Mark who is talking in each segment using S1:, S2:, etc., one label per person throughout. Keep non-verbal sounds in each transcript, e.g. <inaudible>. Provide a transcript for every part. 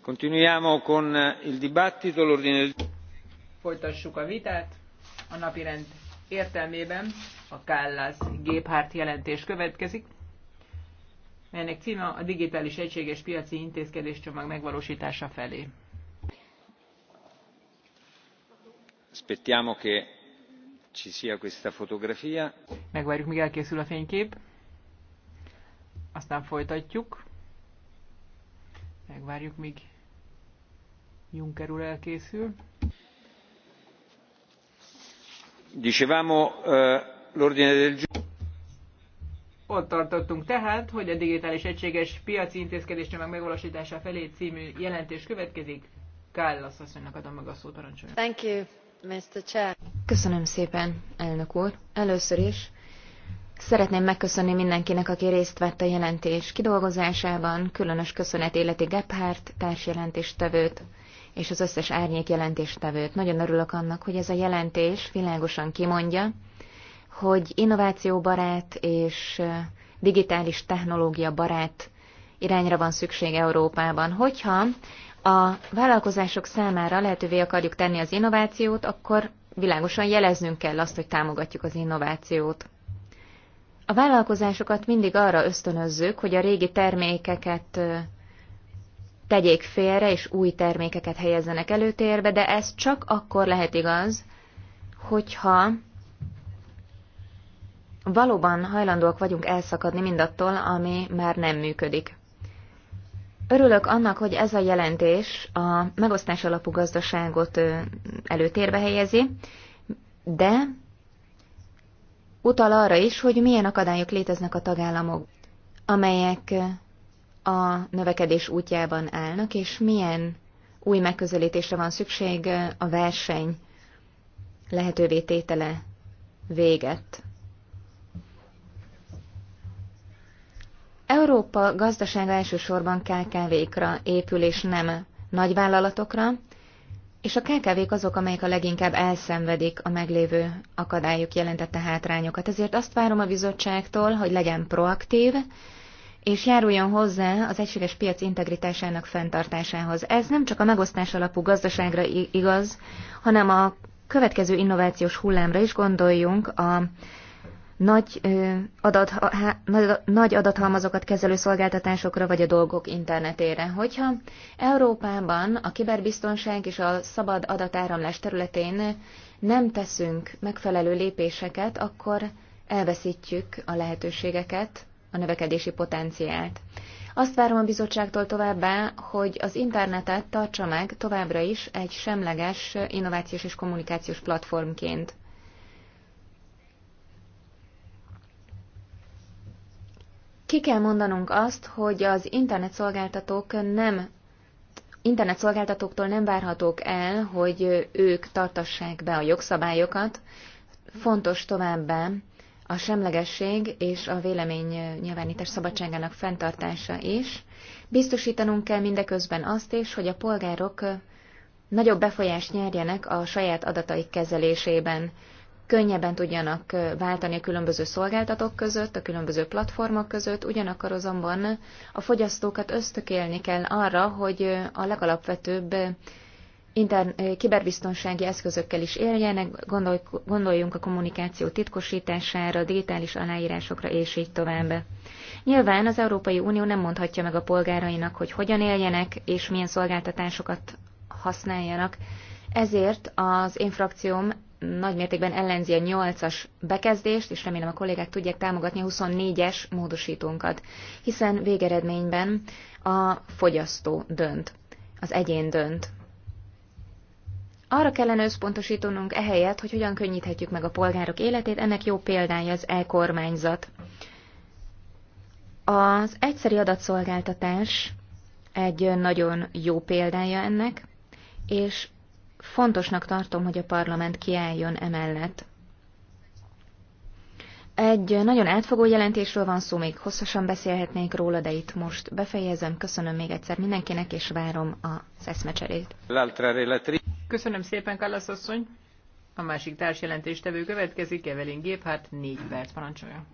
S1: Continuiamo con eh, il dibattito. del
S2: Folytassuk a vitát. A napirend értelmében a Kállász Géphárt jelentés következik melynek címe a digitális egységes piaci intézkedés csomag megvalósítása felé.
S3: Aspettiamo che ci sia questa fotografia.
S2: Megvárjuk, míg elkészül a fénykép. Aztán folytatjuk. Megvárjuk, míg Juncker úr elkészül.
S3: Dicevamo uh, l'ordine del giorno
S2: ott tartottunk tehát, hogy a digitális egységes piaci intézkedés csomag megvalósítása felé című jelentés következik. Kállasz asszonynak adom meg a szót, parancsoljon.
S4: Thank you, Mr. Chair. Köszönöm szépen, elnök úr. Először is Szeretném megköszönni mindenkinek, aki részt vett a jelentés kidolgozásában, különös köszönet életi Gebhardt társjelentéstevőt és az összes árnyék jelentéstevőt. Nagyon örülök annak, hogy ez a jelentés világosan kimondja, hogy innovációbarát és digitális technológia barát irányra van szükség Európában. Hogyha a vállalkozások számára lehetővé akarjuk tenni az innovációt, akkor világosan jeleznünk kell azt, hogy támogatjuk az innovációt. A vállalkozásokat mindig arra ösztönözzük, hogy a régi termékeket tegyék félre, és új termékeket helyezzenek előtérbe, de ez csak akkor lehet igaz, hogyha valóban hajlandóak vagyunk elszakadni mindattól, ami már nem működik. Örülök annak, hogy ez a jelentés a megosztás alapú gazdaságot előtérbe helyezi, de utal arra is, hogy milyen akadályok léteznek a tagállamok, amelyek a növekedés útjában állnak, és milyen új megközelítésre van szükség a verseny lehetővé tétele véget Európa gazdasága elsősorban KKV-kra épül, és nem nagyvállalatokra, és a KKV-k azok, amelyek a leginkább elszenvedik a meglévő akadályok jelentette hátrányokat. Ezért azt várom a bizottságtól, hogy legyen proaktív, és járuljon hozzá az egységes piac integritásának fenntartásához. Ez nem csak a megosztás alapú gazdaságra igaz, hanem a következő innovációs hullámra is gondoljunk a nagy, adat, nagy adathalmazokat kezelő szolgáltatásokra vagy a dolgok internetére. Hogyha Európában a kiberbiztonság és a szabad adatáramlás területén nem teszünk megfelelő lépéseket, akkor elveszítjük a lehetőségeket, a növekedési potenciált. Azt várom a bizottságtól továbbá, hogy az internetet tartsa meg továbbra is egy semleges innovációs és kommunikációs platformként. Ki kell mondanunk azt, hogy az internetszolgáltatók nem internetszolgáltatóktól nem várhatók el, hogy ők tartassák be a jogszabályokat. Fontos továbbá a semlegesség és a vélemény nyilvánítás szabadságának fenntartása is. Biztosítanunk kell mindeközben azt is, hogy a polgárok nagyobb befolyást nyerjenek a saját adataik kezelésében könnyebben tudjanak váltani a különböző szolgáltatók között, a különböző platformok között, ugyanakkor azonban a fogyasztókat ösztökélni kell arra, hogy a legalapvetőbb inter- kiberbiztonsági eszközökkel is éljenek, gondolj, gondoljunk a kommunikáció titkosítására, digitális aláírásokra, és így tovább. Nyilván az Európai Unió nem mondhatja meg a polgárainak, hogy hogyan éljenek, és milyen szolgáltatásokat használjanak, ezért az én frakcióm nagy mértékben ellenzi a 8-as bekezdést, és remélem a kollégák tudják támogatni a 24-es módosítónkat, hiszen végeredményben a fogyasztó dönt, az egyén dönt. Arra kellene összpontosítanunk ehelyett, hogy hogyan könnyíthetjük meg a polgárok életét, ennek jó példája az e-kormányzat. Az egyszeri adatszolgáltatás egy nagyon jó példája ennek, és Fontosnak tartom, hogy a parlament kiálljon emellett. Egy nagyon átfogó jelentésről van szó, még hosszasan beszélhetnék róla, de itt most befejezem. Köszönöm még egyszer mindenkinek, és várom a eszmecserét.
S2: Köszönöm szépen, Kallasz asszony. A másik társjelentéstevő következik, Evelyn Géphárt, négy perc parancsolja.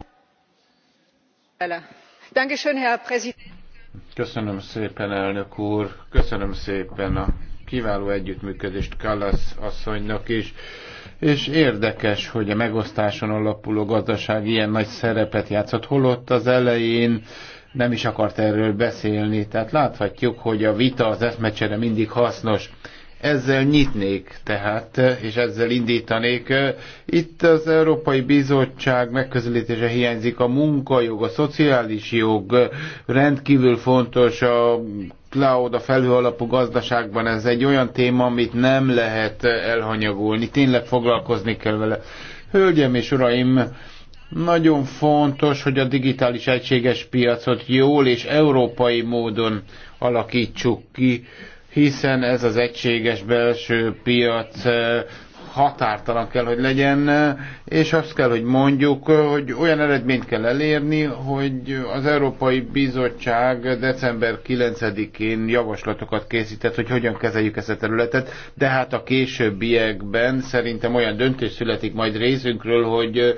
S1: Köszönöm szépen, elnök úr. Köszönöm szépen a kiváló együttműködést Kallasz asszonynak is. És érdekes, hogy a megosztáson alapuló gazdaság ilyen nagy szerepet játszott, holott az elején nem is akart erről beszélni. Tehát láthatjuk, hogy a vita, az eszmecsere mindig hasznos. Ezzel nyitnék tehát, és ezzel indítanék. Itt az Európai Bizottság megközelítése hiányzik, a munkajog, a szociális jog rendkívül fontos, a cloud, a felhőalapú gazdaságban ez egy olyan téma, amit nem lehet elhanyagolni, tényleg foglalkozni kell vele. Hölgyem és uraim, nagyon fontos, hogy a digitális egységes piacot jól és európai módon alakítsuk ki, hiszen ez az egységes belső piac eh, határtalan kell, hogy legyen, és azt kell, hogy mondjuk, hogy olyan eredményt kell elérni, hogy az Európai Bizottság december 9-én javaslatokat készített, hogy hogyan kezeljük ezt a területet, de hát a későbbiekben szerintem olyan döntés születik majd részünkről, hogy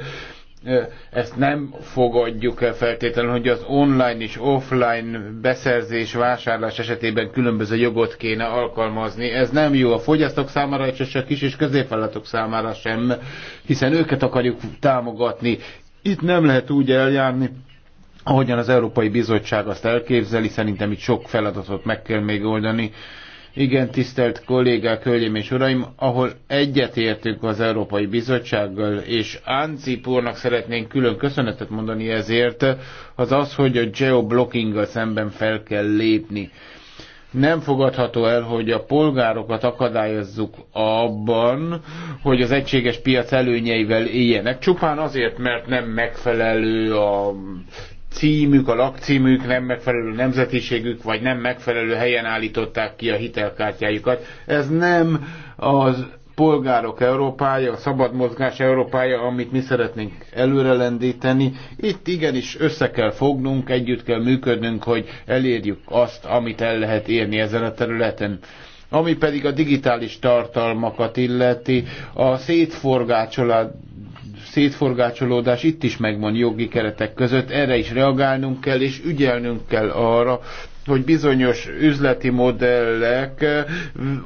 S1: ezt nem fogadjuk el feltétlenül, hogy az online és offline beszerzés, vásárlás esetében különböző jogot kéne alkalmazni. Ez nem jó a fogyasztók számára, és a kis és középvállalatok számára sem, hiszen őket akarjuk támogatni. Itt nem lehet úgy eljárni, ahogyan az Európai Bizottság azt elképzeli, szerintem itt sok feladatot meg kell még oldani. Igen, tisztelt kollégák, hölgyeim és uraim, ahol egyetértünk az Európai Bizottsággal, és Áncip úrnak szeretnénk külön köszönetet mondani ezért, az az, hogy a geoblockinggal szemben fel kell lépni. Nem fogadható el, hogy a polgárokat akadályozzuk abban, hogy az egységes piac előnyeivel éljenek, csupán azért, mert nem megfelelő a címük, a lakcímük nem megfelelő nemzetiségük, vagy nem megfelelő helyen állították ki a hitelkártyájukat. Ez nem az polgárok Európája, a szabad mozgás Európája, amit mi szeretnénk előrelendíteni. Itt igenis össze kell fognunk, együtt kell működnünk, hogy elérjük azt, amit el lehet érni ezen a területen. Ami pedig a digitális tartalmakat illeti, a szétforgácsolás szétforgácsolódás itt is megvan jogi keretek között, erre is reagálnunk kell, és ügyelnünk kell arra, hogy bizonyos üzleti modellek,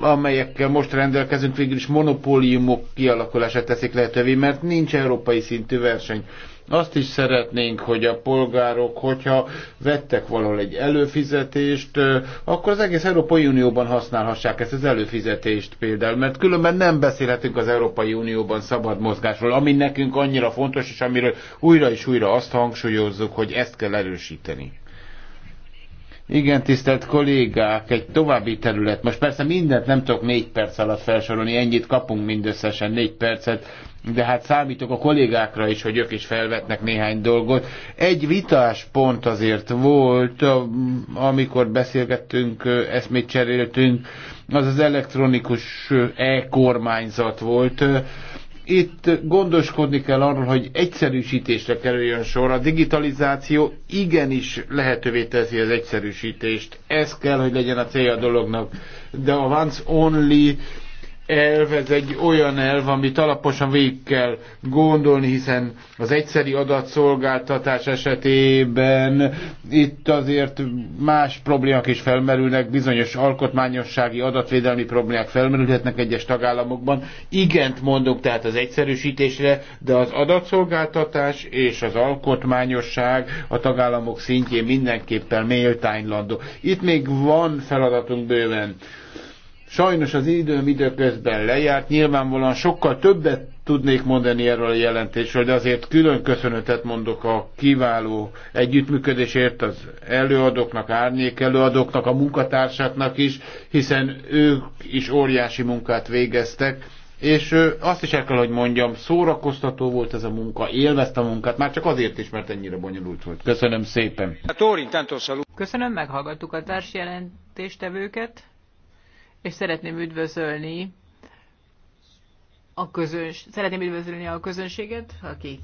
S1: amelyekkel most rendelkezünk, végül is monopóliumok kialakulását teszik lehetővé, mert nincs európai szintű verseny. Azt is szeretnénk, hogy a polgárok, hogyha vettek valahol egy előfizetést, akkor az egész Európai Unióban használhassák ezt az előfizetést például, mert különben nem beszélhetünk az Európai Unióban szabad mozgásról, ami nekünk annyira fontos, és amiről újra és újra azt hangsúlyozzuk, hogy ezt kell erősíteni. Igen, tisztelt kollégák, egy további terület. Most persze mindent nem tudok négy perc alatt felsorolni, ennyit kapunk mindösszesen négy percet, de hát számítok a kollégákra is, hogy ők is felvetnek néhány dolgot. Egy vitás pont azért volt, amikor beszélgettünk, eszmét cseréltünk, az az elektronikus e-kormányzat volt, itt gondoskodni kell arról, hogy egyszerűsítésre kerüljön sor. A digitalizáció igenis lehetővé teszi az egyszerűsítést. Ez kell, hogy legyen a célja a dolognak. De a once only elv, ez egy olyan elv, amit alaposan végig kell gondolni, hiszen az egyszeri adatszolgáltatás esetében itt azért más problémák is felmerülnek, bizonyos alkotmányossági adatvédelmi problémák felmerülhetnek egyes tagállamokban. Igent mondok tehát az egyszerűsítésre, de az adatszolgáltatás és az alkotmányosság a tagállamok szintjén mindenképpen méltánylandó. Itt még van feladatunk bőven Sajnos az időm időközben lejárt, nyilvánvalóan sokkal többet tudnék mondani erről a jelentésről, de azért külön köszönetet mondok a kiváló együttműködésért az előadóknak, árnyék előadóknak, a munkatársaknak is, hiszen ők is óriási munkát végeztek, és azt is el kell, hogy mondjam, szórakoztató volt ez a munka, élvezte a munkát, már csak azért is, mert ennyire bonyolult volt. Köszönöm szépen.
S2: Köszönöm, meghallgattuk a társjelentéstevőket és szeretném üdvözölni a közöns, szeretném üdvözölni a közönséget, aki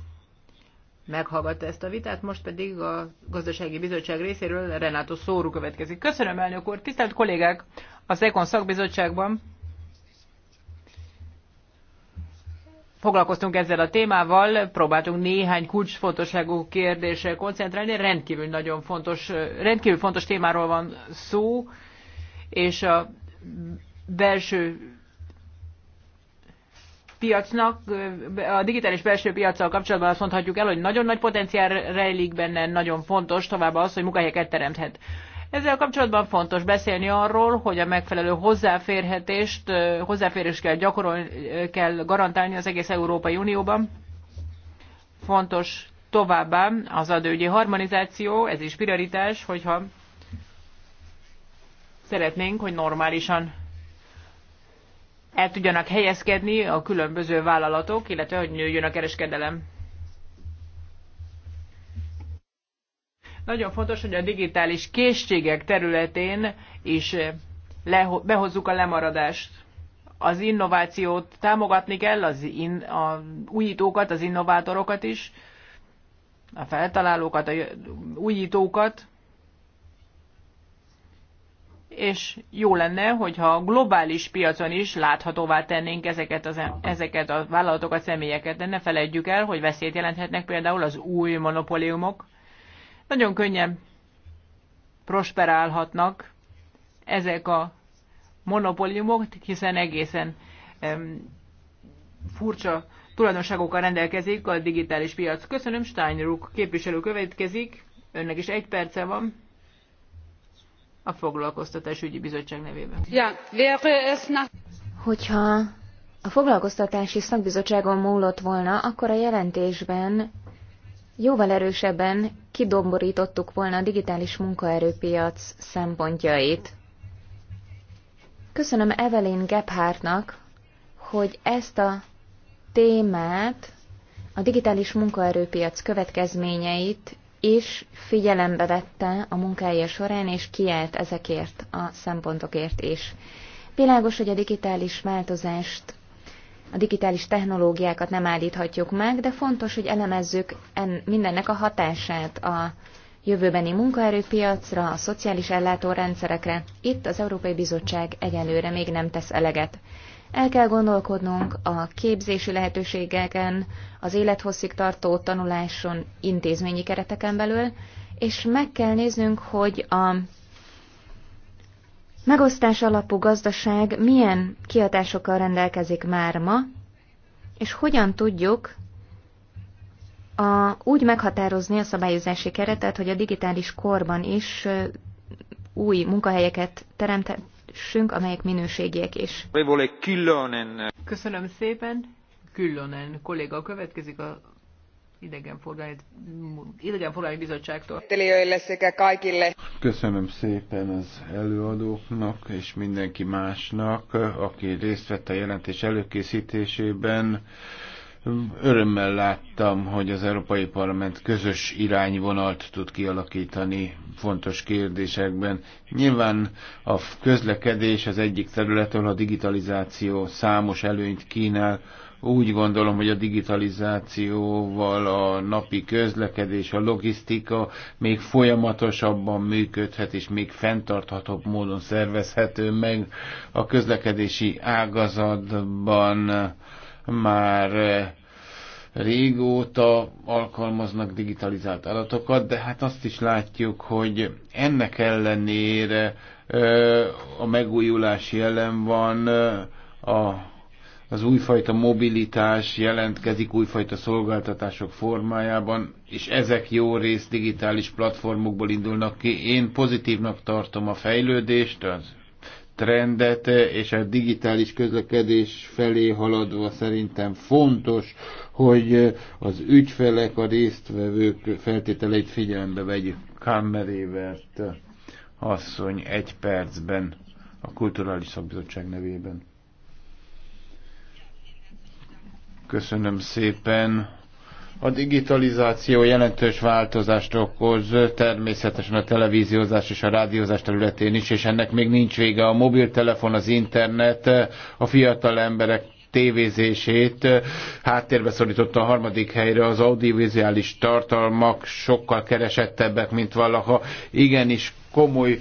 S2: meghallgatta ezt a vitát, most pedig a Gazdasági Bizottság részéről Renato Szóru következik. Köszönöm, elnök úr! Tisztelt kollégák! Az EKON szakbizottságban foglalkoztunk ezzel a témával, próbáltunk néhány kulcsfontosságú kérdésre koncentrálni, rendkívül nagyon fontos, rendkívül fontos témáról van szó, és a belső piacnak, a digitális belső piacsal kapcsolatban azt mondhatjuk el, hogy nagyon nagy potenciál rejlik benne, nagyon fontos továbbá az, hogy munkahelyeket teremthet. Ezzel kapcsolatban fontos beszélni arról, hogy a megfelelő hozzáférhetést, hozzáférést kell gyakorol, kell garantálni az egész Európai Unióban. Fontos továbbá az adőgyi harmonizáció, ez is prioritás, hogyha Szeretnénk, hogy normálisan el tudjanak helyezkedni a különböző vállalatok, illetve hogy nőjön a kereskedelem. Nagyon fontos, hogy a digitális készségek területén is behozzuk a lemaradást. Az innovációt támogatni kell, az in, a újítókat, az innovátorokat is, a feltalálókat, a újítókat, és jó lenne, hogyha a globális piacon is láthatóvá tennénk ezeket, az, e- ezeket a vállalatokat, személyeket, de ne felejtjük el, hogy veszélyt jelenthetnek például az új monopóliumok. Nagyon könnyen prosperálhatnak ezek a monopóliumok, hiszen egészen em, furcsa tulajdonságokkal rendelkezik a digitális piac. Köszönöm, Steinruck képviselő következik, önnek is egy perce van a Foglalkoztatásügyi Bizottság nevében.
S4: Hogyha a foglalkoztatási szakbizottságon múlott volna, akkor a jelentésben jóval erősebben kidomborítottuk volna a digitális munkaerőpiac szempontjait. Köszönöm Evelyn Gebhártnak, hogy ezt a témát, a digitális munkaerőpiac következményeit is figyelembe vette a munkája során, és kiállt ezekért a szempontokért is. Világos, hogy a digitális változást, a digitális technológiákat nem állíthatjuk meg, de fontos, hogy elemezzük en, mindennek a hatását a jövőbeni munkaerőpiacra, a szociális ellátórendszerekre. Itt az Európai Bizottság egyelőre még nem tesz eleget. El kell gondolkodnunk a képzési lehetőségeken, az élethosszig tartó tanuláson, intézményi kereteken belül, és meg kell néznünk, hogy a megosztás alapú gazdaság milyen kiadásokkal rendelkezik már ma, és hogyan tudjuk a, úgy meghatározni a szabályozási keretet, hogy a digitális korban is új munkahelyeket teremt, segítsünk, amelyek minőségiek is. Köszönöm szépen.
S2: Különen kolléga következik a idegenforgalmi, idegenforgalmi bizottságtól.
S1: Köszönöm szépen az előadóknak és mindenki másnak, aki részt vett a jelentés előkészítésében Örömmel láttam, hogy az Európai Parlament közös irányvonalt tud kialakítani fontos kérdésekben. Nyilván a közlekedés az egyik területről a digitalizáció számos előnyt kínál. Úgy gondolom, hogy a digitalizációval a napi közlekedés, a logisztika még folyamatosabban működhet, és még fenntarthatóbb módon szervezhető meg a közlekedési ágazatban már eh, régóta alkalmaznak digitalizált adatokat, de hát azt is látjuk, hogy ennek ellenére eh, a megújulás jelen van, eh, a, az újfajta mobilitás jelentkezik újfajta szolgáltatások formájában, és ezek jó rész digitális platformokból indulnak ki. Én pozitívnak tartom a fejlődést, az trendet, és a digitális közlekedés felé haladva szerintem fontos, hogy az ügyfelek, a résztvevők feltételeit figyelembe vegyük. Kammerévert asszony egy percben a Kulturális Szakbizottság nevében. Köszönöm szépen. A digitalizáció jelentős változást okoz természetesen a televíziózás és a rádiózás területén is, és ennek még nincs vége. A mobiltelefon, az internet a fiatal emberek tévézését háttérbe szorította a harmadik helyre. Az audiovizuális tartalmak sokkal keresettebbek, mint valaha. Igenis komoly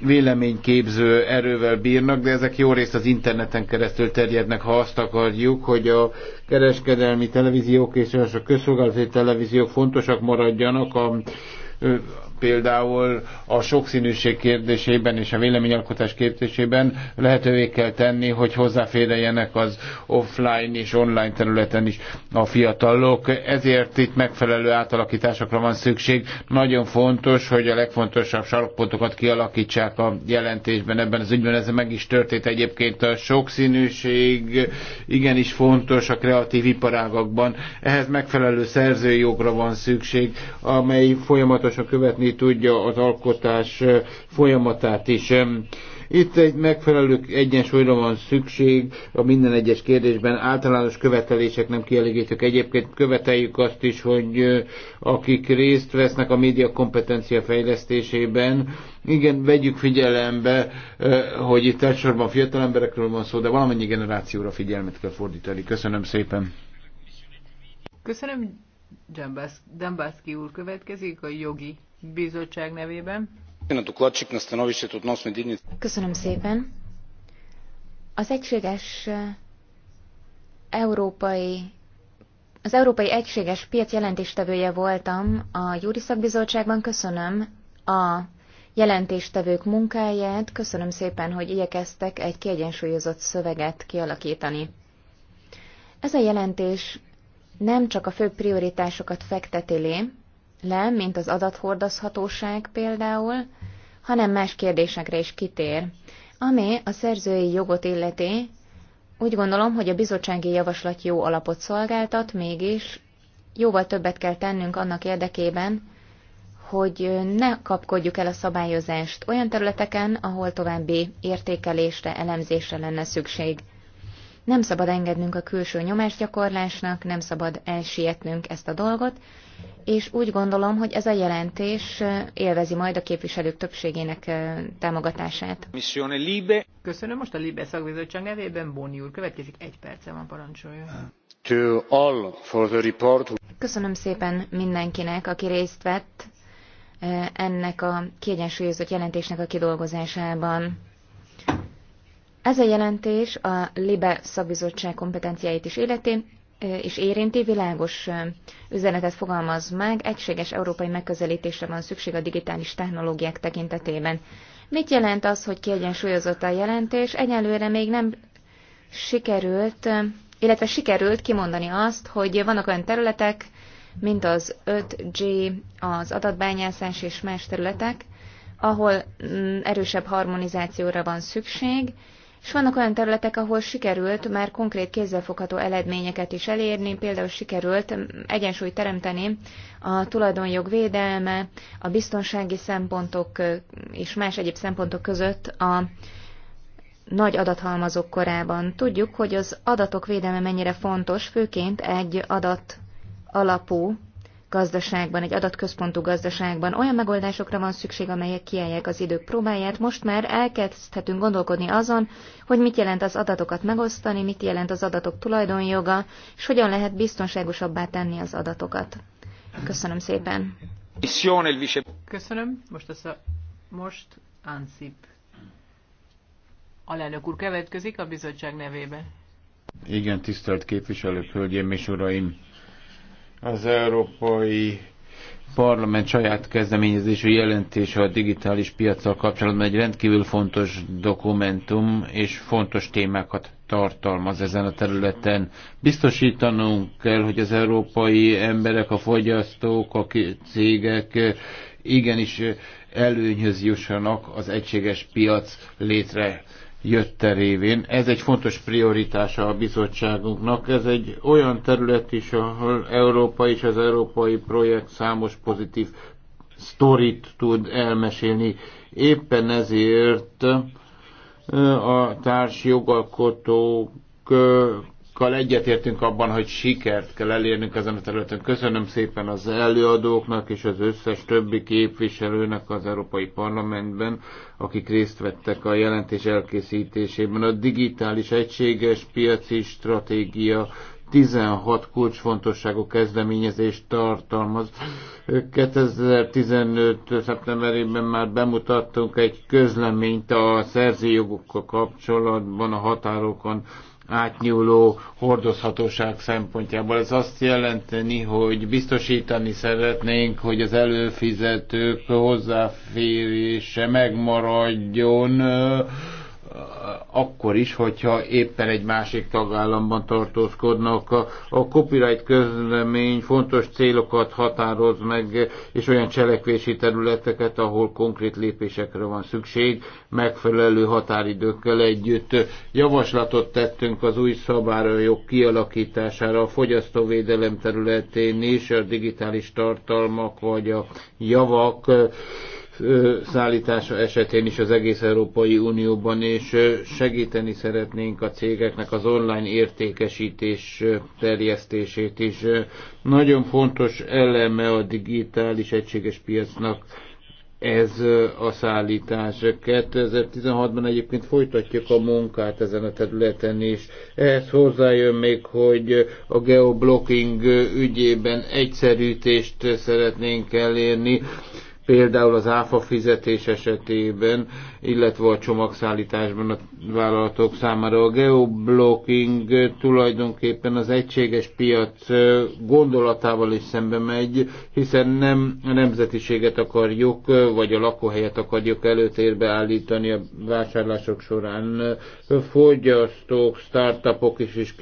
S1: véleményképző erővel bírnak, de ezek jó részt az interneten keresztül terjednek, ha azt akarjuk, hogy a kereskedelmi televíziók és a közszolgálati televíziók fontosak maradjanak a például a sokszínűség kérdésében és a véleményalkotás kérdésében lehetővé kell tenni, hogy hozzáférjenek az offline és online területen is a fiatalok. Ezért itt megfelelő átalakításokra van szükség. Nagyon fontos, hogy a legfontosabb sarokpontokat kialakítsák a jelentésben ebben az ügyben. Ez meg is történt egyébként a sokszínűség igenis fontos a kreatív iparágakban. Ehhez megfelelő szerzőjogra van szükség, amely folyamatosan követni segíteni tudja az alkotás folyamatát is. Itt egy megfelelő egyensúlyra van szükség a minden egyes kérdésben. Általános követelések nem kielégítők. Egyébként követeljük azt is, hogy akik részt vesznek a média kompetencia fejlesztésében, igen, vegyük figyelembe, hogy itt elsősorban fiatal emberekről van szó, de valamennyi generációra figyelmet kell fordítani. Köszönöm szépen.
S2: Köszönöm. Dembászki úr következik a jogi
S4: bizottság nevében. Köszönöm szépen. Az egységes eh, európai az Európai Egységes Piac jelentéstevője voltam a Júri Szakbizottságban. Köszönöm a jelentéstevők munkáját, köszönöm szépen, hogy igyekeztek egy kiegyensúlyozott szöveget kialakítani. Ez a jelentés nem csak a fő prioritásokat fekteti lé, le, mint az adathordozhatóság például, hanem más kérdésekre is kitér. Ami a szerzői jogot illeti, úgy gondolom, hogy a bizottsági javaslat jó alapot szolgáltat, mégis jóval többet kell tennünk annak érdekében, hogy ne kapkodjuk el a szabályozást olyan területeken, ahol további értékelésre, elemzésre lenne szükség. Nem szabad engednünk a külső nyomásgyakorlásnak, nem szabad elsietnünk ezt a dolgot, és úgy gondolom, hogy ez a jelentés élvezi majd a képviselők többségének támogatását.
S1: Missione Libe.
S2: Köszönöm most a Libe szakbizottság nevében, Bóni úr, következik egy perce van parancsolja.
S5: To
S1: all for the report.
S4: Köszönöm szépen mindenkinek, aki részt vett ennek a kiegyensúlyozott jelentésnek a kidolgozásában. Ez a jelentés a LIBE szakbizottság kompetenciáit is életén, és érinti, világos üzenetet fogalmaz meg, egységes európai megközelítésre van szükség a digitális technológiák tekintetében. Mit jelent az, hogy kiegyensúlyozott a jelentés? Egyelőre még nem sikerült, illetve sikerült kimondani azt, hogy vannak olyan területek, mint az 5G, az adatbányászás és más területek, ahol mm, erősebb harmonizációra van szükség, és vannak olyan területek, ahol sikerült már konkrét kézzelfogható eredményeket is elérni, például sikerült egyensúlyt teremteni a tulajdonjog védelme, a biztonsági szempontok és más egyéb szempontok között a nagy adathalmazok korában. Tudjuk, hogy az adatok védelme mennyire fontos, főként egy adat alapú gazdaságban, egy adatközpontú gazdaságban olyan megoldásokra van szükség, amelyek kiállják az idők próbáját. Most már elkezdhetünk gondolkodni azon, hogy mit jelent az adatokat megosztani, mit jelent az adatok tulajdonjoga, és hogyan lehet biztonságosabbá tenni az adatokat. Köszönöm szépen.
S2: Köszönöm. Most az a most Ansip. Alelnök úr következik a bizottság nevében.
S1: Igen, tisztelt képviselők, hölgyeim és uraim! Az Európai Parlament saját kezdeményezésű jelentése a digitális piacsal kapcsolatban egy rendkívül fontos dokumentum, és fontos témákat tartalmaz ezen a területen. Biztosítanunk kell, hogy az európai emberek, a fogyasztók, a cégek igenis előnyhöz jussanak az egységes piac létre jötte révén. Ez egy fontos prioritása a bizottságunknak. Ez egy olyan terület is, ahol Európa és az európai projekt számos pozitív sztorit tud elmesélni. Éppen ezért a társ jogalkotók Kal egyetértünk abban, hogy sikert kell elérnünk ezen a területen. Köszönöm szépen az előadóknak és az összes többi képviselőnek az Európai Parlamentben, akik részt vettek a jelentés elkészítésében. A digitális egységes piaci stratégia 16 kulcsfontosságú kezdeményezést tartalmaz. 2015. szeptemberében már bemutattunk egy közleményt a szerzőjogokkal kapcsolatban a határokon átnyúló hordozhatóság szempontjából. Ez azt jelenteni, hogy biztosítani szeretnénk, hogy az előfizetők hozzáférése megmaradjon akkor is, hogyha éppen egy másik tagállamban tartózkodnak. A, a copyright közlemény fontos célokat határoz meg, és olyan cselekvési területeket, ahol konkrét lépésekre van szükség, megfelelő határidőkkel együtt. Javaslatot tettünk az új szabályok kialakítására a fogyasztóvédelem területén is, a digitális tartalmak vagy a javak szállítása esetén is az egész Európai Unióban, és segíteni szeretnénk a cégeknek az online értékesítés terjesztését is. Nagyon fontos eleme a digitális egységes piacnak ez a szállítás. 2016-ban egyébként folytatjuk a munkát ezen a területen is. Ehhez hozzájön még, hogy a geoblocking ügyében egyszerűtést szeretnénk elérni például az áfa fizetés esetében, illetve a csomagszállításban a vállalatok számára. A geoblocking tulajdonképpen az egységes piac gondolatával is szembe megy, hiszen nem a nemzetiséget akarjuk, vagy a lakóhelyet akarjuk előtérbe állítani a vásárlások során. Fogyasztók, startupok is, és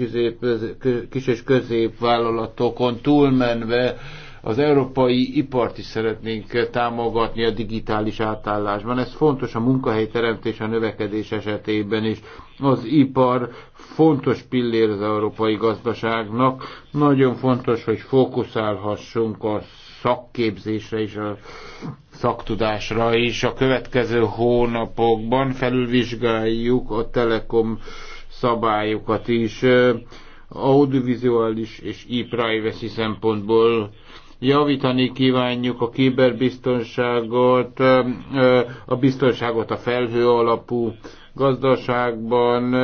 S1: kis és középvállalatokon túlmenve az európai ipart is szeretnénk támogatni a digitális átállásban. Ez fontos a munkahelyteremtés, a növekedés esetében is. Az ipar fontos pillér az európai gazdaságnak. Nagyon fontos, hogy fókuszálhassunk a szakképzésre és a szaktudásra is. A következő hónapokban felülvizsgáljuk a telekom szabályokat is audiovizuális és e-privacy szempontból javítani kívánjuk a kiberbiztonságot, a biztonságot a felhő alapú gazdaságban,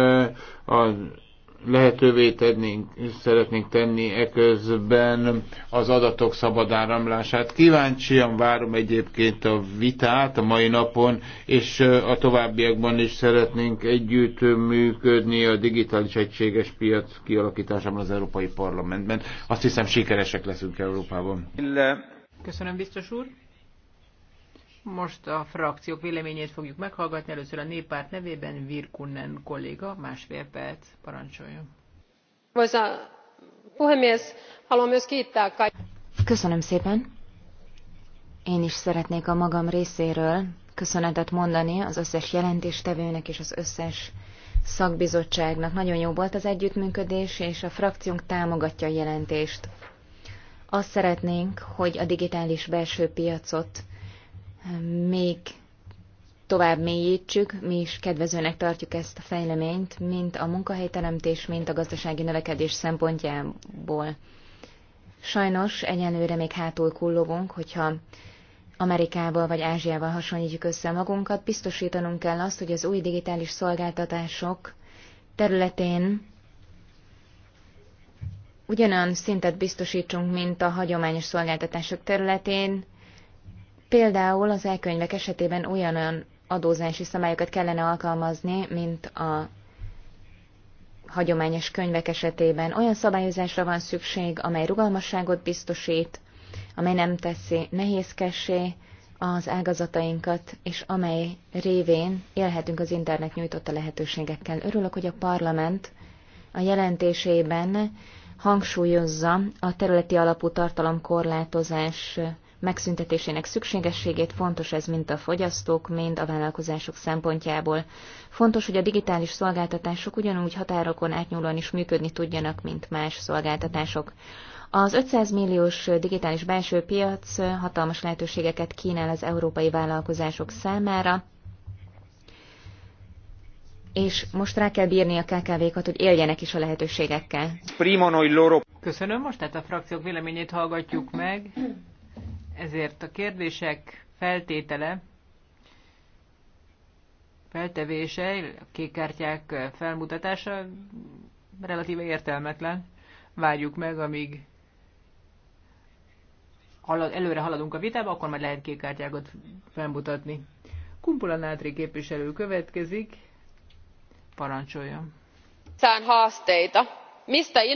S1: az lehetővé tennénk, szeretnénk tenni eközben az adatok szabad áramlását. Kíváncsian várom egyébként a vitát a mai napon, és a továbbiakban is szeretnénk együtt működni a digitális egységes piac kialakításában az Európai Parlamentben. Azt hiszem sikeresek leszünk Európában.
S2: Köszönöm, biztos úr. Most a frakciók véleményét fogjuk meghallgatni. Először a néppárt nevében Virkunnen kolléga, másfél perc, parancsoljon.
S4: Köszönöm szépen. Én is szeretnék a magam részéről köszönetet mondani az összes jelentéstevőnek és az összes szakbizottságnak. Nagyon jó volt az együttműködés, és a frakciónk támogatja a jelentést. Azt szeretnénk, hogy a digitális belső piacot még tovább mélyítsük, mi is kedvezőnek tartjuk ezt a fejleményt, mint a munkahelyteremtés, mint a gazdasági növekedés szempontjából. Sajnos egyenlőre még hátul kullogunk, hogyha Amerikával vagy Ázsiával hasonlítjuk össze magunkat, biztosítanunk kell azt, hogy az új digitális szolgáltatások területén ugyanolyan szintet biztosítsunk, mint a hagyományos szolgáltatások területén, Például az elkönyvek esetében olyan adózási szabályokat kellene alkalmazni, mint a hagyományos könyvek esetében. Olyan szabályozásra van szükség, amely rugalmasságot biztosít, amely nem teszi nehézkessé az ágazatainkat, és amely révén élhetünk az internet nyújtotta lehetőségekkel. Örülök, hogy a parlament a jelentésében hangsúlyozza a területi alapú tartalomkorlátozás megszüntetésének szükségességét, fontos ez mind a fogyasztók, mind a vállalkozások szempontjából. Fontos, hogy a digitális szolgáltatások ugyanúgy határokon átnyúlóan is működni tudjanak, mint más szolgáltatások. Az 500 milliós digitális belső piac hatalmas lehetőségeket kínál az európai vállalkozások számára, és most rá kell bírni a KKV-kat, hogy éljenek is a lehetőségekkel.
S2: Köszönöm, most tehát a frakciók véleményét hallgatjuk meg. Ezért a kérdések feltétele, feltevése, a kékkártyák felmutatása relatíve értelmetlen. Várjuk meg, amíg halad, előre haladunk a vitába, akkor majd lehet kékkártyákat felmutatni. Kumpula Nátri képviselő következik. Parancsoljon.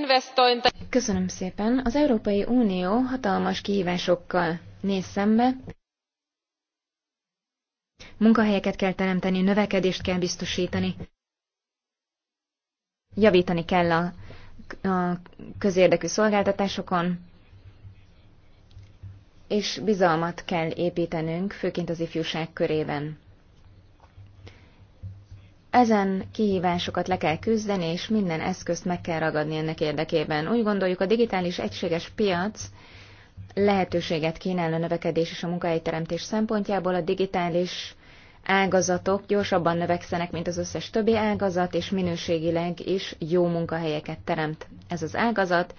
S4: investointa? Köszönöm szépen. Az Európai Unió hatalmas kihívásokkal néz szembe. Munkahelyeket kell teremteni, növekedést kell biztosítani. Javítani kell a, a közérdekű szolgáltatásokon, és bizalmat kell építenünk, főként az ifjúság körében. Ezen kihívásokat le kell küzdeni, és minden eszközt meg kell ragadni ennek érdekében. Úgy gondoljuk, a digitális egységes piac lehetőséget kínál a növekedés és a munkahelyteremtés szempontjából a digitális ágazatok gyorsabban növekszenek, mint az összes többi ágazat, és minőségileg is jó munkahelyeket teremt ez az ágazat,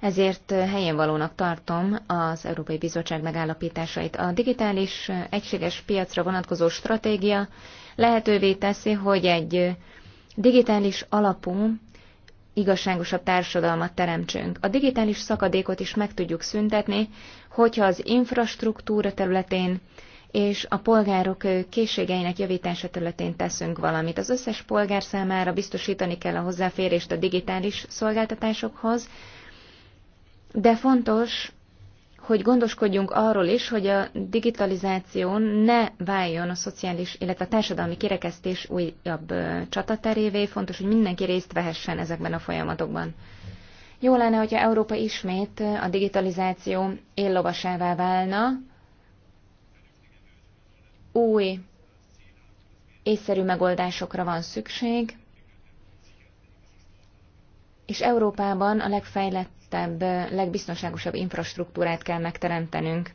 S4: ezért helyén valónak tartom az Európai Bizottság megállapításait. A digitális egységes piacra vonatkozó stratégia lehetővé teszi, hogy egy digitális alapú igazságosabb társadalmat teremtsünk. A digitális szakadékot is meg tudjuk szüntetni, hogyha az infrastruktúra területén és a polgárok készségeinek javítása területén teszünk valamit. Az összes polgár számára biztosítani kell a hozzáférést a digitális szolgáltatásokhoz, de fontos hogy gondoskodjunk arról is, hogy a digitalizáció ne váljon a szociális, illetve a társadalmi kirekesztés újabb csataterévé. Fontos, hogy mindenki részt vehessen ezekben a folyamatokban. Jó lenne, hogyha Európa ismét a digitalizáció éllovasává válna, új észszerű megoldásokra van szükség, és Európában a legfejlett legfejlettebb, legbiztonságosabb infrastruktúrát kell megteremtenünk.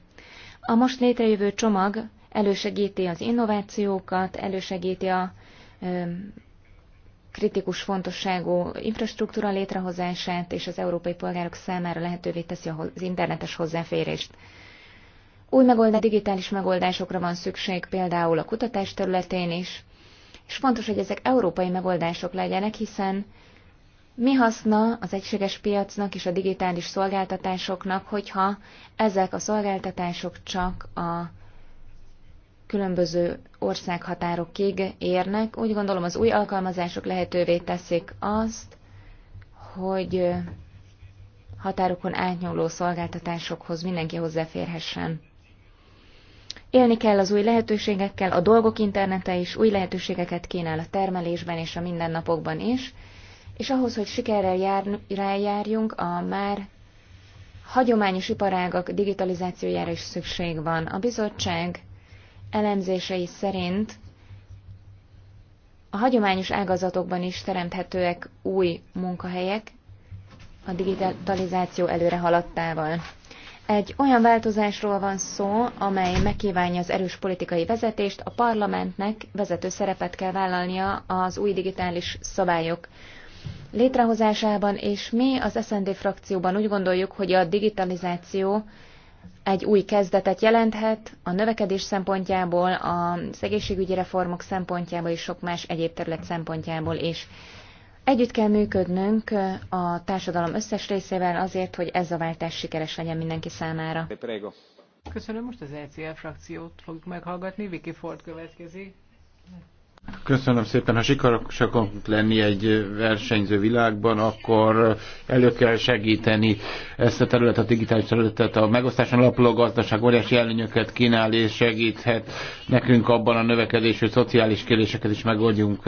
S4: A most létrejövő csomag elősegíti az innovációkat, elősegíti a kritikus fontosságú infrastruktúra létrehozását, és az európai polgárok számára lehetővé teszi az internetes hozzáférést. Új megoldás, digitális megoldásokra van szükség, például a kutatás területén is, és fontos, hogy ezek európai megoldások legyenek, hiszen mi haszna az egységes piacnak és a digitális szolgáltatásoknak, hogyha ezek a szolgáltatások csak a különböző országhatárokig érnek? Úgy gondolom az új alkalmazások lehetővé teszik azt, hogy határokon átnyúló szolgáltatásokhoz mindenki hozzáférhessen. Élni kell az új lehetőségekkel, a dolgok internete is új lehetőségeket kínál a termelésben és a mindennapokban is, és ahhoz, hogy sikerrel jár, rájárjunk, a már hagyományos iparágak digitalizációjára is szükség van. A bizottság elemzései szerint a hagyományos ágazatokban is teremthetőek új munkahelyek a digitalizáció előre haladtával. Egy olyan változásról van szó, amely megkívánja az erős politikai vezetést, a parlamentnek vezető szerepet kell vállalnia az új digitális szabályok létrehozásában, és mi az SND frakcióban úgy gondoljuk, hogy a digitalizáció egy új kezdetet jelenthet a növekedés szempontjából, a egészségügyi reformok szempontjából és sok más egyéb terület szempontjából is. Együtt kell működnünk a társadalom összes részével azért, hogy ez a váltás sikeres legyen mindenki számára.
S2: Köszönöm, most az ECL frakciót fogjuk meghallgatni. Vicky Ford következik.
S1: Köszönöm szépen, ha akarunk lenni egy versenyző világban, akkor elő kell segíteni ezt a területet, a digitális területet, a megosztáson alapuló gazdaság óriási előnyöket kínál és segíthet nekünk abban a növekedésű szociális kérdéseket is megoldjunk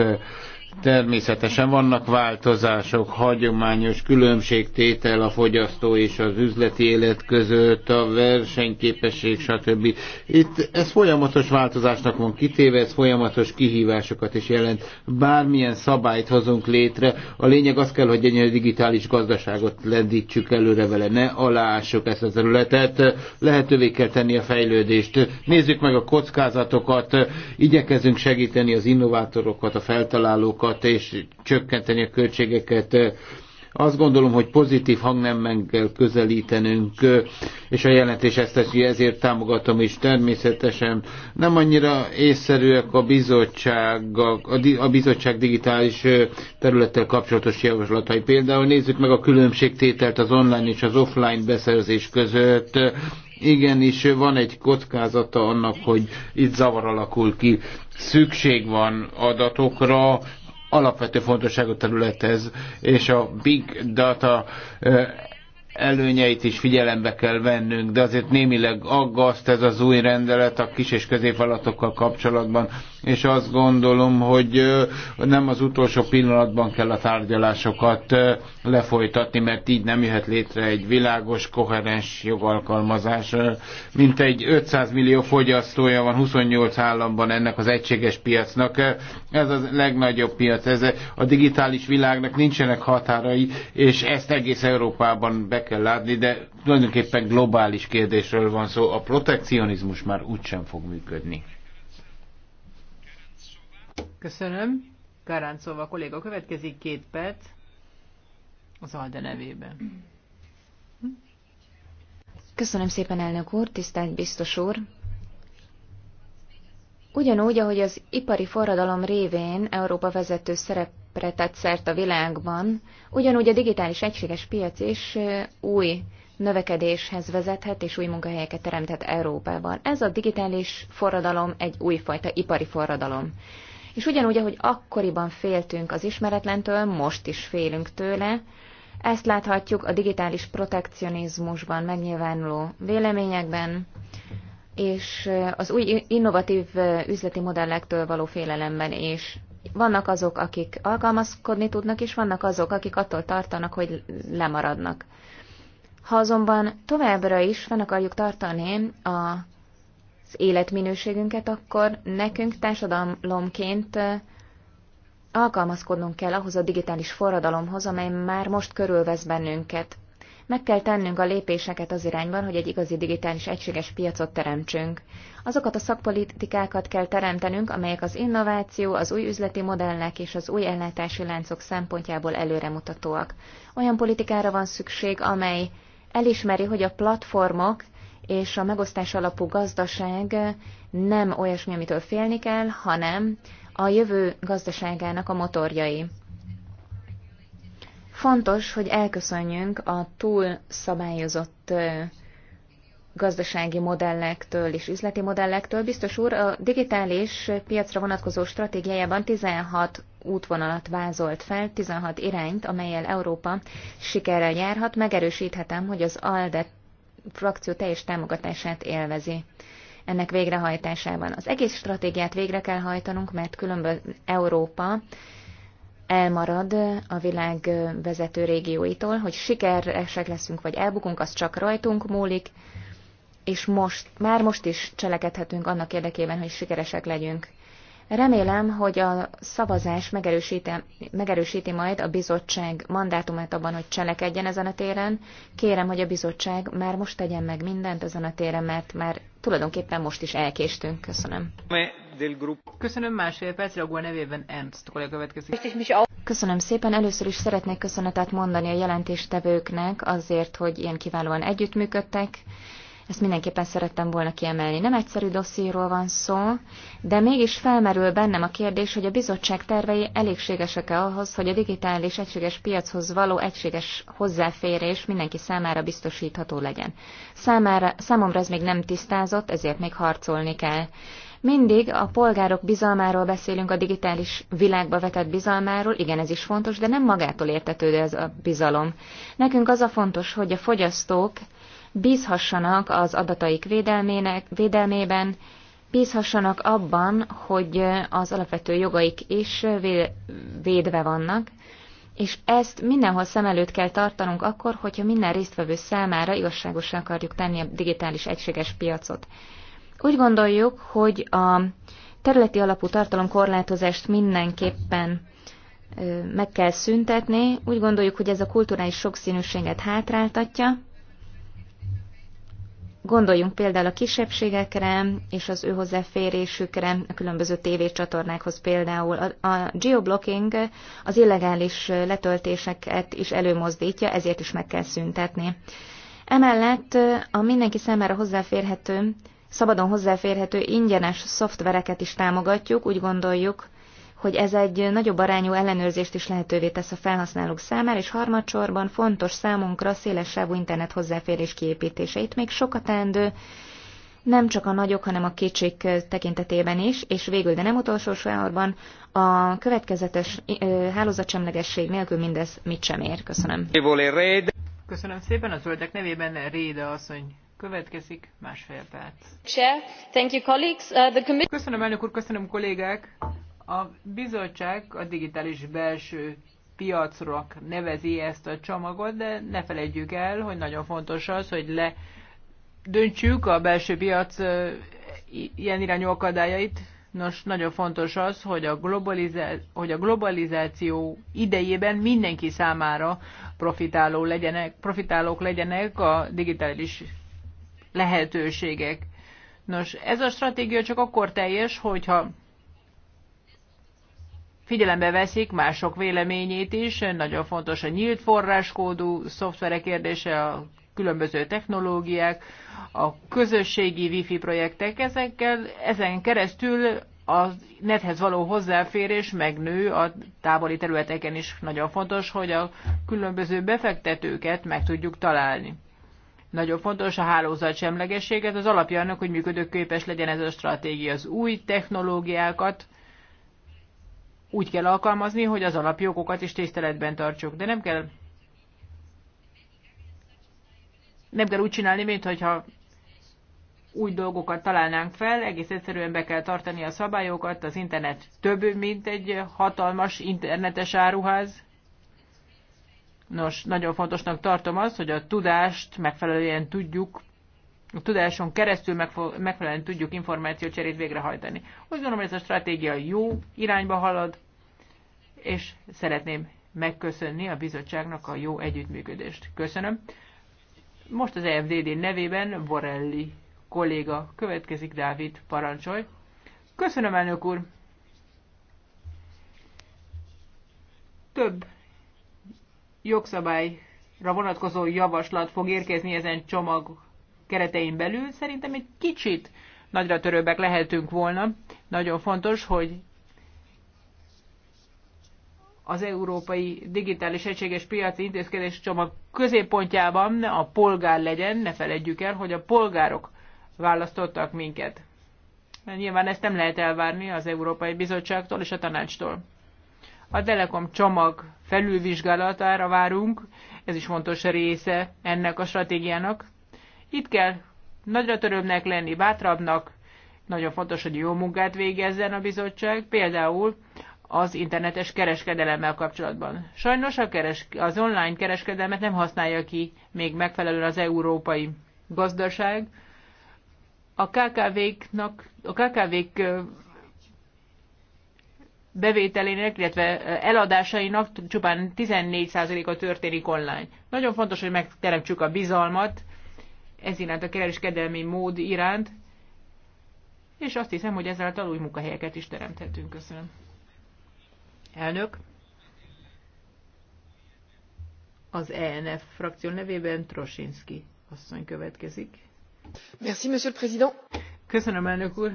S1: Természetesen vannak változások, hagyományos különbségtétel a fogyasztó és az üzleti élet között, a versenyképesség, stb. Itt ez folyamatos változásnak van kitéve, ez folyamatos kihívásokat is jelent. Bármilyen szabályt hozunk létre, a lényeg az kell, hogy egy digitális gazdaságot lendítsük előre vele, ne alássuk ezt a területet, lehetővé kell tenni a fejlődést. Nézzük meg a kockázatokat, igyekezünk segíteni az innovátorokat, a feltalálókat, áfakat és csökkenteni a költségeket. Azt gondolom, hogy pozitív hangnemben kell közelítenünk, és a jelentés ezt teszi, ezért támogatom is természetesen. Nem annyira észszerűek a bizottság, a, a bizottság digitális területtel kapcsolatos javaslatai. Például nézzük meg a különbségtételt az online és az offline beszerzés között igenis van egy kockázata annak, hogy itt zavar alakul ki. Szükség van adatokra, alapvető fontosságú terület ez, és a big data előnyeit is figyelembe kell vennünk, de azért némileg aggaszt ez az új rendelet a kis és középvállalatokkal kapcsolatban és azt gondolom, hogy nem az utolsó pillanatban kell a tárgyalásokat lefolytatni, mert így nem jöhet létre egy világos, koherens jogalkalmazás. Mint egy 500 millió fogyasztója van 28 államban ennek az egységes piacnak. Ez a legnagyobb piac. Ez a digitális világnak nincsenek határai, és ezt egész Európában be kell látni, de tulajdonképpen globális kérdésről van szó. A protekcionizmus már úgysem fog működni.
S2: Köszönöm. Karáncova kolléga következik két perc az Alde nevében.
S4: Köszönöm szépen, elnök úr, tisztelt biztos úr. Ugyanúgy, ahogy az ipari forradalom révén Európa vezető szerepre tett szert a világban, ugyanúgy a digitális egységes piac is új növekedéshez vezethet és új munkahelyeket teremthet Európában. Ez a digitális forradalom egy újfajta ipari forradalom. És ugyanúgy, ahogy akkoriban féltünk az ismeretlentől, most is félünk tőle, ezt láthatjuk a digitális protekcionizmusban megnyilvánuló véleményekben, és az új innovatív üzleti modellektől való félelemben is. Vannak azok, akik alkalmazkodni tudnak, és vannak azok, akik attól tartanak, hogy lemaradnak. Ha azonban továbbra is fenn akarjuk tartani a az életminőségünket, akkor nekünk társadalomként alkalmazkodnunk kell ahhoz a digitális forradalomhoz, amely már most körülvesz bennünket. Meg kell tennünk a lépéseket az irányban, hogy egy igazi digitális egységes piacot teremtsünk. Azokat a szakpolitikákat kell teremtenünk, amelyek az innováció, az új üzleti modellek és az új ellátási láncok szempontjából előremutatóak. Olyan politikára van szükség, amely elismeri, hogy a platformok és a megosztás alapú gazdaság nem olyasmi, amitől félni kell, hanem a jövő gazdaságának a motorjai. Fontos, hogy elköszönjünk a túl szabályozott gazdasági modellektől és üzleti modellektől. Biztos úr, a digitális piacra vonatkozó stratégiájában 16 útvonalat vázolt fel, 16 irányt, amelyel Európa sikerrel járhat. Megerősíthetem, hogy az ALDE frakció teljes támogatását élvezi ennek végrehajtásában. Az egész stratégiát végre kell hajtanunk, mert különböző Európa elmarad a világ vezető régióitól, hogy sikeresek leszünk vagy elbukunk, az csak rajtunk múlik, és most, már most is cselekedhetünk annak érdekében, hogy sikeresek legyünk. Remélem, hogy a szavazás megerősíti, megerősíti majd a bizottság mandátumát abban, hogy cselekedjen ezen a téren. Kérem, hogy a bizottság már most tegyen meg mindent ezen a téren, mert már tulajdonképpen most is elkéstünk. Köszönöm.
S2: Köszönöm másfél perc, Ragua nevében Ernst kollega következik.
S4: Köszönöm szépen. Először is szeretnék köszönetet mondani a jelentéstevőknek azért, hogy ilyen kiválóan együttműködtek. Ezt mindenképpen szerettem volna kiemelni. Nem egyszerű dossziéról van szó, de mégis felmerül bennem a kérdés, hogy a bizottság tervei elégségesek-e ahhoz, hogy a digitális egységes piachoz való egységes hozzáférés mindenki számára biztosítható legyen. Számára, számomra ez még nem tisztázott, ezért még harcolni kell. Mindig a polgárok bizalmáról beszélünk, a digitális világba vetett bizalmáról, igen, ez is fontos, de nem magától értetődő ez a bizalom. Nekünk az a fontos, hogy a fogyasztók bízhassanak az adataik védelmének, védelmében, bízhassanak abban, hogy az alapvető jogaik is védve vannak, és ezt mindenhol szem előtt kell tartanunk akkor, hogyha minden résztvevő számára igazságosan akarjuk tenni a digitális egységes piacot. Úgy gondoljuk, hogy a területi alapú tartalomkorlátozást mindenképpen meg kell szüntetni. Úgy gondoljuk, hogy ez a kulturális sokszínűséget hátráltatja, Gondoljunk például a kisebbségekre és az ő hozzáférésükre, a különböző tévécsatornákhoz például. A geoblocking az illegális letöltéseket is előmozdítja, ezért is meg kell szüntetni. Emellett a mindenki számára hozzáférhető, szabadon hozzáférhető ingyenes szoftvereket is támogatjuk, úgy gondoljuk, hogy ez egy nagyobb arányú ellenőrzést is lehetővé tesz a felhasználók számára, és harmadsorban fontos számunkra sávú internet hozzáférés kiépítése. Itt még sokat teendő, nem csak a nagyok, hanem a kicsik tekintetében is, és végül, de nem utolsó sorban, a következetes hálózatsemlegesség nélkül mindez mit sem ér. Köszönöm.
S2: Köszönöm szépen, a zöldek nevében Réda asszony következik másfél perc.
S4: Uh,
S2: köszönöm elnök úr, köszönöm kollégák a bizottság a digitális belső piacról nevezi ezt a csomagot, de ne felejtjük el, hogy nagyon fontos az, hogy le döntsük a belső piac ilyen irányú akadályait. Nos, nagyon fontos az, hogy a, globalizá- hogy a globalizáció idejében mindenki számára profitáló legyenek, profitálók legyenek a digitális lehetőségek. Nos, ez a stratégia csak akkor teljes, hogyha figyelembe veszik mások véleményét is, nagyon fontos a nyílt forráskódú szoftverek kérdése, a különböző technológiák, a közösségi wifi projektek, ezekkel, ezen keresztül a nethez való hozzáférés megnő a távoli területeken is. Nagyon fontos, hogy a különböző befektetőket meg tudjuk találni. Nagyon fontos a hálózat ez az alapja annak, hogy működőképes legyen ez a stratégia. Az új technológiákat úgy kell alkalmazni, hogy az alapjogokat is tiszteletben tartsuk. De nem kell, nem kell úgy csinálni, mintha új dolgokat találnánk fel, egész egyszerűen be kell tartani a szabályokat, az internet több, mint egy hatalmas internetes áruház. Nos, nagyon fontosnak tartom azt, hogy a tudást megfelelően tudjuk a tudáson keresztül megfelelően tudjuk információcserét végrehajtani. Úgy gondolom, hogy ez a stratégia jó irányba halad, és szeretném megköszönni a bizottságnak a jó együttműködést. Köszönöm. Most az EFDD nevében Borelli kolléga következik, Dávid, parancsolj. Köszönöm, elnök úr. Több jogszabályra vonatkozó javaslat fog érkezni ezen csomag keretein belül szerintem egy kicsit nagyra törőbbek lehetünk volna. Nagyon fontos, hogy az európai digitális egységes piaci intézkedés csomag középpontjában a polgár legyen, ne felejtjük el, hogy a polgárok választottak minket. Nyilván ezt nem lehet elvárni az Európai Bizottságtól és a tanácstól. A Telekom csomag felülvizsgálatára várunk, ez is fontos része ennek a stratégiának. Itt kell nagyra törőbbnek lenni, bátrabbnak, nagyon fontos, hogy jó munkát végezzen a bizottság, például az internetes kereskedelemmel kapcsolatban. Sajnos a keres, az online kereskedelmet nem használja ki még megfelelően az európai gazdaság. A KKV-knak, a KKV-k bevételének, illetve eladásainak csupán 14%-a történik online. Nagyon fontos, hogy megteremtsük a bizalmat ez iránt, a kereskedelmi mód iránt, és azt hiszem, hogy ezáltal új munkahelyeket is teremthetünk. Köszönöm. Elnök. Az ENF frakció nevében Trosinski asszony következik. Merci, monsieur le président. Köszönöm, elnök úr.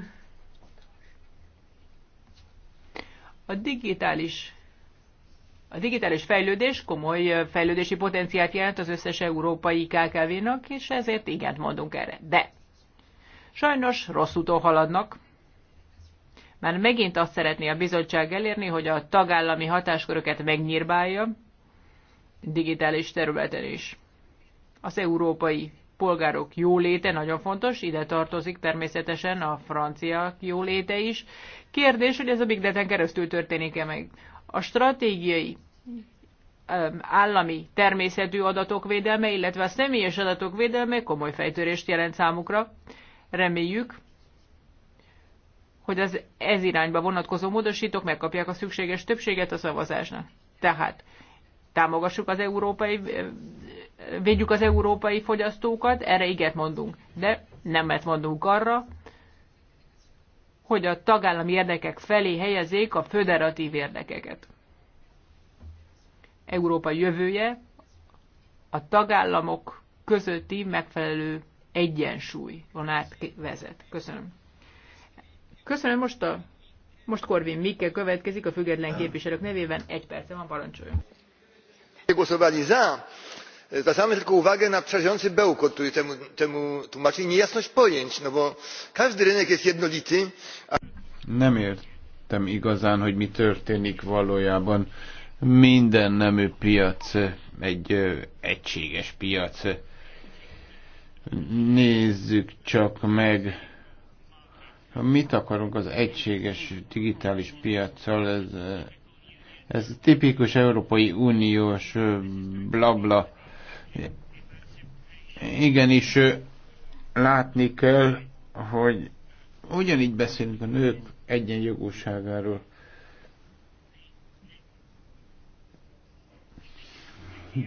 S2: A digitális a digitális fejlődés komoly fejlődési potenciált jelent az összes európai KKV-nak, és ezért igent mondunk erre. De sajnos rossz úton haladnak. Már megint azt szeretné a bizottság elérni, hogy a tagállami hatásköröket megnyírbálja, digitális területen is. Az európai polgárok jóléte nagyon fontos, ide tartozik természetesen a francia jóléte is. Kérdés, hogy ez a Big Data-en keresztül történik-e meg. A stratégiai állami természetű adatok védelme, illetve a személyes adatok védelme komoly fejtörést jelent számukra. Reméljük, hogy az ez irányba vonatkozó módosítók megkapják a szükséges többséget a szavazásnak. Tehát támogassuk az európai, védjük az európai fogyasztókat, erre iget mondunk, de nemet mondunk arra, hogy a tagállami érdekek felé helyezzék a föderatív érdekeket. Európa jövője a tagállamok közötti megfelelő egyensúlyon át vezet. Köszönöm. Köszönöm most a most Korvin Mikke következik a független képviselők nevében. Egy perce van,
S1: parancsoljon. Głosowali za. Zwracamy tylko uwagę na przerażający bełkot, który temu, temu tłumaczy i niejasność pojęć, no bo każdy rynek jest jednolity. A... Nem értem igazán, hogy mi történik valójában minden nemű piac egy egységes piac. Nézzük csak meg, mit akarunk az egységes digitális piaccal. Ez, ez tipikus Európai Uniós blabla. Igenis, látni kell, hogy ugyanígy beszélünk a nők egyenjogúságáról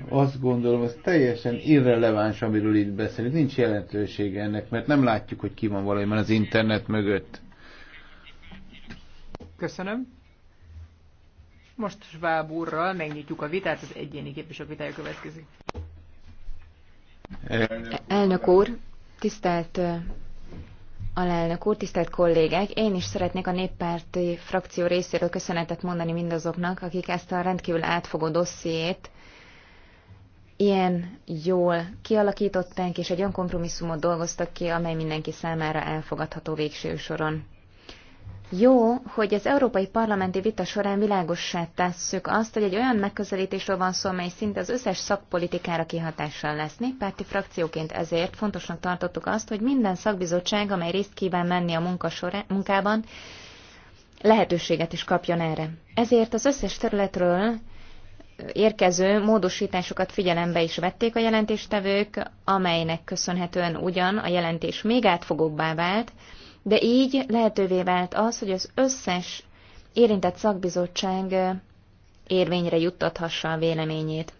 S1: azt gondolom, az teljesen irreleváns, amiről itt beszélünk. Nincs jelentősége ennek, mert nem látjuk, hogy ki van valójában az internet mögött.
S2: Köszönöm. Most Schwab úrral megnyitjuk a vitát, az egyéni képviselők vitája következik.
S4: Elnök úr, tisztelt alelnök úr, tisztelt kollégák! Én is szeretnék a néppárti frakció részéről köszönetet mondani mindazoknak, akik ezt a rendkívül átfogó dossziét ilyen jól kialakították, és egy olyan kompromisszumot dolgoztak ki, amely mindenki számára elfogadható végső soron. Jó, hogy az európai parlamenti vita során világossá tesszük azt, hogy egy olyan megközelítésről van szó, mely szinte az összes szakpolitikára kihatással lesz. Néppárti frakcióként ezért fontosnak tartottuk azt, hogy minden szakbizottság, amely részt kíván menni a munka során, munkában, lehetőséget is kapjon erre. Ezért az összes területről érkező módosításokat figyelembe is vették a jelentéstevők, amelynek köszönhetően ugyan a jelentés még átfogóbbá vált, de így lehetővé vált az, hogy az összes érintett szakbizottság érvényre juttathassa a véleményét.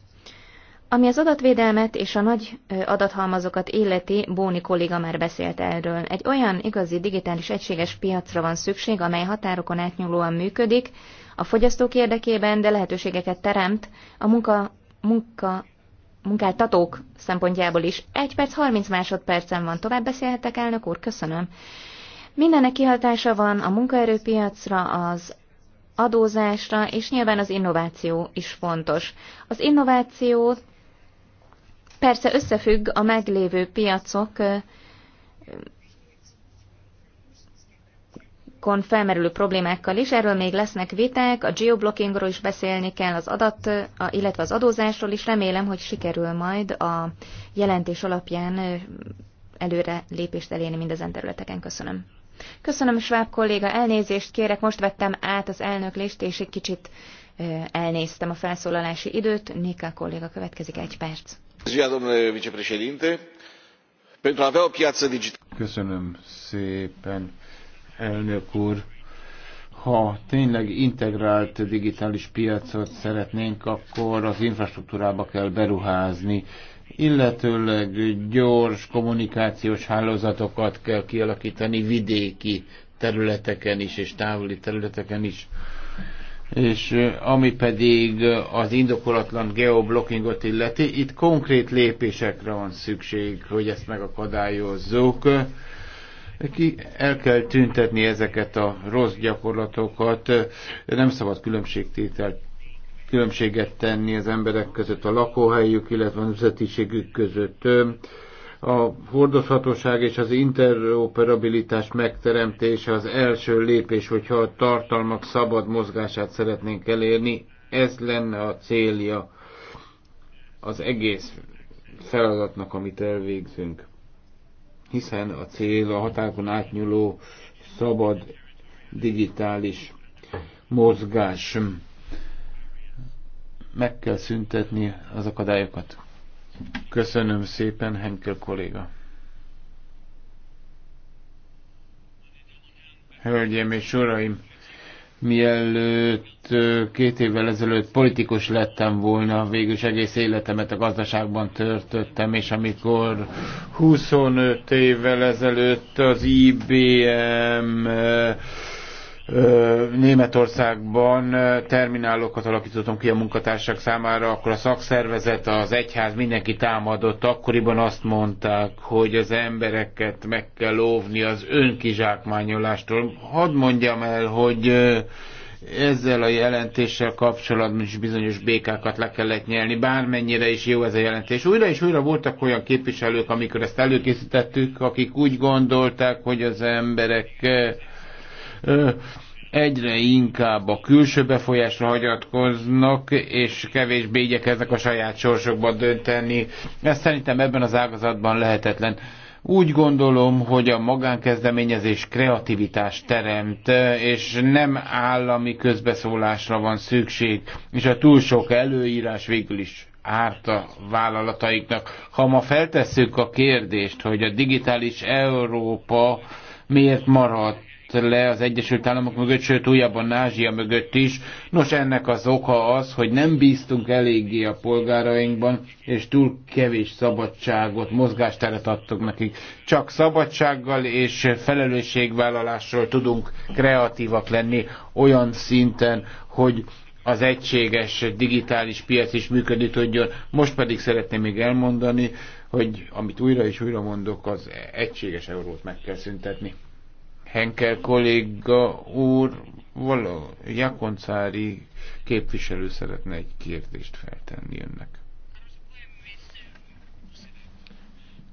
S4: Ami az adatvédelmet és a nagy adathalmazokat illeti, Bóni kolléga már beszélt erről. Egy olyan igazi digitális egységes piacra van szükség, amely határokon átnyúlóan működik, a fogyasztók érdekében, de lehetőségeket teremt a munka, munka munkáltatók szempontjából is. Egy perc 30 másodpercen van, tovább beszélhetek, elnök úr, köszönöm. Mindennek kihatása van a munkaerőpiacra, az adózásra, és nyilván az innováció is fontos. Az innovációt persze összefügg a meglévő piacok kon felmerülő problémákkal is, erről még lesznek viták, a geoblockingról is beszélni kell, az adat, illetve az adózásról is, remélem, hogy sikerül majd a jelentés alapján előre lépést elérni mindezen területeken. Köszönöm. Köszönöm, Schwab kolléga, elnézést kérek, most vettem át az elnöklést, és egy kicsit elnéztem a felszólalási időt. Nika kolléga következik egy perc
S1: domnule vicepreședinte pentru a avea o piață digitală. Köszönöm szépen, elnök úr. Ha tényleg integrált digitális piacot szeretnénk, akkor az infrastruktúrába kell beruházni, illetőleg gyors kommunikációs hálózatokat kell kialakítani vidéki területeken is és távoli területeken is és ami pedig az indokolatlan geoblockingot illeti, itt konkrét lépésekre van szükség, hogy ezt megakadályozzuk. Ki el kell tüntetni ezeket a rossz gyakorlatokat, nem szabad különbségtételt különbséget tenni az emberek között, a lakóhelyük, illetve a nemzetiségük között a hordozhatóság és az interoperabilitás megteremtése az első lépés, hogyha a tartalmak szabad mozgását szeretnénk elérni, ez lenne a célja az egész feladatnak, amit elvégzünk. Hiszen a cél a határokon átnyúló szabad digitális mozgás. Meg kell szüntetni az akadályokat. Köszönöm szépen, Henkel kolléga. Hölgyeim és uraim, mielőtt két évvel ezelőtt politikus lettem volna, végülis egész életemet a gazdaságban törtöttem, és amikor 25 évvel ezelőtt az IBM Németországban terminálokat alakítottam ki a munkatársak számára, akkor a szakszervezet, az egyház, mindenki támadott. Akkoriban azt mondták, hogy az embereket meg kell óvni az önkizsákmányolástól. Hadd mondjam el, hogy ezzel a jelentéssel kapcsolatban is bizonyos békákat le kellett nyelni, bármennyire is jó ez a jelentés. Újra és újra voltak olyan képviselők, amikor ezt előkészítettük, akik úgy gondolták, hogy az emberek egyre inkább a külső befolyásra hagyatkoznak, és kevésbé igyekeznek a saját sorsokban dönteni. Ez szerintem ebben az ágazatban lehetetlen. Úgy gondolom, hogy a magánkezdeményezés kreativitást teremt, és nem állami közbeszólásra van szükség, és a túl sok előírás végül is árt a vállalataiknak. Ha ma feltesszük a kérdést, hogy a digitális Európa miért maradt le az Egyesült Államok mögött, sőt újabban Ázsia mögött is. Nos, ennek az oka az, hogy nem bíztunk eléggé a polgárainkban, és túl kevés szabadságot, mozgásteret adtuk nekik. Csak szabadsággal és felelősségvállalással tudunk kreatívak lenni olyan szinten, hogy az egységes digitális piac is működni tudjon. Most pedig szeretném még elmondani, hogy amit újra és újra mondok, az egységes eurót meg kell szüntetni. Henkel kolléga úr, való Jakoncári képviselő szeretne egy kérdést feltenni önnek.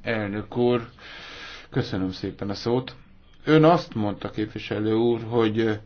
S1: Elnök úr, köszönöm szépen a szót. Ön azt mondta, képviselő úr, hogy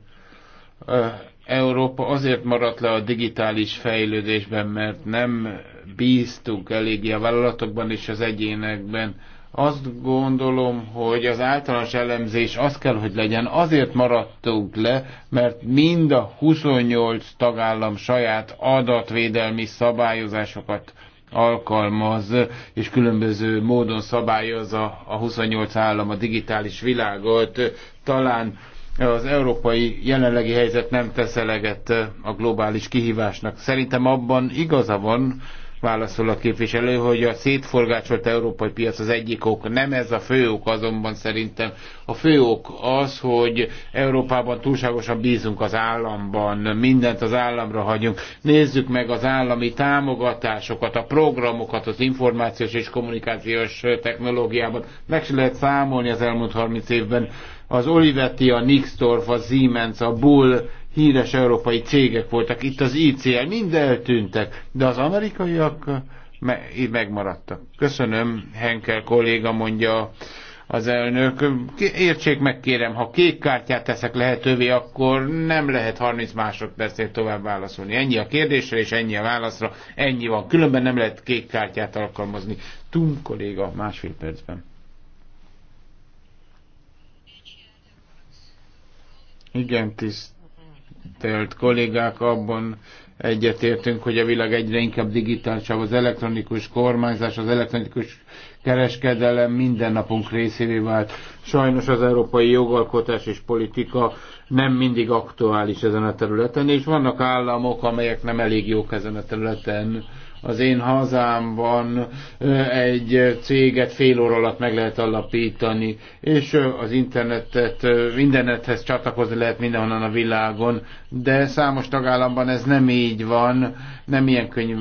S1: Európa azért maradt le a digitális fejlődésben, mert nem bíztunk eléggé a vállalatokban és az egyénekben. Azt gondolom, hogy az általános elemzés az kell, hogy legyen. Azért maradtunk le, mert mind a 28 tagállam saját adatvédelmi szabályozásokat alkalmaz, és különböző módon szabályozza a 28 állam a digitális világot. Talán az európai jelenlegi helyzet nem tesz eleget a globális kihívásnak. Szerintem abban igaza van, válaszol a képviselő, hogy a szétforgácsolt európai piac az egyik ok. Nem ez a fő ok azonban szerintem. A fő ok az, hogy Európában túlságosan bízunk az államban, mindent az államra hagyunk. Nézzük meg az állami támogatásokat, a programokat az információs és kommunikációs technológiában. Meg se lehet számolni az elmúlt 30 évben. Az Olivetti, a Nixdorf, a Siemens, a Bull, híres európai cégek voltak. Itt az ICL, mind eltűntek, de az amerikaiak me- megmaradtak. Köszönöm, Henkel kolléga mondja az elnök. Értsék meg kérem, ha kék kártyát teszek lehetővé, akkor nem lehet 30 másodpercért tovább válaszolni. Ennyi a kérdésre és ennyi a válaszra, ennyi van. Különben nem lehet kék kártyát alkalmazni. Tum kolléga, másfél percben. Igen, tiszt tisztelt kollégák, abban egyetértünk, hogy a világ egyre inkább digitálisabb, az elektronikus kormányzás, az elektronikus kereskedelem minden napunk részévé vált. Sajnos az európai jogalkotás és politika nem mindig aktuális ezen a területen, és vannak államok, amelyek nem elég jók ezen a területen az én hazámban egy céget fél óra alatt meg lehet alapítani, és az internetet, mindenethez csatlakozni lehet mindenhonnan a világon, de számos tagállamban ez nem így van, nem ilyen könnyű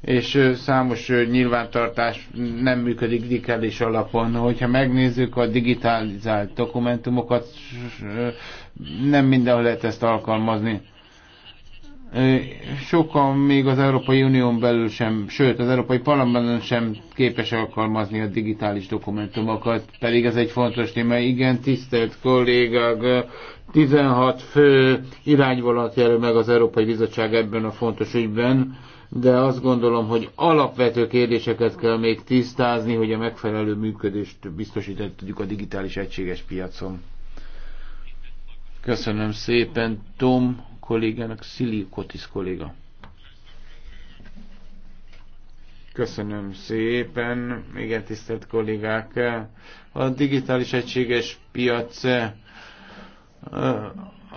S1: és számos nyilvántartás nem működik digitális alapon. Hogyha megnézzük a digitalizált dokumentumokat, nem mindenhol lehet ezt alkalmazni sokan még az Európai Unión belül sem, sőt az Európai Parlamentben sem képes alkalmazni a digitális dokumentumokat, pedig ez egy fontos téma. Igen, tisztelt kollégák, 16 fő irányvonalat jelöl meg az Európai Bizottság ebben a fontos ügyben, de azt gondolom, hogy alapvető kérdéseket kell még tisztázni, hogy a megfelelő működést biztosítani tudjuk a digitális egységes piacon. Köszönöm szépen, Tom kollégának, Szili Kotis kolléga. Köszönöm szépen, igen tisztelt kollégák. A digitális egységes piac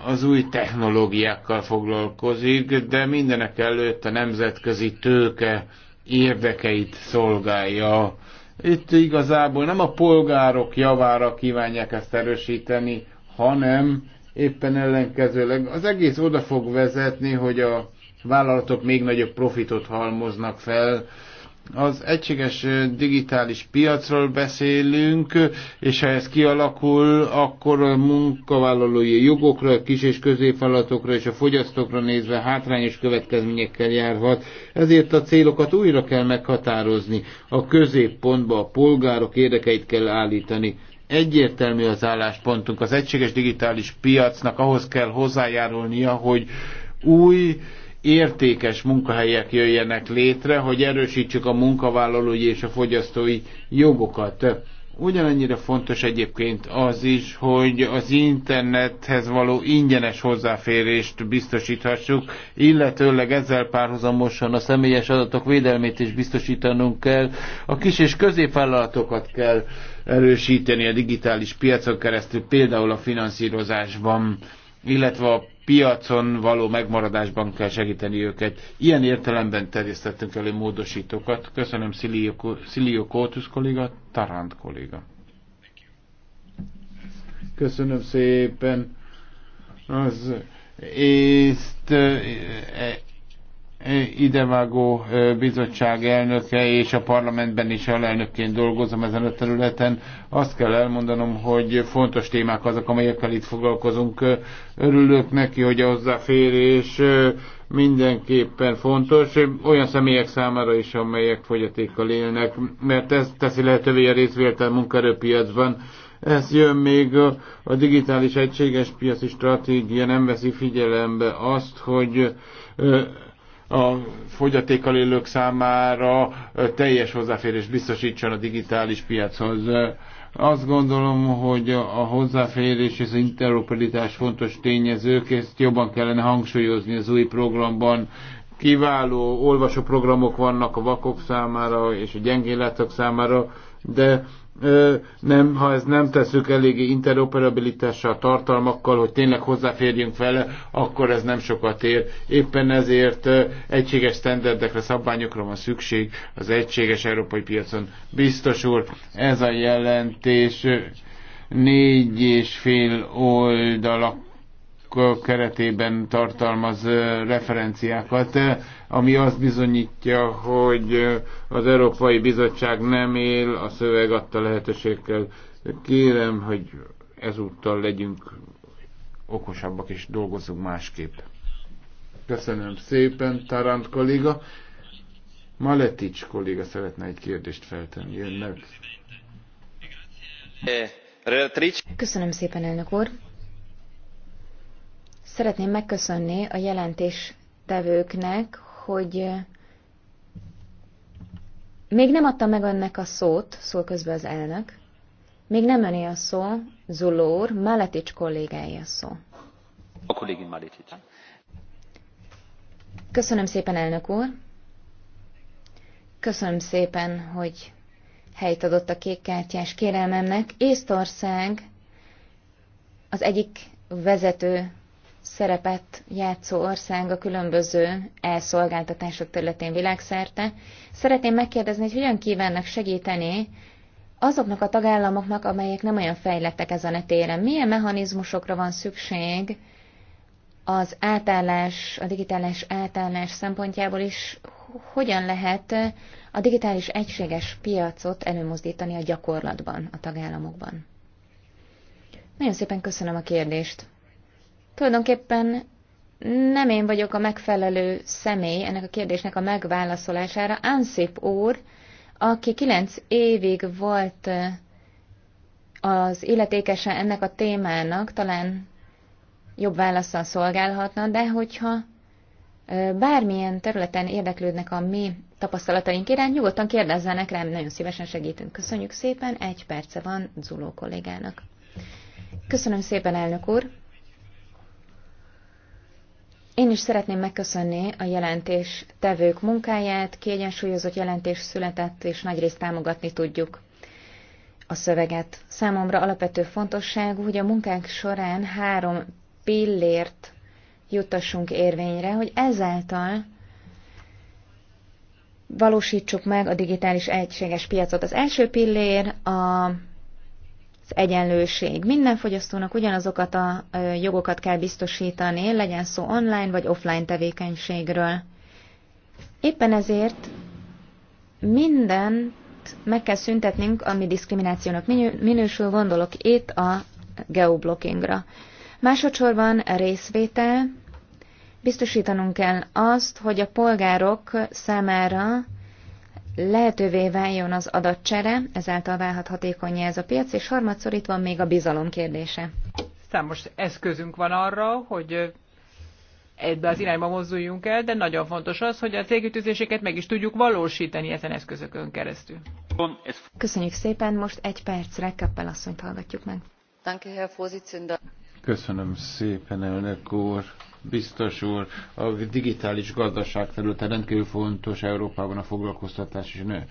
S1: az új technológiákkal foglalkozik, de mindenek előtt a nemzetközi tőke érdekeit szolgálja. Itt igazából nem a polgárok javára kívánják ezt erősíteni, hanem éppen ellenkezőleg az egész oda fog vezetni, hogy a vállalatok még nagyobb profitot halmoznak fel. Az egységes digitális piacról beszélünk, és ha ez kialakul, akkor a munkavállalói jogokra, a kis és középvállalatokra és a fogyasztókra nézve hátrányos következményekkel járhat. Ezért a célokat újra kell meghatározni. A középpontba a polgárok érdekeit kell állítani Egyértelmű az álláspontunk. Az egységes digitális piacnak ahhoz kell hozzájárulnia, hogy új értékes munkahelyek jöjjenek létre, hogy erősítsük a munkavállalói és a fogyasztói jogokat. Ugyanannyira fontos egyébként az is, hogy az internethez való ingyenes hozzáférést biztosíthassuk, illetőleg ezzel párhuzamosan a személyes adatok védelmét is biztosítanunk kell, a kis és középvállalatokat kell erősíteni a digitális piacon keresztül, például a finanszírozásban, illetve a piacon való megmaradásban kell segíteni őket. Ilyen értelemben terjesztettünk elő módosítókat. Köszönöm Szilió Kótusz kolléga, Tarant kolléga. Köszönöm szépen. Az és idevágó bizottság elnöke, és a parlamentben is alelnökként dolgozom ezen a területen. Azt kell elmondanom, hogy fontos témák azok, amelyekkel itt foglalkozunk. Örülök neki, hogy a hozzáférés mindenképpen fontos, olyan személyek számára is, amelyek fogyatékkal élnek, mert ez teszi lehetővé a részvétel munkaerőpiacban. Ez jön még a, a digitális egységes piaci stratégia nem veszi figyelembe azt, hogy a fogyatékkal élők számára teljes hozzáférés biztosítson a digitális piachoz. Azt gondolom, hogy a hozzáférés és az interoperitás fontos tényezők, ezt jobban kellene hangsúlyozni az új programban. Kiváló olvasóprogramok vannak a vakok számára és a gyengéletek számára, de nem, ha ez nem tesszük eléggé interoperabilitással, tartalmakkal, hogy tényleg hozzáférjünk vele, akkor ez nem sokat ér. Éppen ezért egységes standardekre, szabványokra van szükség az egységes európai piacon. Biztos úr, ez a jelentés négy és fél oldalak keretében tartalmaz referenciákat, ami azt bizonyítja, hogy az Európai Bizottság nem él a szöveg adta lehetőségkel. Kérem, hogy ezúttal legyünk okosabbak és dolgozzunk másképp. Köszönöm szépen, Tarant kolléga. Maletics kolléga szeretne egy kérdést feltenni önnek.
S4: Köszönöm szépen, elnök úr. Szeretném megköszönni a jelentéstevőknek, hogy még nem adta meg önnek a szót, szól közben az elnök. Még nem öné a szó, Zulór, Maletics kollégáé a szó.
S5: A kollégin Maletics.
S4: Köszönöm szépen, elnök úr. Köszönöm szépen, hogy helyt adott a kékkártyás kérelmemnek. Észtország az egyik vezető szerepet játszó ország a különböző elszolgáltatások területén világszerte. Szeretném megkérdezni, hogy hogyan kívánnak segíteni azoknak a tagállamoknak, amelyek nem olyan fejlettek ezen a téren. Milyen mechanizmusokra van szükség az átállás, a digitális átállás szempontjából is, hogyan lehet a digitális egységes piacot előmozdítani a gyakorlatban, a tagállamokban? Nagyon szépen köszönöm a kérdést. Tulajdonképpen nem én vagyok a megfelelő személy ennek a kérdésnek a megválaszolására. Ánszép úr, aki kilenc évig volt eh, az illetékese ennek a témának, talán jobb válaszsal szolgálhatna, de hogyha eh, bármilyen területen érdeklődnek a mi tapasztalataink iránt, nyugodtan kérdezzenek rám, nagyon szívesen segítünk. Köszönjük szépen, egy perce van Zuló kollégának. Köszönöm szépen, elnök úr! Én is szeretném megköszönni a jelentés tevők munkáját, kiegyensúlyozott jelentés született, és nagyrészt támogatni tudjuk a szöveget. Számomra alapvető fontosságú, hogy a munkánk során három pillért juttassunk érvényre, hogy ezáltal valósítsuk meg a digitális egységes piacot. Az első pillér a egyenlőség. Minden fogyasztónak ugyanazokat a jogokat kell biztosítani, legyen szó online vagy offline tevékenységről. Éppen ezért mindent meg kell szüntetnünk, ami diszkriminációnak minősül, gondolok itt a geoblockingra. Másodszorban részvétel. Biztosítanunk kell azt, hogy a polgárok számára lehetővé váljon az adatcsere, ezáltal válhat hatékonyá ez a piac, és harmadszor itt van még a bizalom kérdése.
S2: Számos eszközünk van arra, hogy ebbe az irányba mozduljunk el, de nagyon fontos az, hogy a cégütőzéseket meg is tudjuk valósítani ezen eszközökön keresztül.
S4: Köszönjük szépen, most egy percre Kappel asszonyt hallgatjuk meg.
S1: Köszönöm szépen, elnök úr biztos úr. A digitális gazdaság területe rendkívül fontos Európában a foglalkoztatás és nő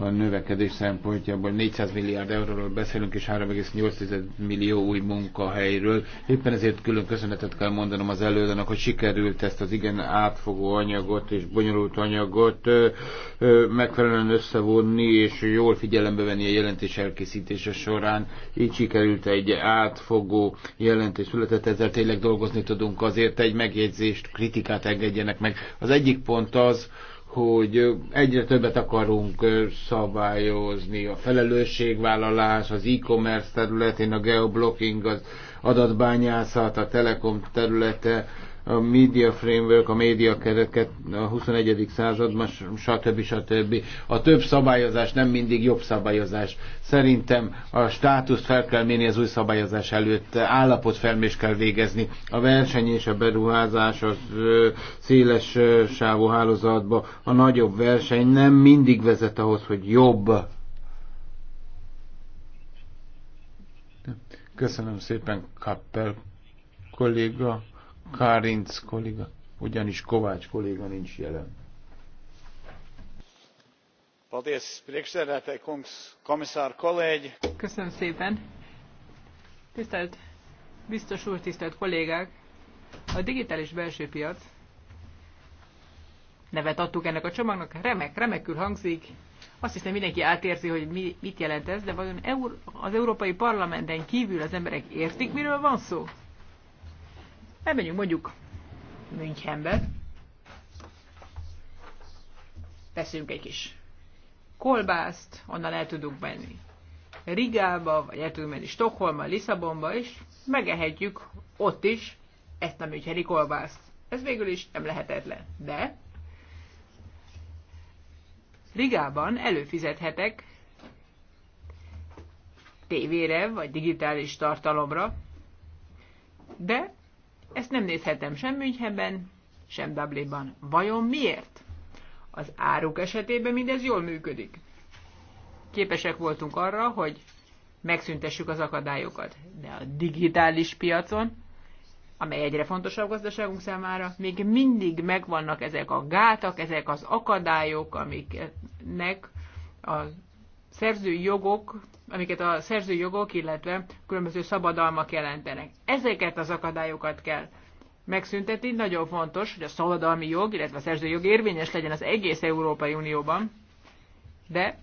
S1: a növekedés szempontjából 400 milliárd euróról beszélünk, és 3,8 millió új munkahelyről. Éppen ezért külön köszönetet kell mondanom az előadónak, hogy sikerült ezt az igen átfogó anyagot és bonyolult anyagot ö, ö, megfelelően összevonni, és jól figyelembe venni a jelentés elkészítése során. Így sikerült egy átfogó jelentés született, ezzel tényleg dolgozni tudunk. Azért egy megjegyzést, kritikát engedjenek meg. Az egyik pont az, hogy egyre többet akarunk szabályozni. A felelősségvállalás, az e-commerce területén, a geoblocking, az adatbányászat, a telekom területe, a media framework, a média kereket a 21. században, stb. stb. A több szabályozás nem mindig jobb szabályozás. Szerintem a státuszt fel kell mérni az új szabályozás előtt, felmés kell végezni. A verseny és a beruházás az széles sávú hálózatba, a nagyobb verseny nem mindig vezet ahhoz, hogy jobb Köszönöm szépen, Kappel kolléga. Kárinc kolléga, ugyanis Kovács kolléga nincs jelen.
S2: Köszönöm szépen. Tisztelt biztos úr, tisztelt kollégák! A digitális belső piac nevet adtuk ennek a csomagnak, remek, remekül hangzik. Azt hiszem mindenki átérzi, hogy mi, mit jelent ez, de vajon az Európai Parlamenten kívül az emberek értik, miről van szó? elmegyünk mondjuk Münchenbe, teszünk egy kis kolbászt, onnan el tudunk menni Rigába, vagy el tudunk menni Stockholmba, Lisszabonba, és megehetjük ott is ezt a müncheni kolbászt. Ez végül is nem lehetetlen, de Rigában előfizethetek tévére, vagy digitális tartalomra, de ezt nem nézhetem sem Münchenben, sem Dublinban. Vajon miért? Az áruk esetében mindez jól működik. Képesek voltunk arra, hogy megszüntessük az akadályokat, de a digitális piacon, amely egyre fontosabb gazdaságunk számára, még mindig megvannak ezek a gátak, ezek az akadályok, amiknek a szerzői jogok amiket a jogok illetve különböző szabadalmak jelentenek. Ezeket az akadályokat kell megszüntetni. Nagyon fontos, hogy a szabadalmi jog, illetve a jog érvényes legyen az egész Európai Unióban, de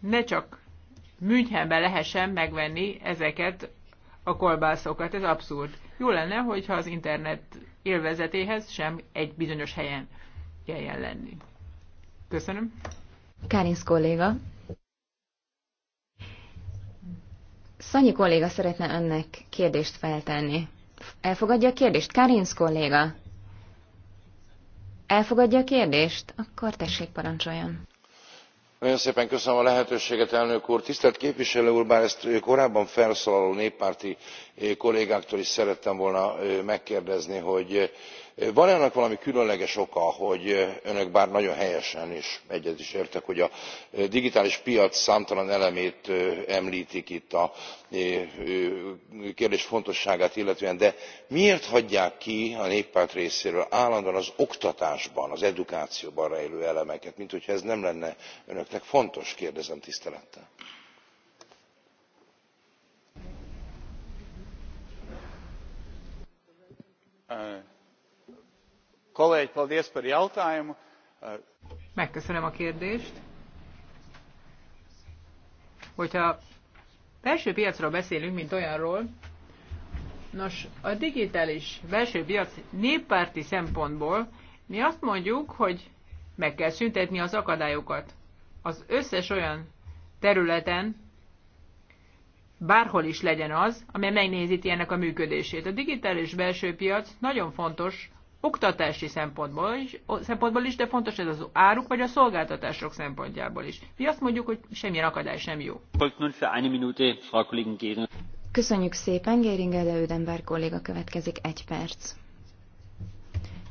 S2: ne csak Münchenben lehessen megvenni ezeket a kolbászokat. Ez abszurd. Jó lenne, hogyha az internet élvezetéhez sem egy bizonyos helyen
S4: kelljen lenni. Köszönöm. Kárinsz kolléga. Szanyi kolléga szeretne önnek kérdést feltenni. Elfogadja a kérdést? Karinsz kolléga? Elfogadja a kérdést? Akkor tessék parancsoljon.
S1: Nagyon szépen köszönöm a lehetőséget, elnök úr. Tisztelt képviselő úr, bár ezt korábban felszólaló néppárti kollégáktól is szerettem volna megkérdezni, hogy van e annak valami különleges oka hogy önök bár nagyon helyesen és egyet is értek hogy a digitális piac számtalan elemét emltik itt a kérdés fontosságát illetően de miért hagyják ki a néppárt részéről állandóan az oktatásban
S3: az edukációban rejlő elemeket minthogyha ez nem lenne önöknek fontos kérdezem tisztelettel.
S1: Kolēģi, paldies par jautājumu.
S2: Megköszönöm a
S6: kérdést.
S2: Hogyha belső piacról beszélünk, mint olyanról, nos, a digitális belső piac néppárti szempontból mi azt mondjuk, hogy meg kell szüntetni az akadályokat. Az összes olyan területen, bárhol is legyen az, amely megnézíti ennek a működését. A digitális belső piac nagyon fontos oktatási szempontból is, szempontból is, de fontos ez az áruk vagy a szolgáltatások szempontjából is. Mi azt mondjuk, hogy semmilyen
S5: akadály
S4: sem jó. Köszönjük szépen, Géring de kolléga következik egy perc.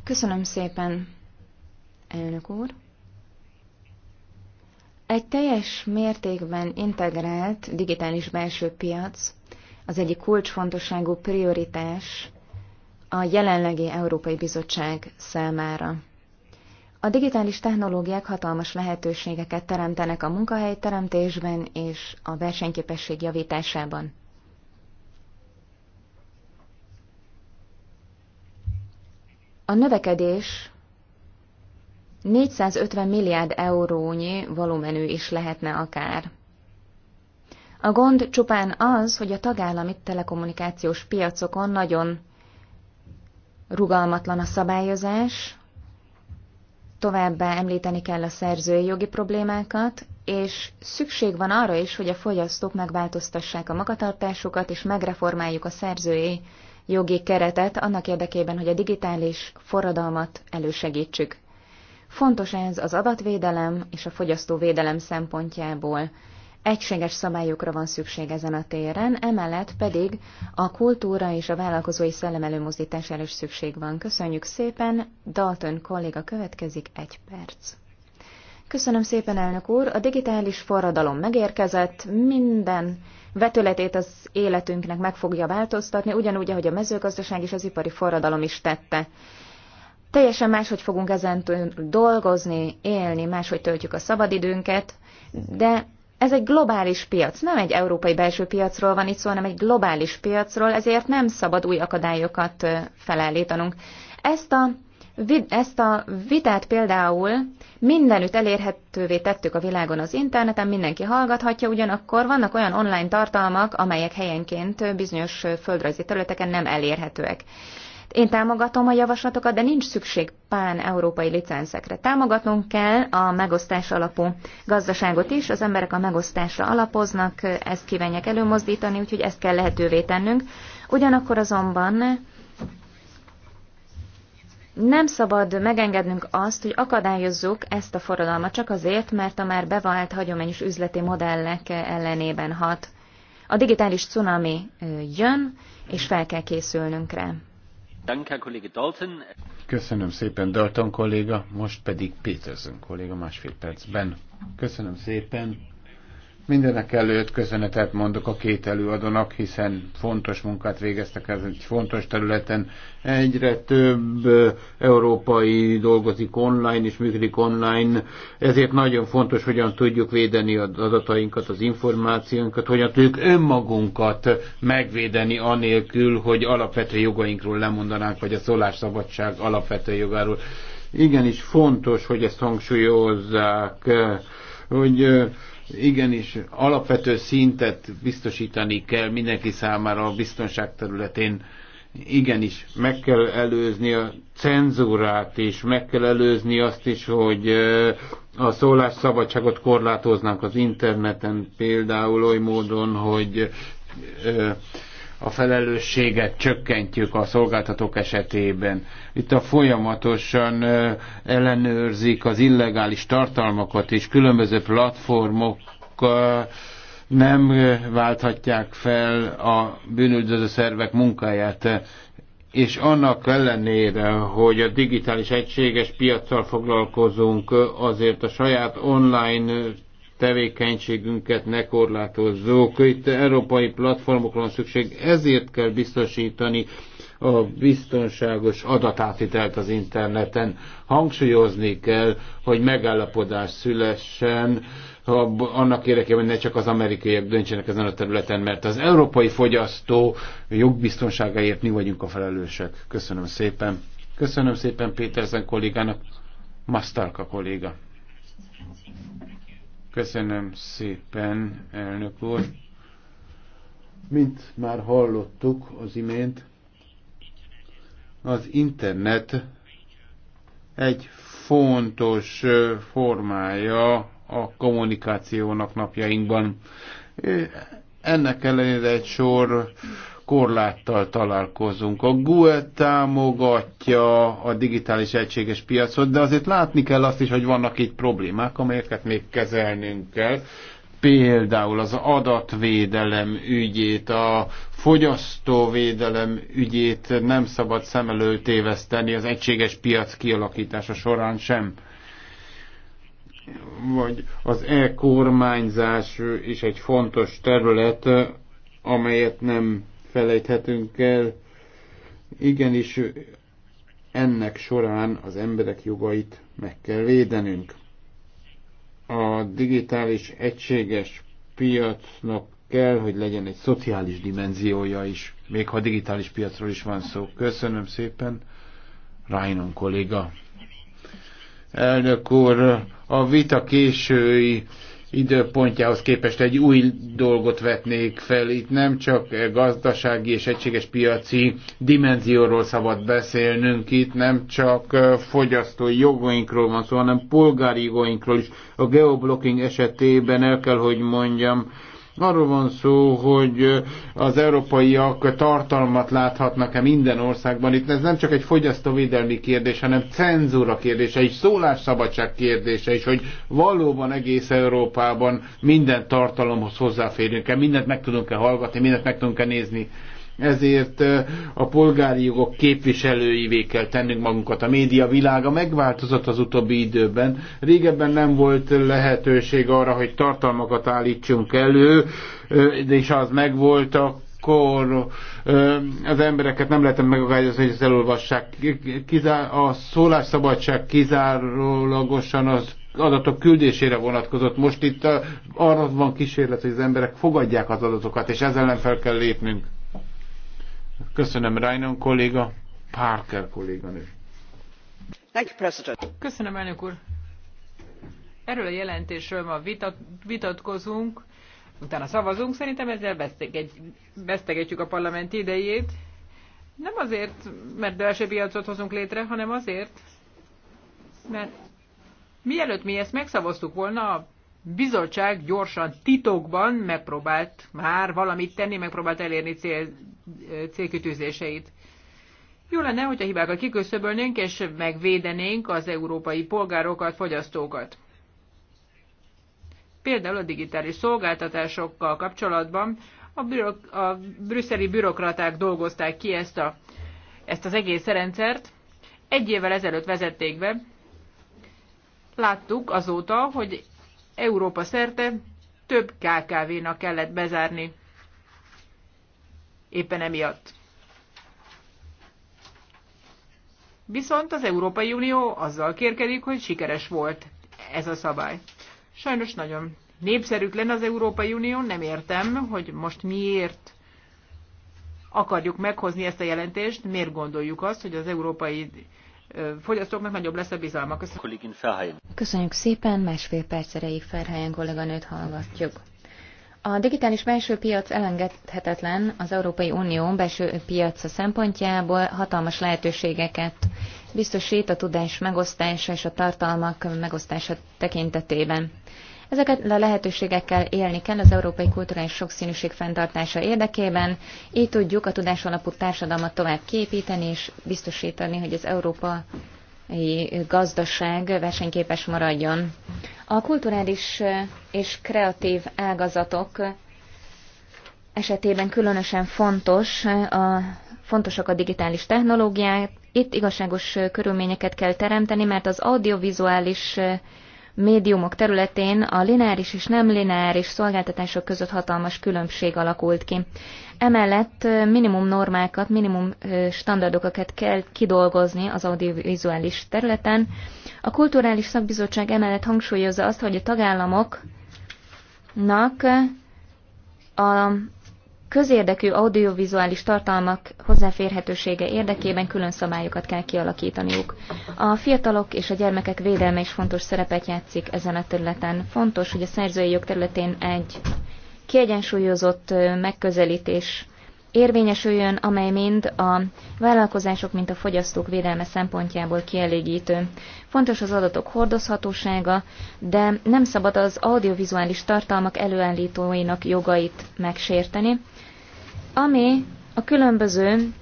S4: Köszönöm szépen, elnök úr. Egy teljes mértékben integrált digitális belső piac az egyik kulcsfontosságú prioritás a jelenlegi Európai Bizottság számára. A digitális technológiák hatalmas lehetőségeket teremtenek a munkahelyteremtésben és a versenyképesség javításában. A növekedés 450 milliárd eurónyi volumenű is lehetne akár. A gond csupán az, hogy a tagállami telekommunikációs piacokon nagyon rugalmatlan a szabályozás, továbbá említeni kell a szerzői jogi problémákat, és szükség van arra is, hogy a fogyasztók megváltoztassák a magatartásukat, és megreformáljuk a szerzői jogi keretet annak érdekében, hogy a digitális forradalmat elősegítsük. Fontos ez az adatvédelem és a fogyasztóvédelem szempontjából egységes szabályokra van szükség ezen a téren, emellett pedig a kultúra és a vállalkozói szellem előmozdítására is szükség van. Köszönjük szépen, Dalton kolléga következik egy perc. Köszönöm szépen, elnök úr! A digitális forradalom megérkezett, minden vetületét az életünknek meg fogja változtatni, ugyanúgy, ahogy a mezőgazdaság és az ipari forradalom is tette. Teljesen máshogy fogunk ezen dolgozni, élni, máshogy töltjük a szabadidőnket, de ez egy globális piac, nem egy európai belső piacról van itt szó, hanem egy globális piacról, ezért nem szabad új akadályokat felállítanunk. Ezt a, ezt a vitát például mindenütt elérhetővé tettük a világon az interneten, mindenki hallgathatja, ugyanakkor vannak olyan online tartalmak, amelyek helyenként bizonyos földrajzi területeken nem elérhetőek. Én támogatom a javaslatokat, de nincs szükség pán-európai licenszekre. Támogatnunk kell a megosztás alapú gazdaságot is, az emberek a megosztásra alapoznak, ezt kívánják előmozdítani, úgyhogy ezt kell lehetővé tennünk. Ugyanakkor azonban nem szabad megengednünk azt, hogy akadályozzuk ezt a forradalmat csak azért, mert a már bevált hagyományos üzleti modellek ellenében hat. A digitális cunami jön, és fel kell készülnünk rá.
S1: Köszönöm szépen, Dalton kolléga, most pedig Peterson kolléga másfél percben. Köszönöm szépen. Mindenek előtt köszönetet mondok a két előadónak, hiszen fontos munkát végeztek ez egy fontos területen. Egyre több európai dolgozik online és működik online, ezért nagyon fontos, hogyan tudjuk védeni az adatainkat, az információinkat, hogyan tudjuk önmagunkat megvédeni anélkül, hogy alapvető jogainkról lemondanánk, vagy a szólásszabadság alapvető jogáról. Igenis fontos, hogy ezt hangsúlyozzák, hogy Igenis, alapvető szintet biztosítani kell mindenki számára a biztonság területén. Igenis, meg kell előzni a cenzúrát és meg kell előzni azt is, hogy a szólásszabadságot korlátoznak az interneten például oly módon, hogy a felelősséget csökkentjük a szolgáltatók esetében. Itt a folyamatosan ellenőrzik az illegális tartalmakat, és különböző platformok nem válthatják fel a bűnüldöző szervek munkáját, és annak ellenére, hogy a digitális egységes piaccal foglalkozunk, azért a saját online tevékenységünket ne korlátozzuk. Itt európai platformokra van szükség, ezért kell biztosítani a biztonságos adatátitelt az interneten. Hangsúlyozni kell, hogy megállapodás szülessen, Ha annak érdekében, hogy ne csak az amerikaiak döntsenek ezen a területen, mert az európai fogyasztó jogbiztonságáért mi vagyunk a felelősek. Köszönöm szépen. Köszönöm szépen Péterzen kollégának, Masztalka kolléga. Köszönöm szépen, elnök úr. Mint már hallottuk az imént, az internet egy fontos formája a kommunikációnak napjainkban. Ennek ellenére egy sor korláttal találkozunk. A GUE támogatja a digitális egységes piacot, de azért látni kell azt is, hogy vannak itt problémák, amelyeket még kezelnünk kell. Például az adatvédelem ügyét, a fogyasztóvédelem ügyét nem szabad szem előtt téveszteni az egységes piac kialakítása során sem vagy az e-kormányzás is egy fontos terület, amelyet nem felejthetünk el. Igenis, ennek során az emberek jogait meg kell védenünk. A digitális egységes piacnak kell, hogy legyen egy szociális dimenziója is, még ha digitális piacról is van szó. Köszönöm szépen, Rajnon kolléga. Elnök úr, a vita késői időpontjához képest egy új dolgot vetnék fel. Itt nem csak gazdasági és egységes piaci dimenzióról szabad beszélnünk, itt nem csak fogyasztói jogainkról van szó, hanem polgári jogainkról is. A geoblocking esetében el kell, hogy mondjam, Arról van szó, hogy az európaiak tartalmat láthatnak-e minden országban. Itt ez nem csak egy fogyasztóvédelmi kérdés, hanem cenzúra kérdése és szólásszabadság kérdése is, hogy valóban egész Európában minden tartalomhoz hozzáférjünk e mindent meg tudunk-e hallgatni, mindent meg tudunk-e nézni ezért a polgári jogok képviselőivé kell tennünk magunkat. A média világa megváltozott az utóbbi időben. Régebben nem volt lehetőség arra, hogy tartalmakat állítsunk elő, és az megvolt a akkor az embereket nem lehetett megakadályozni, hogy ezt elolvassák. A szólásszabadság kizárólagosan az adatok küldésére vonatkozott. Most itt arra van kísérlet, hogy az emberek fogadják az adatokat, és ezzel nem fel kell lépnünk. Köszönöm, Rajnon kolléga, Parker kolléganő.
S2: Köszönöm, elnök úr. Erről a jelentésről ma vitat, vitatkozunk, utána szavazunk, szerintem ezzel veszteget, vesztegetjük a parlament idejét. Nem azért, mert belső piacot hozunk létre, hanem azért, mert mielőtt mi ezt megszavaztuk volna, a bizottság gyorsan titokban megpróbált már valamit tenni, megpróbált elérni cél, célkütőzéseit. Jó lenne, hogy a hibákat kiköszöbölnénk és megvédenénk az európai polgárokat, fogyasztókat. Például a digitális szolgáltatásokkal kapcsolatban a, bürok, a brüsszeli bürokraták dolgozták ki ezt, a, ezt az egész rendszert. Egy évvel ezelőtt vezették be. Láttuk azóta, hogy Európa szerte több KKV-nak kellett bezárni éppen emiatt. Viszont az Európai Unió azzal kérkedik, hogy sikeres volt ez a szabály. Sajnos nagyon népszerűtlen az Európai Unió, nem értem, hogy most miért akarjuk meghozni ezt a jelentést, miért gondoljuk azt, hogy az európai fogyasztóknak nagyobb lesz a bizalma.
S1: Köszönjük,
S4: Köszönjük szépen, másfél perc erejéig Ferhelyen kolléganőt hallgatjuk. A digitális belső piac elengedhetetlen az Európai Unió belső piaca szempontjából hatalmas lehetőségeket biztosít a tudás megosztása és a tartalmak megosztása tekintetében. Ezeket a lehetőségekkel élni kell az európai kulturális sokszínűség fenntartása érdekében, így tudjuk a alapú társadalmat tovább képíteni és biztosítani, hogy az Európa gazdaság versenyképes maradjon. A kulturális és kreatív ágazatok esetében különösen fontos a, fontosak a digitális technológiák. Itt igazságos körülményeket kell teremteni, mert az audiovizuális médiumok területén a lineáris és nem lineáris szolgáltatások között hatalmas különbség alakult ki. Emellett minimum normákat, minimum standardokat kell kidolgozni az audiovizuális területen. A Kulturális Szakbizottság emellett hangsúlyozza azt, hogy a tagállamoknak a közérdekű audiovizuális tartalmak hozzáférhetősége érdekében külön szabályokat kell kialakítaniuk. A fiatalok és a gyermekek védelme is fontos szerepet játszik ezen a területen. Fontos, hogy a szerzői jog területén egy kiegyensúlyozott megközelítés érvényesüljön, amely mind a vállalkozások, mint a fogyasztók védelme szempontjából kielégítő. Fontos az adatok hordozhatósága, de nem szabad az audiovizuális tartalmak előállítóinak jogait megsérteni, ami a különböző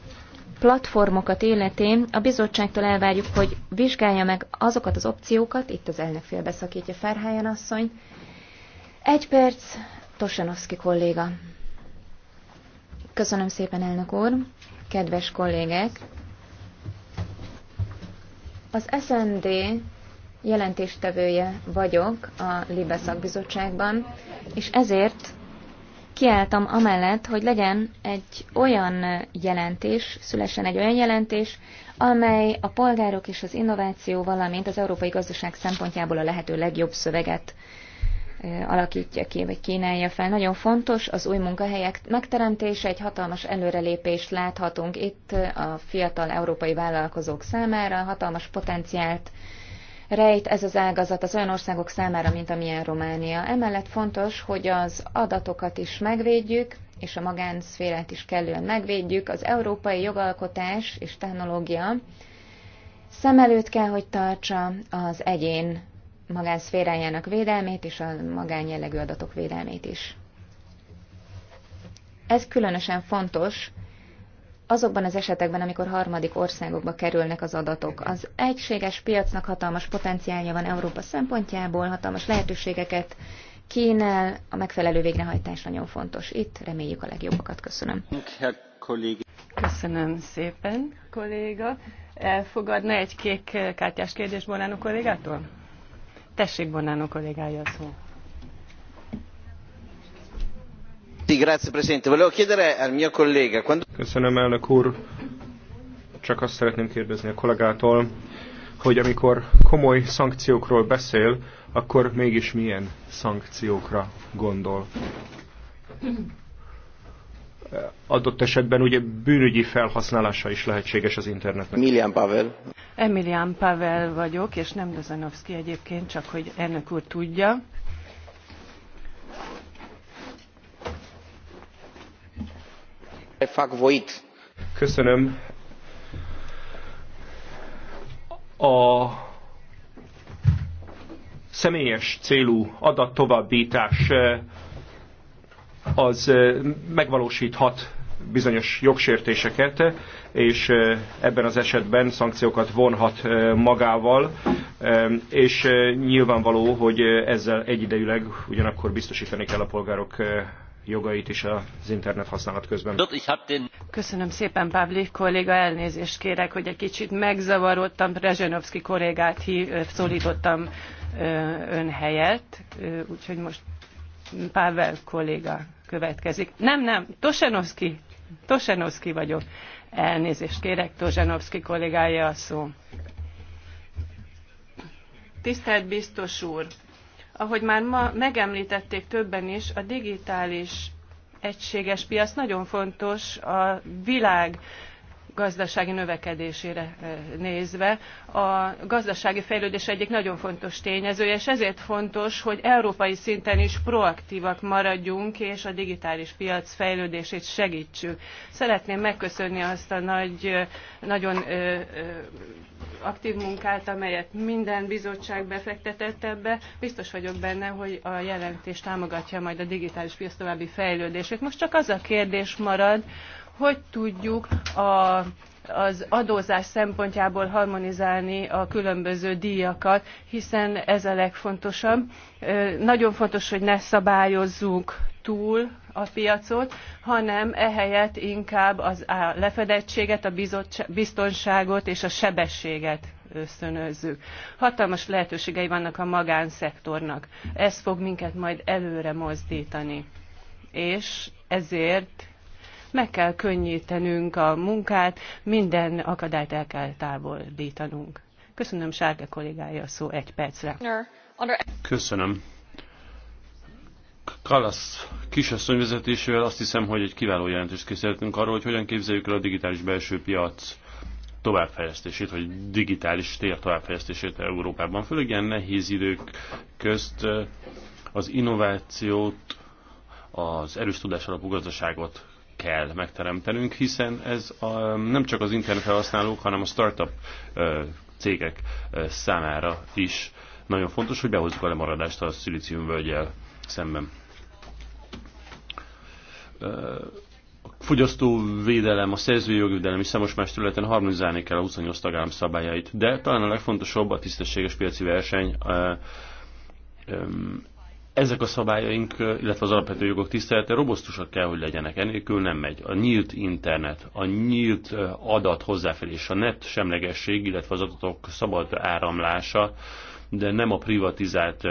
S4: platformokat életén a bizottságtól elvárjuk, hogy vizsgálja meg azokat az opciókat, itt az elnök félbeszakítja Ferhályan asszony. Egy perc, Tosanowski kolléga. Köszönöm szépen, elnök úr! Kedves kollégek! Az SND jelentéstevője vagyok a Libe szakbizottságban, és ezért kiálltam amellett, hogy legyen egy olyan jelentés, szülessen egy olyan jelentés, amely a polgárok és az innováció, valamint az európai gazdaság szempontjából a lehető legjobb szöveget alakítja ki, vagy kínálja fel. Nagyon fontos az új munkahelyek megteremtése, egy hatalmas előrelépést láthatunk itt a fiatal európai vállalkozók számára, hatalmas potenciált rejt ez az ágazat az olyan országok számára, mint amilyen Románia. Emellett fontos, hogy az adatokat is megvédjük, és a magánszférát is kellően megvédjük. Az európai jogalkotás és technológia szem előtt kell, hogy tartsa az egyén magánszférájának védelmét és a magánjellegű adatok védelmét is. Ez különösen fontos azokban az esetekben, amikor harmadik országokba kerülnek az adatok. Az egységes piacnak hatalmas potenciálja van Európa szempontjából, hatalmas lehetőségeket kínál, a megfelelő végrehajtás nagyon fontos. Itt reméljük a legjobbakat. Köszönöm.
S7: Köszönöm szépen, kolléga. Elfogadna egy kék kártyás kérdés Bolánó kollégától? Tessék, Bonánó kollégája a szó.
S3: Köszönöm, elnök úr. Csak azt szeretném kérdezni a kollégától, hogy amikor komoly szankciókról beszél, akkor mégis milyen szankciókra gondol adott esetben ugye bűnügyi felhasználása is lehetséges az internetnek. Emilian Pavel.
S7: Emilian Pavel vagyok, és nem Dozanovszki egyébként, csak hogy ennek úr tudja.
S3: Köszönöm. A személyes célú adattovabbítás eh, az megvalósíthat bizonyos jogsértéseket, és ebben az esetben szankciókat vonhat magával, és nyilvánvaló, hogy ezzel egyidejűleg ugyanakkor biztosítani kell a polgárok jogait is az internet használat közben.
S7: Köszönöm szépen, Pavli kolléga, elnézést kérek, hogy egy kicsit megzavarodtam, Rezsenovszki kollégát hív, szólítottam ön helyett, úgyhogy most Pavel kolléga következik. Nem, nem, Tosenovszki, Tosenovszki vagyok. Elnézést kérek, Tosenovszki kollégája a szó. Tisztelt biztos úr! Ahogy már ma megemlítették többen is, a digitális egységes piac nagyon fontos a világ gazdasági növekedésére nézve a gazdasági fejlődés egyik nagyon fontos tényezője, és ezért fontos, hogy európai szinten is proaktívak maradjunk, és a digitális piac fejlődését segítsük. Szeretném megköszönni azt a nagy, nagyon aktív munkát, amelyet minden bizottság befektetett ebbe. Biztos vagyok benne, hogy a jelentés támogatja majd a digitális piac további fejlődését. Most csak az a kérdés marad, hogy tudjuk a az adózás szempontjából harmonizálni a különböző díjakat, hiszen ez a legfontosabb. Nagyon fontos, hogy ne szabályozzunk túl a piacot, hanem ehelyett inkább az a lefedettséget, a biztonságot és a sebességet ösztönözzük. Hatalmas lehetőségei vannak a magánszektornak. Ez fog minket majd előre mozdítani. És ezért meg kell könnyítenünk a munkát, minden akadályt el kell távolítanunk. Köszönöm Sárga kollégája a szó egy percre.
S5: Köszönöm. Kalasz kisasszony vezetésével azt hiszem, hogy egy kiváló jelentést készítettünk arról, hogy hogyan képzeljük el a digitális belső piac továbbfejlesztését, vagy digitális tér továbbfejlesztését Európában. Főleg ilyen nehéz idők közt eh, az innovációt, az erős tudás alapú gazdaságot kell megteremtenünk, hiszen ez a, nem csak az internet felhasználók, hanem a startup cégek számára is nagyon fontos, hogy behozzuk a lemaradást a völgyel szemben. A fogyasztóvédelem, a szerzőjogvédelem is számos más területen harmonizálni kell a 28 tagállam szabályait, de talán a legfontosabb a tisztességes piaci verseny ezek a szabályaink, illetve az alapvető jogok tisztelete robosztusak kell, hogy legyenek. Enélkül nem megy. A nyílt internet, a nyílt adat hozzáférés, a net semlegesség, illetve az adatok szabad áramlása, de nem a privatizált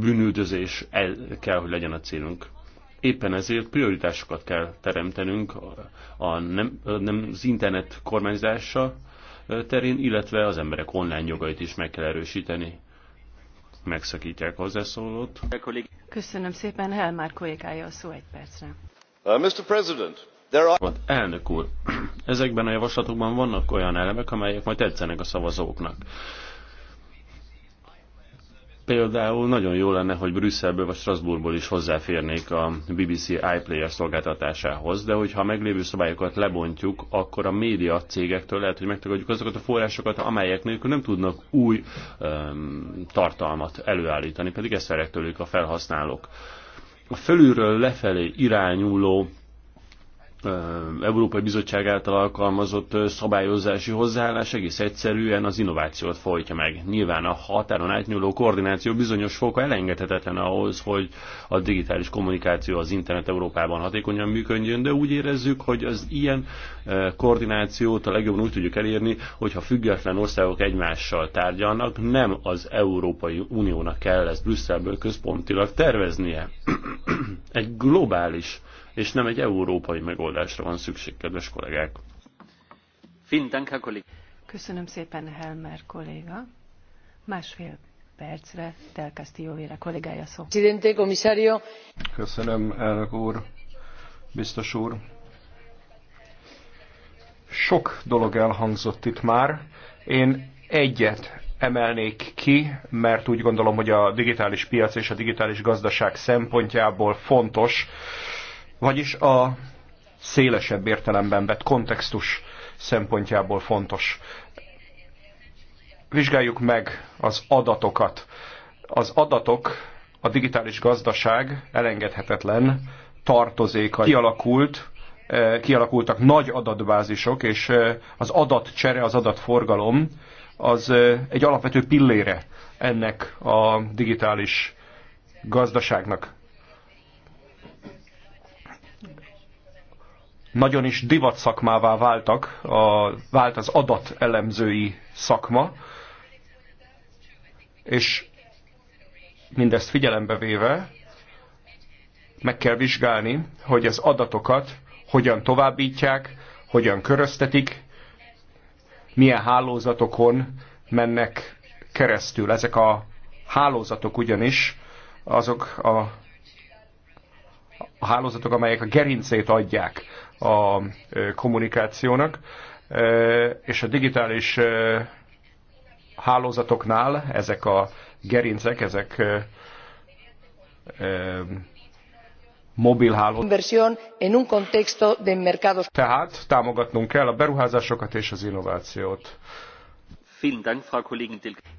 S5: bűnüldözés el kell, hogy legyen a célunk. Éppen ezért prioritásokat kell teremtenünk a nem, a nem az internet kormányzása terén, illetve az emberek online jogait is meg kell erősíteni Megszakítják hozzászólót.
S7: Köszönöm szépen, Helmár kollégája a szó egy percre.
S5: Uh, Mr. President, there are... Elnök úr, <clears throat> ezekben a javaslatokban vannak olyan elemek, amelyek majd tetszenek a szavazóknak Például nagyon jó lenne, hogy Brüsszelből vagy Strasbourgból is hozzáférnék a BBC iPlayer szolgáltatásához, de hogyha a meglévő szabályokat lebontjuk, akkor a média cégektől lehet, hogy megtagadjuk azokat a forrásokat, amelyek nélkül nem tudnak új um, tartalmat előállítani, pedig ezt várják tőlük a felhasználók. A fölülről lefelé irányuló Európai Bizottság által alkalmazott szabályozási hozzáállás egész egyszerűen az innovációt folytja meg. Nyilván a határon átnyúló koordináció bizonyos foka elengedhetetlen ahhoz, hogy a digitális kommunikáció az internet Európában hatékonyan működjön, de úgy érezzük, hogy az ilyen koordinációt a legjobban úgy tudjuk elérni, hogyha független országok egymással tárgyalnak, nem az Európai Uniónak kell ezt Brüsszelből központilag terveznie. Egy globális és nem egy európai megoldásra van szükség, kedves kollégák.
S7: Köszönöm szépen, Helmer kolléga. Másfél percre Del Castillo vére kollégája szó.
S3: Köszönöm, elnök úr, biztos úr. Sok dolog elhangzott itt már. Én egyet emelnék ki, mert úgy gondolom, hogy a digitális piac és a digitális gazdaság szempontjából fontos, vagyis a szélesebb értelemben vett kontextus szempontjából fontos. Vizsgáljuk meg az adatokat. Az adatok a digitális gazdaság elengedhetetlen tartozéka kialakult, eh, kialakultak nagy adatbázisok, és eh, az adatcsere, az adatforgalom az eh, egy alapvető pillére ennek a digitális gazdaságnak. nagyon is divat szakmává váltak, a, vált az adatelemzői szakma, és mindezt figyelembe véve meg kell vizsgálni, hogy az adatokat hogyan továbbítják, hogyan köröztetik, milyen hálózatokon mennek keresztül. Ezek a hálózatok ugyanis azok a, a hálózatok, amelyek a gerincét adják a kommunikációnak, és a digitális hálózatoknál ezek a gerincek, ezek mobil Tehát támogatnunk kell a beruházásokat és az innovációt.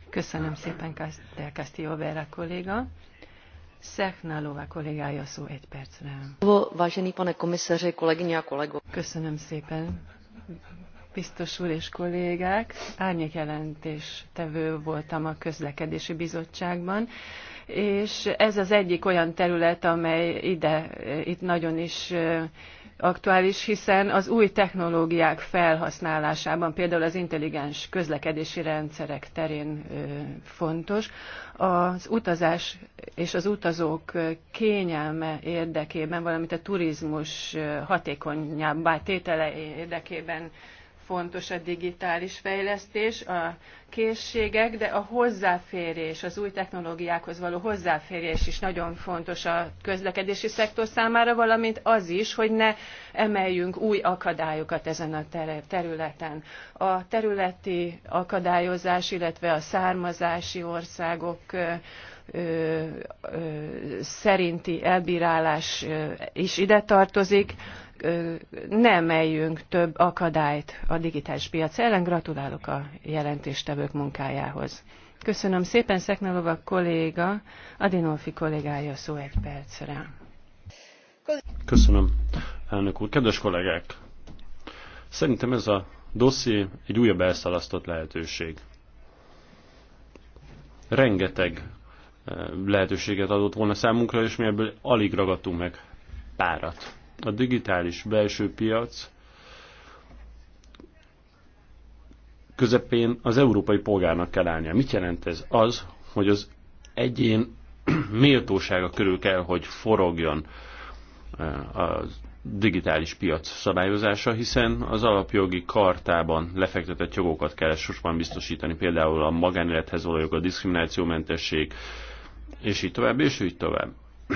S7: Köszönöm szépen, Del Castillo Vera kolléga. Szechnálová kollégája szó egy percre. Vážený pane komisaři, kolegyně a kolego. Köszönöm szépen. Biztos úr és kollégák, árnyékjelentés tevő voltam a közlekedési bizottságban, és ez az egyik olyan terület, amely ide, itt nagyon is aktuális, hiszen az új technológiák felhasználásában, például az intelligens közlekedési rendszerek terén fontos, az utazás és az utazók kényelme érdekében, valamint a turizmus hatékonyabbá tétele érdekében fontos a digitális fejlesztés, a készségek, de a hozzáférés, az új technológiákhoz való hozzáférés is nagyon fontos a közlekedési szektor számára, valamint az is, hogy ne emeljünk új akadályokat ezen a területen. A területi akadályozás, illetve a származási országok szerinti elbírálás is ide tartozik ne emeljünk több akadályt a digitális piac ellen. Gratulálok a jelentéstevők munkájához. Köszönöm szépen, Szeknalova kolléga, Adinolfi kollégája szó egy percre.
S5: Köszönöm, elnök úr. Kedves kollégák, szerintem ez a dosszié egy újabb elszalasztott lehetőség. Rengeteg eh, lehetőséget adott volna számunkra, és mi ebből alig ragadtunk meg párat. A digitális belső piac közepén az európai polgárnak kell állnia. Mit jelent ez? Az, hogy az egyén <clears throat> méltósága körül kell, hogy forogjon e, a digitális piac szabályozása, hiszen az alapjogi kartában lefektetett jogokat kell sosban biztosítani, például a magánélethez való jog, a diszkriminációmentesség, és így tovább, és így tovább. <clears throat>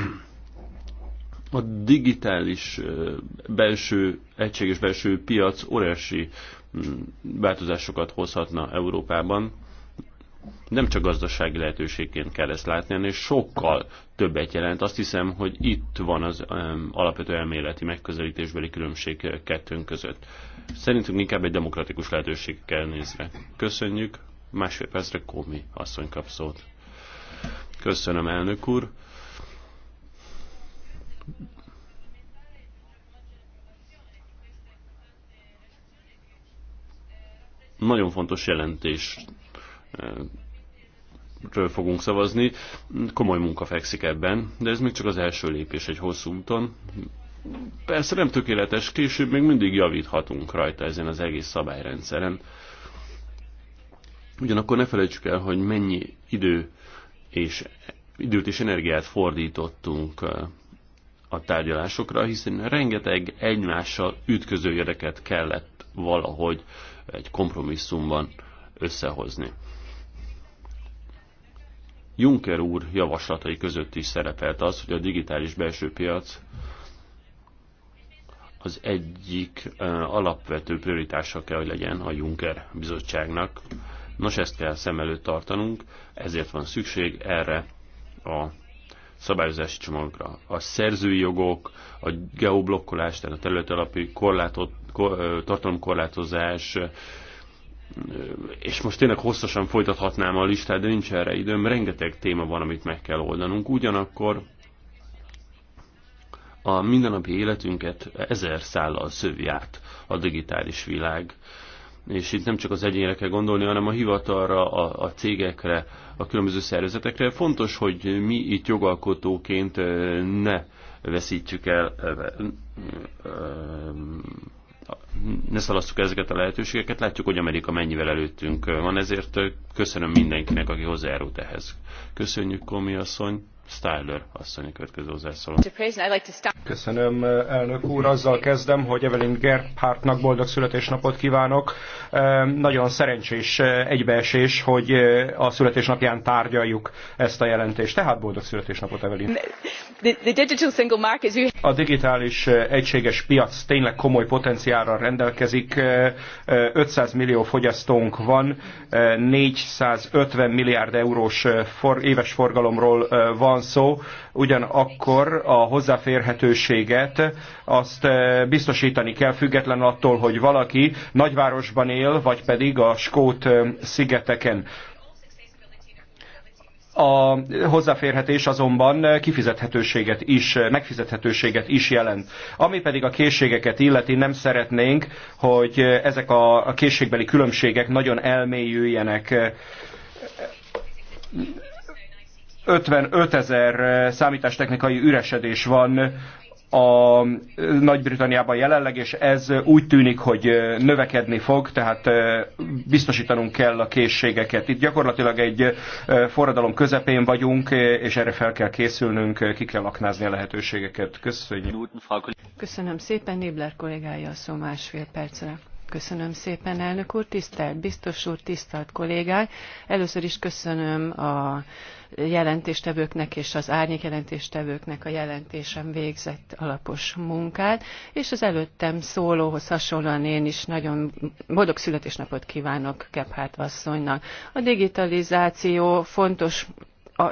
S5: A digitális belső, egységes belső piac óriási változásokat hozhatna Európában. Nem csak gazdasági lehetőségként kell ezt látni, hanem sokkal többet jelent. Azt hiszem, hogy itt van az um, alapvető elméleti megközelítésbeli különbség kettőnk között. Szerintünk inkább egy demokratikus lehetőség kell nézve. Köszönjük. Másfél percre Komi asszony kap szót. Köszönöm, elnök úr. Nagyon fontos jelentés eh, fogunk szavazni. Komoly munka fekszik ebben, de ez még csak az első lépés egy hosszú úton. Persze nem tökéletes, később még mindig javíthatunk rajta ezen az egész szabályrendszeren. Ugyanakkor ne felejtsük el, hogy mennyi idő és időt és energiát fordítottunk eh, a tárgyalásokra, hiszen rengeteg egymással ütköző érdeket kellett valahogy egy kompromisszumban összehozni. Juncker úr javaslatai között is szerepelt az, hogy a digitális belső piac az egyik alapvető prioritása kell, hogy legyen a Juncker bizottságnak. Nos, ezt kell szem előtt tartanunk, ezért van szükség erre a szabályozási csomagra. A szerzői jogok, a geoblokkolás, tehát a terület alapú tartalomkorlátozás, és most tényleg hosszasan folytathatnám a listát, de nincs erre időm, rengeteg téma van, amit meg kell oldanunk. Ugyanakkor a mindennapi életünket ezer szállal szövi át a digitális világ és itt nem csak az egyénre kell gondolni, hanem a hivatalra, a, a cégekre, a különböző szervezetekre. Fontos, hogy mi itt jogalkotóként ne veszítsük el, ne szalasszuk ezeket a lehetőségeket. Látjuk, hogy Amerika mennyivel előttünk van, ezért köszönöm mindenkinek, aki hozzájárult ehhez. Köszönjük, Komi asszony! Styler asszony a következő
S3: Köszönöm, eh, elnök úr. Azzal kezdem, hogy Evelyn Gerhardtnak boldog születésnapot kívánok. Eh, nagyon szerencsés eh, egybeesés, hogy a születésnapján tárgyaljuk ezt a jelentést. Tehát boldog születésnapot, Evelyn. A digitális egységes piac tényleg komoly potenciálra rendelkezik. 500 millió fogyasztónk van, 450 milliárd eurós éves forgalomról van van szó, ugyanakkor a hozzáférhetőséget azt eh, biztosítani kell független attól, hogy valaki nagyvárosban él, vagy pedig a Skót eh, szigeteken. A hozzáférhetés azonban kifizethetőséget is, megfizethetőséget is jelent. Ami pedig a készségeket illeti, nem szeretnénk, hogy ezek a készségbeli különbségek nagyon elmélyüljenek 55 ezer eh, számítástechnikai üresedés van a eh, Nagy-Britanniában jelenleg, és ez eh, úgy tűnik, hogy növekedni fog, tehát biztosítanunk kell a készségeket. Itt gyakorlatilag egy forradalom közepén vagyunk, és erre fel kell készülnünk, ki kell aknázni a lehetőségeket. Köszönjük.
S7: Köszönöm szépen, Nébler kollégája a szó másfél percre. Köszönöm szépen, elnök úr, tisztelt biztos úr, tisztelt kollégák. Először is köszönöm a jelentéstevőknek és az árnyék jelentéstevőknek a jelentésem végzett alapos munkát, és az előttem szólóhoz hasonlóan én is nagyon boldog születésnapot kívánok Kephát asszonynak. A digitalizáció fontos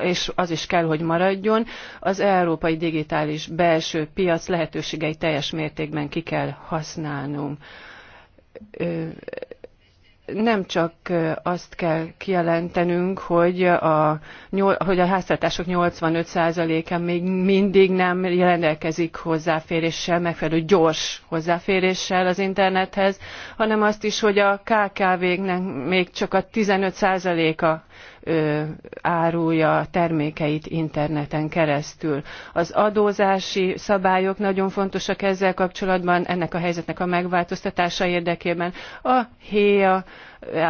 S7: és az is kell, hogy maradjon, az európai digitális belső piac lehetőségei teljes mértékben ki kell használnunk nem csak azt kell kijelentenünk, hogy a, hogy a háztartások 85%-a még mindig nem rendelkezik hozzáféréssel, megfelelő gyors hozzáféréssel az internethez, hanem azt is, hogy a KKV-knek még csak a 15%-a árulja termékeit interneten keresztül. Az adózási szabályok nagyon fontosak ezzel kapcsolatban, ennek a helyzetnek a megváltoztatása érdekében. A héja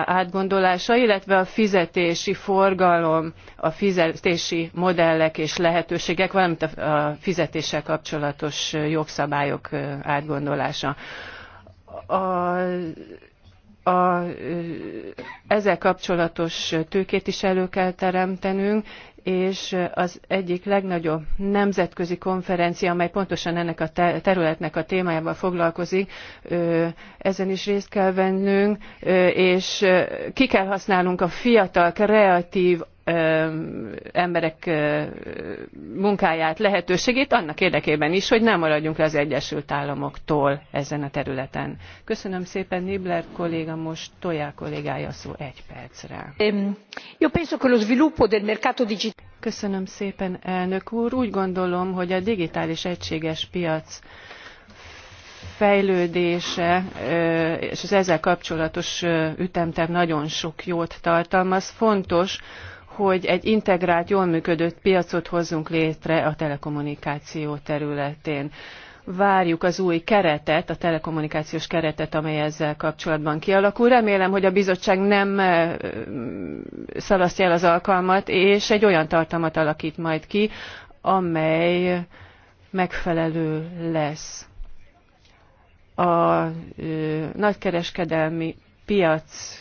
S7: átgondolása, illetve a fizetési forgalom, a fizetési modellek és lehetőségek, valamint a fizetéssel kapcsolatos jogszabályok átgondolása. A a, ezzel kapcsolatos tőkét is elő kell teremtenünk, és az egyik legnagyobb nemzetközi konferencia, amely pontosan ennek a területnek a témájával foglalkozik, ezen is részt kell vennünk, és ki kell használnunk a fiatal, kreatív, emberek munkáját, lehetőségét annak érdekében is, hogy nem maradjunk le az Egyesült Államoktól ezen a területen. Köszönöm szépen, Nibler kolléga, most Tojá kollégája szó egy percre. Köszönöm szépen, elnök úr. Úgy gondolom, hogy a digitális egységes piac fejlődése és az ezzel kapcsolatos ütemterv nagyon sok jót tartalmaz. Fontos, hogy egy integrált, jól működő piacot hozzunk létre a telekommunikáció területén. Várjuk az új keretet, a telekommunikációs keretet, amely ezzel kapcsolatban kialakul. Remélem, hogy a bizottság nem szalasztja el az alkalmat, és egy olyan tartalmat alakít majd ki, amely megfelelő lesz a nagykereskedelmi piac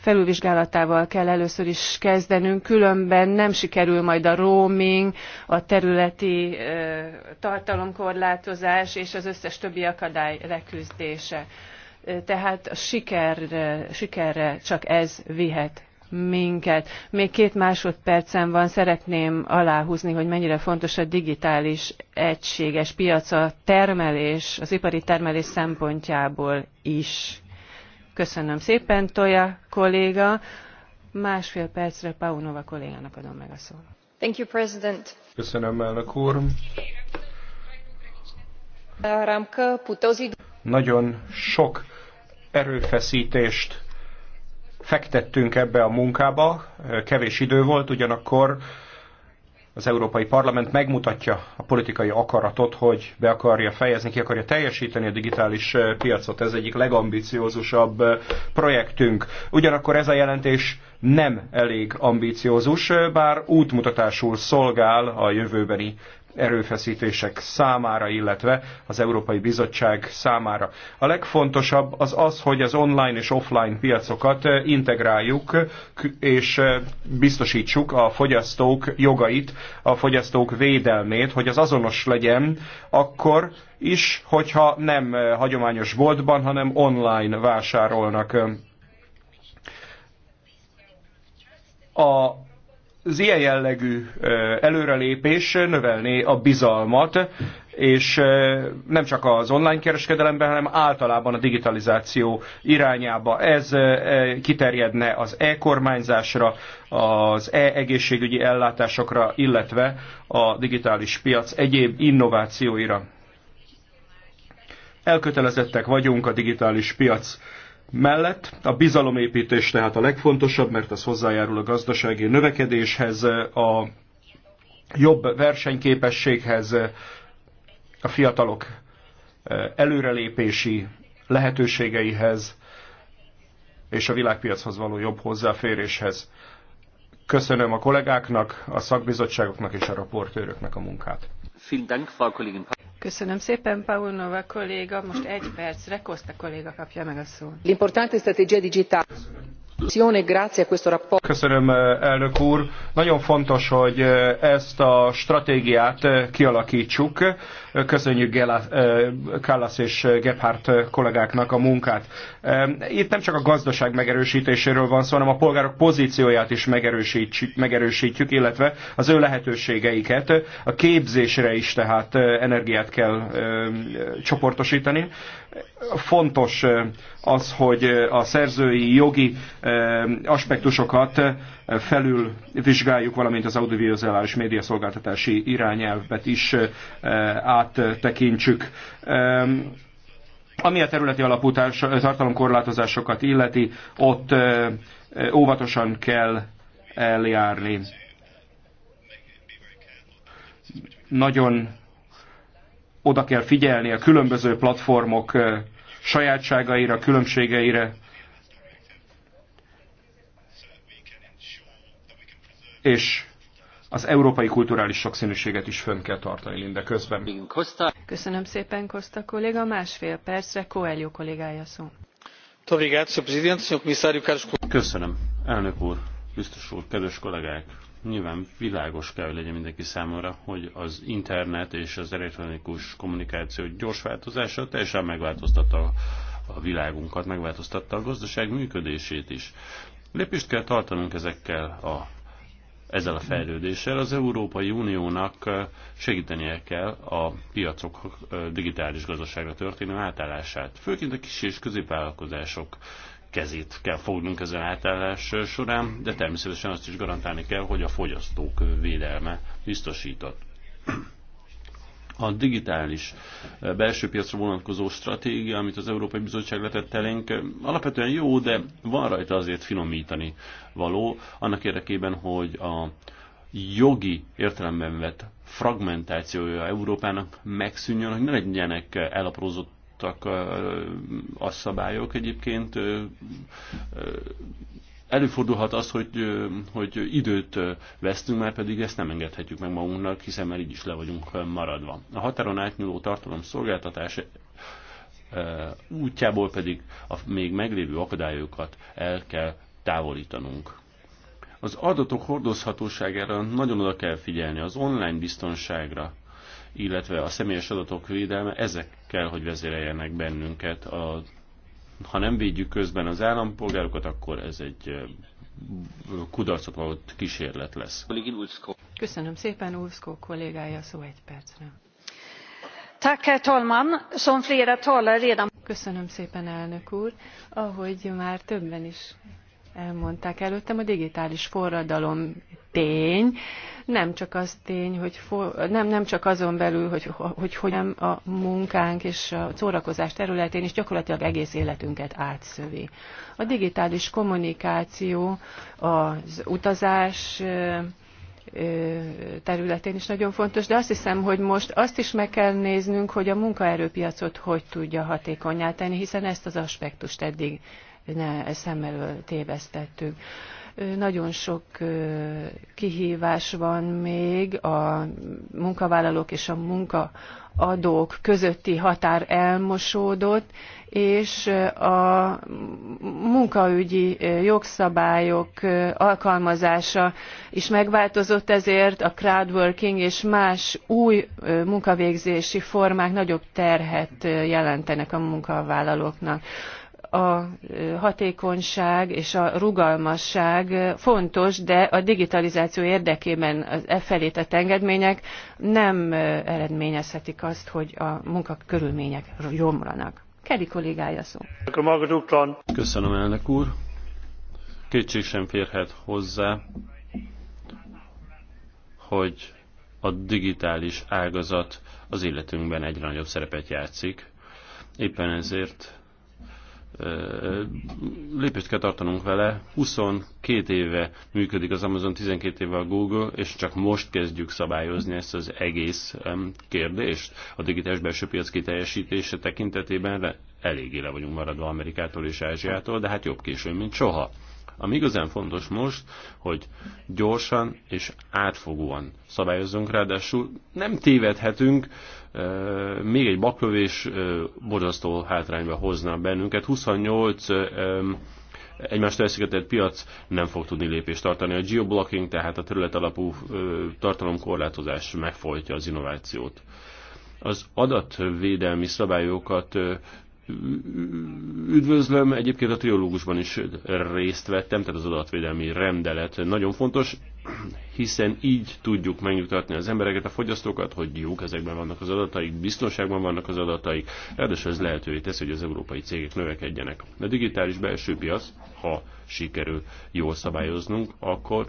S7: felülvizsgálatával kell először is kezdenünk, különben nem sikerül majd a roaming, a területi tartalomkorlátozás és az összes többi akadály leküzdése. Tehát a sikerre, sikerre csak ez vihet minket. Még két másodpercen van, szeretném aláhúzni, hogy mennyire fontos a digitális egységes piac a termelés, az ipari termelés szempontjából is Köszönöm szépen, Toja kolléga. Másfél percre Paunova kollégának adom meg a szót.
S1: Thank you, President.
S3: Köszönöm, elnök úr. Nagyon sok erőfeszítést fektettünk ebbe a munkába, kevés idő volt, ugyanakkor az Európai Parlament megmutatja a politikai akaratot, hogy be akarja fejezni, ki akarja teljesíteni a digitális piacot. Ez egyik legambiciózusabb projektünk. Ugyanakkor ez a jelentés nem elég ambiciózus, bár útmutatásul szolgál a jövőbeni erőfeszítések számára, illetve az Európai Bizottság számára. A legfontosabb az az, hogy az online és offline piacokat integráljuk és biztosítsuk a fogyasztók jogait, a fogyasztók védelmét, hogy az azonos legyen akkor is, hogyha nem hagyományos boltban, hanem online vásárolnak. A az ilyen jellegű előrelépés növelné a bizalmat, és nem csak az online kereskedelemben, hanem általában a digitalizáció irányába. Ez kiterjedne az e-kormányzásra, az e-egészségügyi ellátásokra, illetve a digitális piac egyéb innovációira. Elkötelezettek vagyunk a digitális piac mellett. A bizalomépítés tehát a legfontosabb, mert ez hozzájárul a gazdasági növekedéshez, a jobb versenyképességhez, a fiatalok eh, előrelépési lehetőségeihez és a világpiachoz való jobb hozzáféréshez. Köszönöm a kollégáknak, a szakbizottságoknak és a raportőröknek a munkát.
S7: Köszönöm szépen, Paunova kolléga. Most egy percre kapja meg a szót.
S3: Köszönöm, eh, elnök úr. Nagyon fontos, hogy eh, ezt a stratégiát eh, kialaktsuk. Köszönjük Kallas és Gebhardt kollégáknak a munkát. Itt nem csak a gazdaság megerősítéséről van szó, hanem a polgárok pozícióját is megerősítjük, illetve az ő lehetőségeiket. A képzésre is tehát energiát kell csoportosítani fontos az, hogy a szerzői jogi aspektusokat felül vizsgáljuk, valamint az audiovizuális médiaszolgáltatási irányelvet is eh, áttekintsük. Ami a területi alapú tartalomkorlátozásokat illeti, ott eh, eh, óvatosan kell eljárni. Nagyon oda kell figyelni a különböző platformok sajátságaira, különbségeire, és az európai kulturális sokszínűséget is fönn kell tartani közben.
S7: Köszönöm szépen, Kosta kolléga. Másfél percre Coelho kollégája szó.
S5: Köszönöm, elnök úr, biztos úr, kedves kollégák! Nyilván világos kell, hogy legyen mindenki számára, hogy az internet és az elektronikus kommunikáció gyors változása teljesen megváltoztatta a világunkat, megváltoztatta a gazdaság működését is. Lépést kell tartanunk ezekkel a ezzel a fejlődéssel. Az Európai Uniónak segítenie kell a piacok digitális gazdaságra történő átállását. Főként a kis és középvállalkozások kezét kell fognunk ezen átállás során, de természetesen azt is garantálni kell, hogy a fogyasztók védelme biztosított a digitális eh, belső piacra vonatkozó stratégia, amit az Európai Bizottság letett elénk, alapvetően jó, de van rajta azért finomítani való, annak érdekében, hogy a jogi értelemben vett fragmentációja Európának megszűnjön, hogy ne legyenek elaprózott eh, a szabályok egyébként eh, Előfordulhat az, hogy, hogy időt vesztünk, már pedig ezt nem engedhetjük meg magunknak, hiszen már így is le vagyunk maradva. A határon átnyúló tartalom szolgáltatás útjából pedig a még meglévő akadályokat el kell távolítanunk. Az adatok hordozhatóságára nagyon oda kell figyelni, az online biztonságra, illetve a személyes adatok védelme, ezek kell, hogy vezéreljenek bennünket a ha nem védjük közben az állampolgárokat, akkor ez egy kudarcot valót kísérlet lesz.
S7: Köszönöm szépen, Ulfskó kollégája, szó egy percre. Tack, herr talman. Som flera talare redan... Köszönöm szépen, elnök úr. Ahogy már többen is elmondták előttem, a digitális forradalom tény, nem csak az tény, hogy for, nem, nem csak azon belül, hogy, hogy hogyan a munkánk és a szórakozás területén is gyakorlatilag egész életünket átszövi. A digitális kommunikáció, az utazás, területén is nagyon fontos, de azt hiszem, hogy most azt is meg kell néznünk, hogy a munkaerőpiacot hogy tudja hatékonyá tenni, hiszen ezt az aspektust eddig ne szem elől tévesztettük. Nagyon sok kihívás van még a munkavállalók és a munkaadók közötti határ elmosódott, és a munkaügyi jogszabályok alkalmazása is megváltozott, ezért a crowdworking és más új munkavégzési formák nagyobb terhet jelentenek a munkavállalóknak a hatékonyság és a rugalmasság fontos, de a digitalizáció érdekében az e felé tett engedmények nem eredményezhetik azt, hogy a munkakörülmények romlanak. Kedi kollégája szó.
S5: Köszönöm, elnök úr. Kétség sem férhet hozzá, hogy a digitális ágazat az életünkben egyre nagyobb szerepet játszik. Éppen ezért lépést kell tartanunk vele. 22 éve működik az Amazon, 12 éve a Google, és csak most kezdjük szabályozni ezt az egész kérdést. A digitális belső piac kiteljesítése tekintetében eléggé le vagyunk maradva Amerikától és Ázsiától, de hát jobb későn, mint soha. Ami igazán fontos most, hogy gyorsan és átfogóan szabályozzunk, ráadásul nem tévedhetünk, még egy baklövés borzasztó hátrányba hozná bennünket. 28 egymást elszigetelt piac nem fog tudni lépést tartani. A geoblocking, tehát a terület alapú tartalomkorlátozás megfolytja az innovációt. Az adatvédelmi szabályokat üdvözlöm, egyébként a triológusban is részt vettem, tehát az adatvédelmi rendelet nagyon fontos, hiszen így tudjuk megnyugtatni az embereket, a fogyasztókat, hogy jó ezekben vannak az adataik, biztonságban vannak az adataik, ráadásul ez lehetővé teszi, hogy az európai cégek növekedjenek. A digitális belső piac, ha sikerül jól szabályoznunk, akkor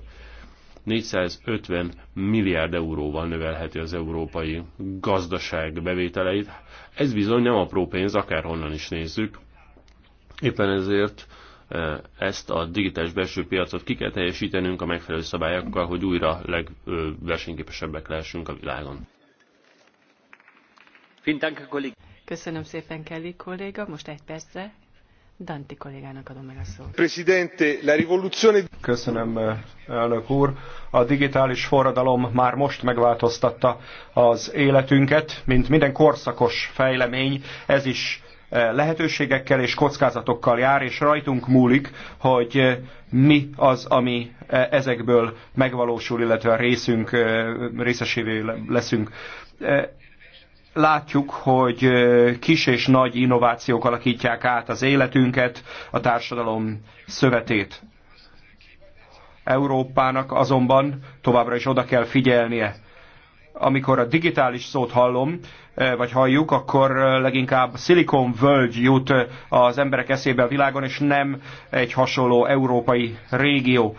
S5: 450 milliárd euróval növelheti az európai gazdaság bevételeit. Ez bizony nem apró pénz, akárhonnan is nézzük. Éppen ezért ezt a digitális belső piacot ki kell teljesítenünk a megfelelő szabályokkal, hogy újra legversenyképesebbek lehessünk a világon.
S7: Köszönöm szépen, Kelly kolléga. Most egy percre Danti kollégának adom meg a
S3: szót. Presidente, la rivoluzione... Köszönöm, elnök úr. A digitális forradalom már most megváltoztatta az életünket, mint minden korszakos fejlemény. Ez is Eh, lehetőségekkel és kockázatokkal jár, és rajtunk múlik, hogy eh, mi az, ami eh, ezekből megvalósul, illetve a részünk, részesévé leszünk látjuk, hogy kis és nagy innovációk alakítják át az életünket, a társadalom szövetét. Európának azonban továbbra is oda kell figyelnie. Amikor a digitális szót hallom, Eh, vagy halljuk, akkor eh, leginkább Silicon völgy jut eh, az emberek eszébe a világon, és nem egy hasonló európai régió.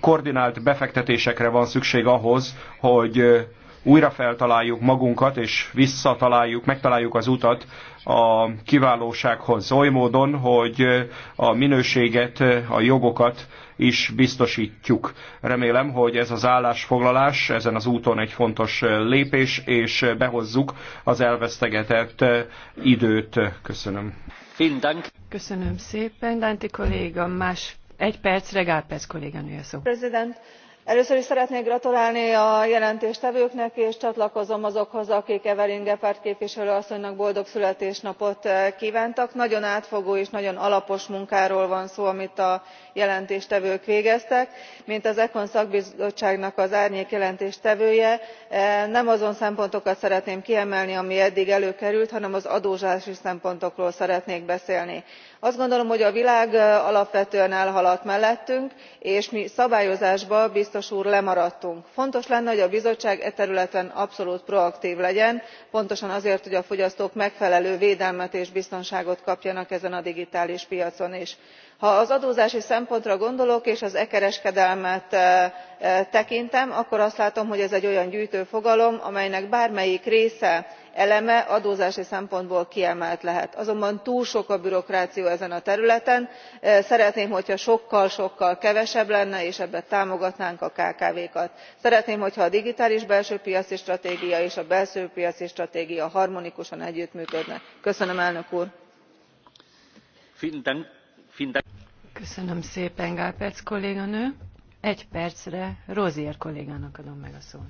S3: Koordinált befektetésekre van szükség ahhoz, hogy újra feltaláljuk magunkat, és visszataláljuk, megtaláljuk az utat a kiválósághoz. Oly módon, hogy a minőséget, a jogokat is biztosítjuk. Remélem, hogy ez az állásfoglalás ezen az úton egy fontos lépés, és behozzuk az elvesztegetett időt. Köszönöm.
S7: Köszönöm szépen, Dánti kolléga. Más egy percre regál Perc kolléganője szó.
S6: President először is szeretnék gratulálni a jelentéstevőknek és csatlakozom azokhoz akik evelyn gebhardt képviselő asszonynak boldog születésnapot eh, kvántak. nagyon átfogó és nagyon alapos munkáról van szó amit a jelentéstevők végeztek. mint az econ szakbizottságnak az jelentéstevője eh, nem azon szempontokat szeretném kiemelni ami eddig előkerült hanem az adózási szempontokról szeretnék beszélni azt gondolom hogy a világ alapvetően elhaladt mellettünk és mi szabályozásban biztos úr lemaradtunk. fontos lenne hogy a bizottság e területen abszolút proaktv legyen pontosan azért hogy a fogyasztók megfelelő védelmet és biztonságot kapjanak ezen a digitális piacon is ha az adózási szempontra gondolok és az e kereskedelmet tekintem akkor azt látom hogy ez egy olyan gyűjtő fogalom amelynek bármelyik része eleme adózási szempontból kiemelt lehet. azonban túl sok a bürokrácia ezen a területen e, szeretném hogyha sokkal sokkal kevesebb lenne és ebben támogatnánk a kkv kat. szeretném hogyha a digitális belső piaci stratégia és a belső piaci stratégia harmonikusan együttműködne. köszönöm elnök úr!
S7: Köszönöm szépen, Gálperc kolléganő. Egy percre Rozier kollégának adom meg a szót.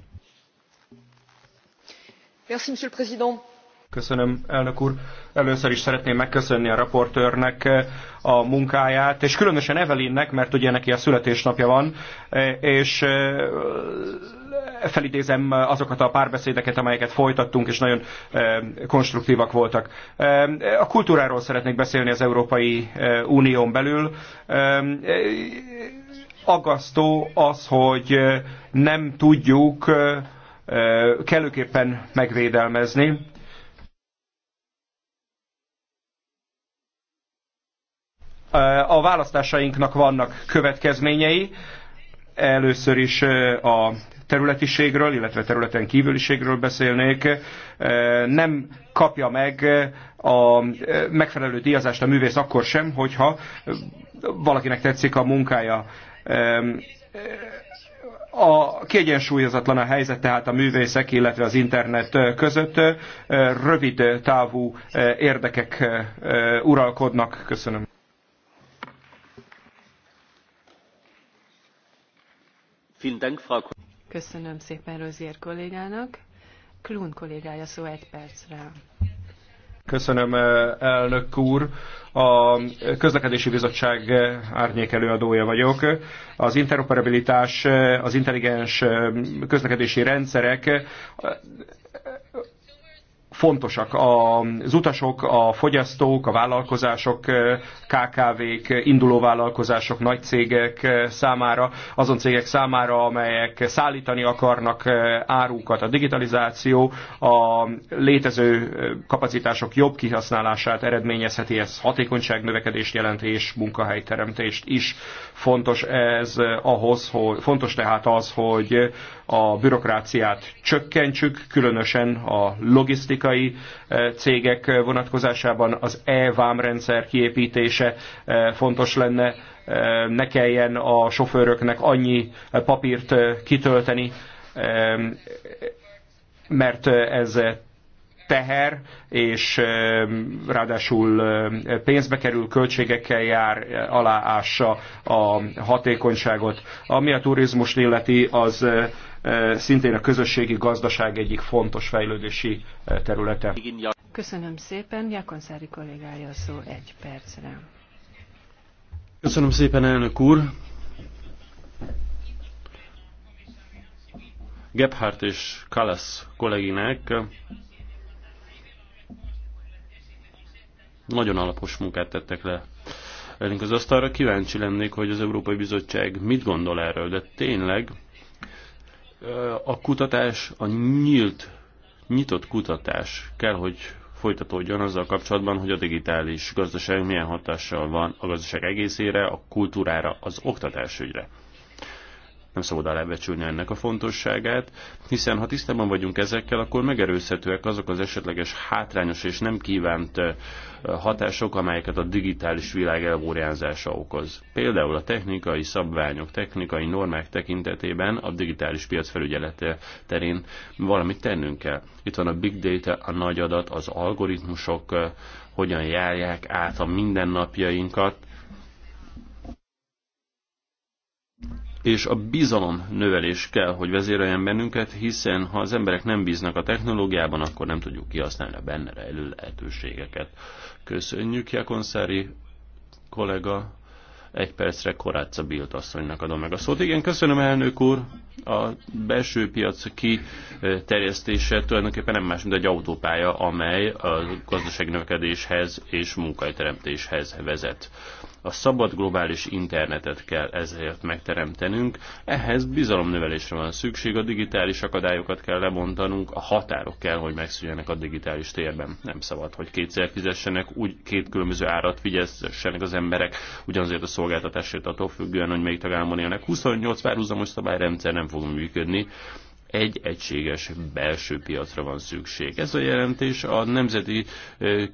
S6: Merci, monsieur le président.
S3: Köszönöm, elnök úr. Először is szeretném megköszönni a raportőrnek a munkáját, és különösen Evelynnek, mert ugye neki a születésnapja van, és felidézem azokat a párbeszédeket, amelyeket folytattunk, és nagyon eh, konstruktívak voltak. Eh, a kultúráról szeretnék beszélni az Európai eh, Unión belül. Aggasztó az, hogy nem tudjuk kellőképpen megvédelmezni A választásainknak vannak következményei. Először is a területiségről, illetve területen kívüliségről beszélnék, e, nem kapja meg a e, megfelelő díjazást a művész akkor sem, hogyha valakinek tetszik a munkája e, a kiegyensúlyozatlan a helyzet tehát a művészek, illetve az internet között. Rövid távú érdekek uralkodnak. Köszönöm.
S5: Vielen Dank, Frau
S7: Köszönöm szépen Rozier kollégának. Klun kollégája szó egy percre.
S3: Köszönöm, eh, elnök úr. A közlekedési bizottság eh, árnyék előadója vagyok. Az interoperabilitás, eh, az intelligens közlekedési rendszerek fontosak. Az utasok, a fogyasztók, a vállalkozások, eh, KKV-k, induló vállalkozások, nagy cégek eh, számára, azon cégek számára, amelyek szállítani akarnak eh, árukat. A digitalizáció a létező kapacitások jobb kihasználását eredményezheti, ez hatékonyság növekedést jelent és munkahelyteremtést is. Fontos ez ahhoz, hogy, fontos tehát az, hogy a bürokráciát csökkentsük, különösen a logisztikai eh, cégek eh, vonatkozásában az e-vám rendszer kiépítése eh, fontos lenne, ne kelljen a sofőröknek annyi papírt kitölteni, mert ez teher, és ráadásul pénzbe kerül, költségekkel jár, aláássa a hatékonyságot. Ami a turizmus illeti, az szintén a közösségi gazdaság egyik fontos fejlődési területe.
S7: Köszönöm szépen, Jakonszári kollégája szó egy percre.
S5: Köszönöm szépen, elnök úr! Gebhardt és Kalasz kollégének Nagyon alapos munkát tettek le elénk az asztalra. Kíváncsi lennék, hogy az Európai Bizottság mit gondol erről, de tényleg a kutatás, a nyílt, nyitott kutatás kell, hogy folytatódjon azzal kapcsolatban, hogy a digitális gazdaság milyen hatással van a gazdaság egészére, a kultúrára, az oktatásügyre. Nem szabad alábecsülni ennek a fontosságát, hiszen ha tisztában vagyunk ezekkel, akkor megerőzhetőek azok az esetleges hátrányos és nem kívánt hatások, amelyeket a digitális világ elbúrjánzása okoz. Például a technikai szabványok, technikai normák tekintetében a digitális piac felügyelete terén valamit tennünk kell. Itt van a big data, a nagy adat, az algoritmusok, hogyan járják át a mindennapjainkat, és a bizalom növelés kell, hogy vezéreljen bennünket, hiszen ha az emberek nem bíznak a technológiában, akkor nem tudjuk kihasználni a benne rejlő lehetőségeket. Köszönjük, Jakonszári kollega. Egy percre Korácsa Bilt asszonynak adom meg a szót. Igen, köszönöm elnök úr. A belső piac kiterjesztése tulajdonképpen nem más, mint egy autópálya, amely a gazdasági növekedéshez és munkahelyteremtéshez vezet a szabad globális internetet kell ezért megteremtenünk, ehhez bizalomnövelésre van szükség, a digitális akadályokat kell lebontanunk, a határok kell, hogy megszűnjenek a digitális térben. Nem szabad, hogy kétszer fizessenek, úgy két különböző árat figyelszessenek az emberek, ugyanazért a szolgáltatásért attól függően, hogy melyik tagállamon élnek. 28 párhuzamos szabályrendszer nem fog működni, egy egységes belső piacra van szükség. Ez a jelentés a nemzeti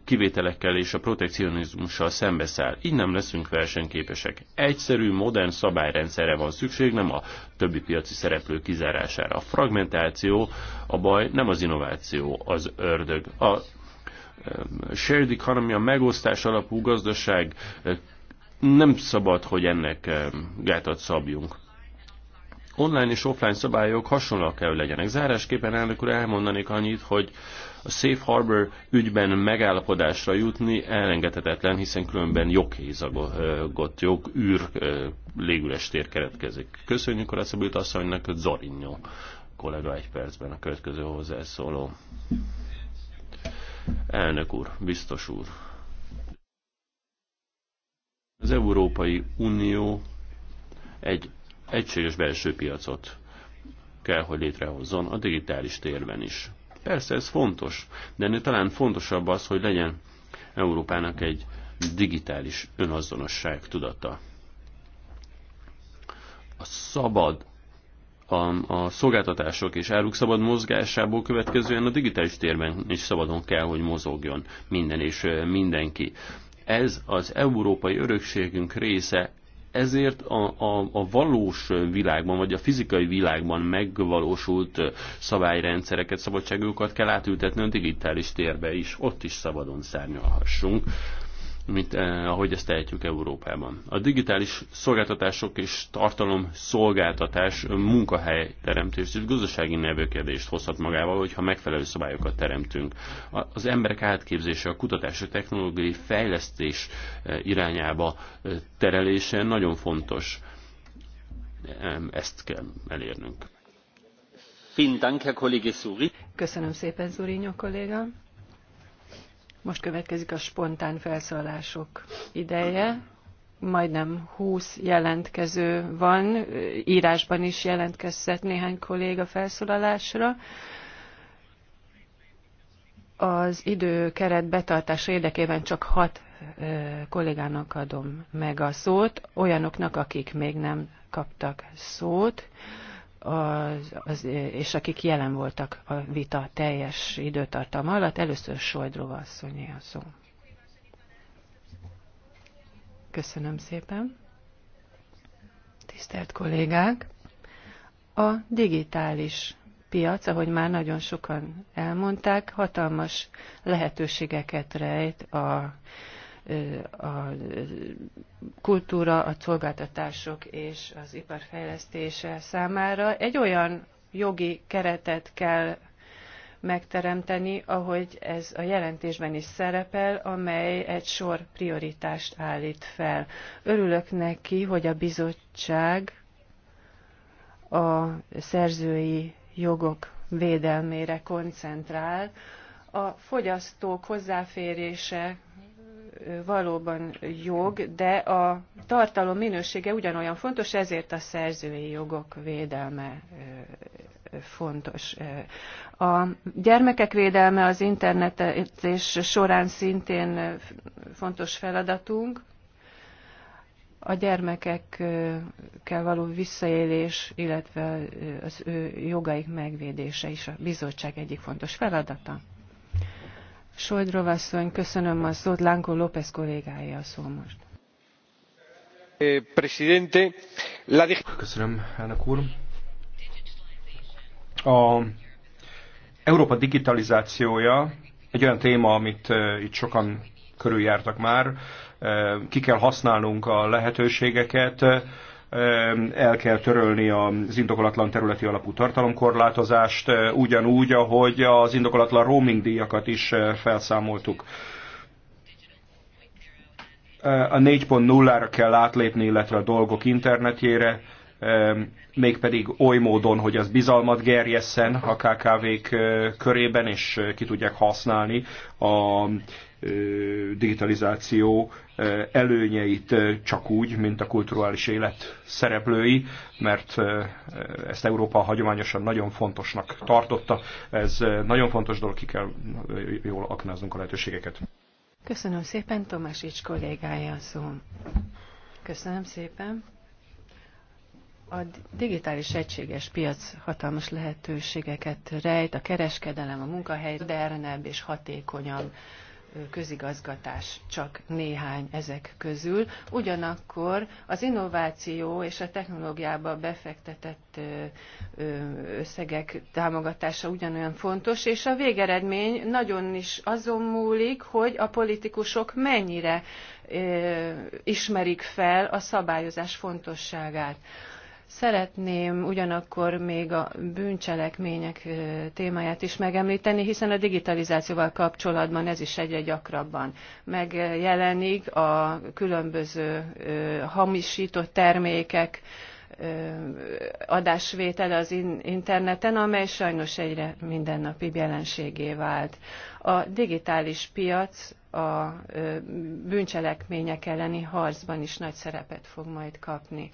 S5: kivételekkel és a protekcionizmussal szembeszáll. Így nem leszünk versenyképesek. Egyszerű, modern szabályrendszerre van szükség, nem a többi piaci szereplő kizárására. A fragmentáció a baj, nem az innováció, az ördög. A shared economy, a megosztás alapú gazdaság nem szabad, hogy ennek gátat szabjunk online és offline szabályok hasonlóak kell, hogy legyenek. Zárásképpen elnök úr elmondanék annyit, hogy a Safe Harbor ügyben megállapodásra jutni elengedhetetlen, hiszen különben joghézagot, űr légüres tér keretkezik. Köszönjük a Szabült asszonynak, Zorinyó kollega egy percben a következő hozzászóló. Elnök úr, biztos úr. Az Európai Unió egy egységes belső piacot kell, hogy létrehozzon a digitális térben is. Persze ez fontos, de ennél talán fontosabb az, hogy legyen Európának egy digitális önazonosság tudata. A szabad, a, a szolgáltatások és áruk szabad mozgásából következően a digitális térben is szabadon kell, hogy mozogjon minden és mindenki. Ez az európai örökségünk része, ezért a, a, a valós világban, vagy a fizikai világban megvalósult szabályrendszereket, szabadságokat kell átültetni a digitális térbe is, ott is szabadon szárnyalhassunk mint eh, ahogy ezt tehetjük Európában. A digitális szolgáltatások és tartalom szolgáltatás munkahely és gazdasági nevőkedést hozhat magával, hogyha megfelelő szabályokat teremtünk. Az emberek átképzése, a kutatás, a technológiai fejlesztés eh, irányába eh, terelése nagyon fontos. Ezt kell elérnünk.
S7: Köszönöm szépen, Zurinyó kolléga. Most következik a spontán felszólások ideje. Majdnem 20 jelentkező van, írásban is jelentkezett néhány kolléga felszólalásra. Az időkeret betartása érdekében csak hat kollégának adom meg a szót, olyanoknak, akik még nem kaptak szót az, az, és akik jelen voltak a vita teljes időtartama alatt. Először Sojdrova asszonyé a szó. Köszönöm szépen. Tisztelt kollégák! A digitális piac, ahogy már nagyon sokan elmondták, hatalmas lehetőségeket rejt a a kultúra, a szolgáltatások és az fejlesztése számára. Egy olyan jogi keretet kell megteremteni, ahogy ez a jelentésben is szerepel, amely egy sor prioritást állít fel. Örülök neki, hogy a bizottság a szerzői jogok védelmére koncentrál, a fogyasztók hozzáférése valóban jog, de a tartalom minősége ugyanolyan fontos, ezért a szerzői jogok védelme fontos. A gyermekek védelme az internetezés során szintén fontos feladatunk. A gyermekekkel való visszaélés, illetve az ő jogaik megvédése is a bizottság egyik fontos feladata. Sojdrov asszony, köszönöm a szót. Lánko López kollégája a szó most.
S3: Eh, presidente, la... Köszönöm, elnök úr. A Európa digitalizációja egy olyan téma, amit eh, itt sokan körüljártak már. Eh, ki kell használnunk a lehetőségeket el kell törölni az indokolatlan területi alapú tartalomkorlátozást, ugyanúgy, ahogy az indokolatlan roaming díjakat is felszámoltuk a 4.0-ra kell átlépni, illetve a dolgok internetjére, mégpedig oly módon, hogy az bizalmat gerjesszen a KKV-k körében, és ki tudják használni a digitalizáció előnyeit csak úgy, mint a kulturális élet szereplői, mert ezt Európa hagyományosan nagyon fontosnak tartotta. Ez nagyon fontos dolog, ki kell jól aknáznunk a lehetőségeket.
S7: Köszönöm szépen, Ics kollégája a szó. Köszönöm szépen. A digitális egységes piac hatalmas lehetőségeket rejt, a kereskedelem, a munkahely modernebb és hatékonyabb közigazgatás csak néhány ezek közül. Ugyanakkor az innováció és a technológiába befektetett összegek támogatása ugyanolyan fontos, és a végeredmény nagyon is azon múlik, hogy a politikusok mennyire ismerik fel a szabályozás fontosságát. Szeretném ugyanakkor még a bűncselekmények témáját is megemlíteni, hiszen a digitalizációval kapcsolatban ez is egyre gyakrabban megjelenik a különböző hamisított termékek adásvétel az interneten, amely sajnos egyre mindennapi jelenségé vált. A digitális piac a bűncselekmények elleni harcban is nagy szerepet fog majd kapni.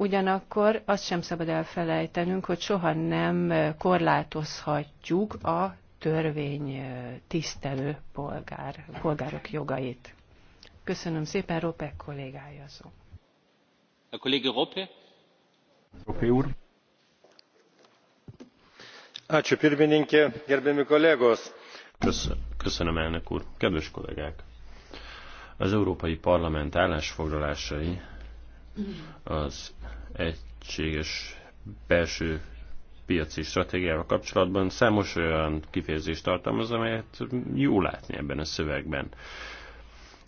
S7: Ugyanakkor azt sem szabad elfelejtenünk, hogy soha nem korlátozhatjuk a törvény tisztelő polgár, polgárok jogait. Köszönöm szépen, Rope kollégája szó.
S3: A kollégi Rope? Rope úr. Ácsú pirmininke, gerbemi kollégos.
S5: Köszönöm, elnök úr. Kedves kollégák! Az Európai Parlament állásfoglalásai az egységes belső piaci stratégiával kapcsolatban számos olyan kifejezést tartalmaz, amelyet jó látni ebben a szövegben.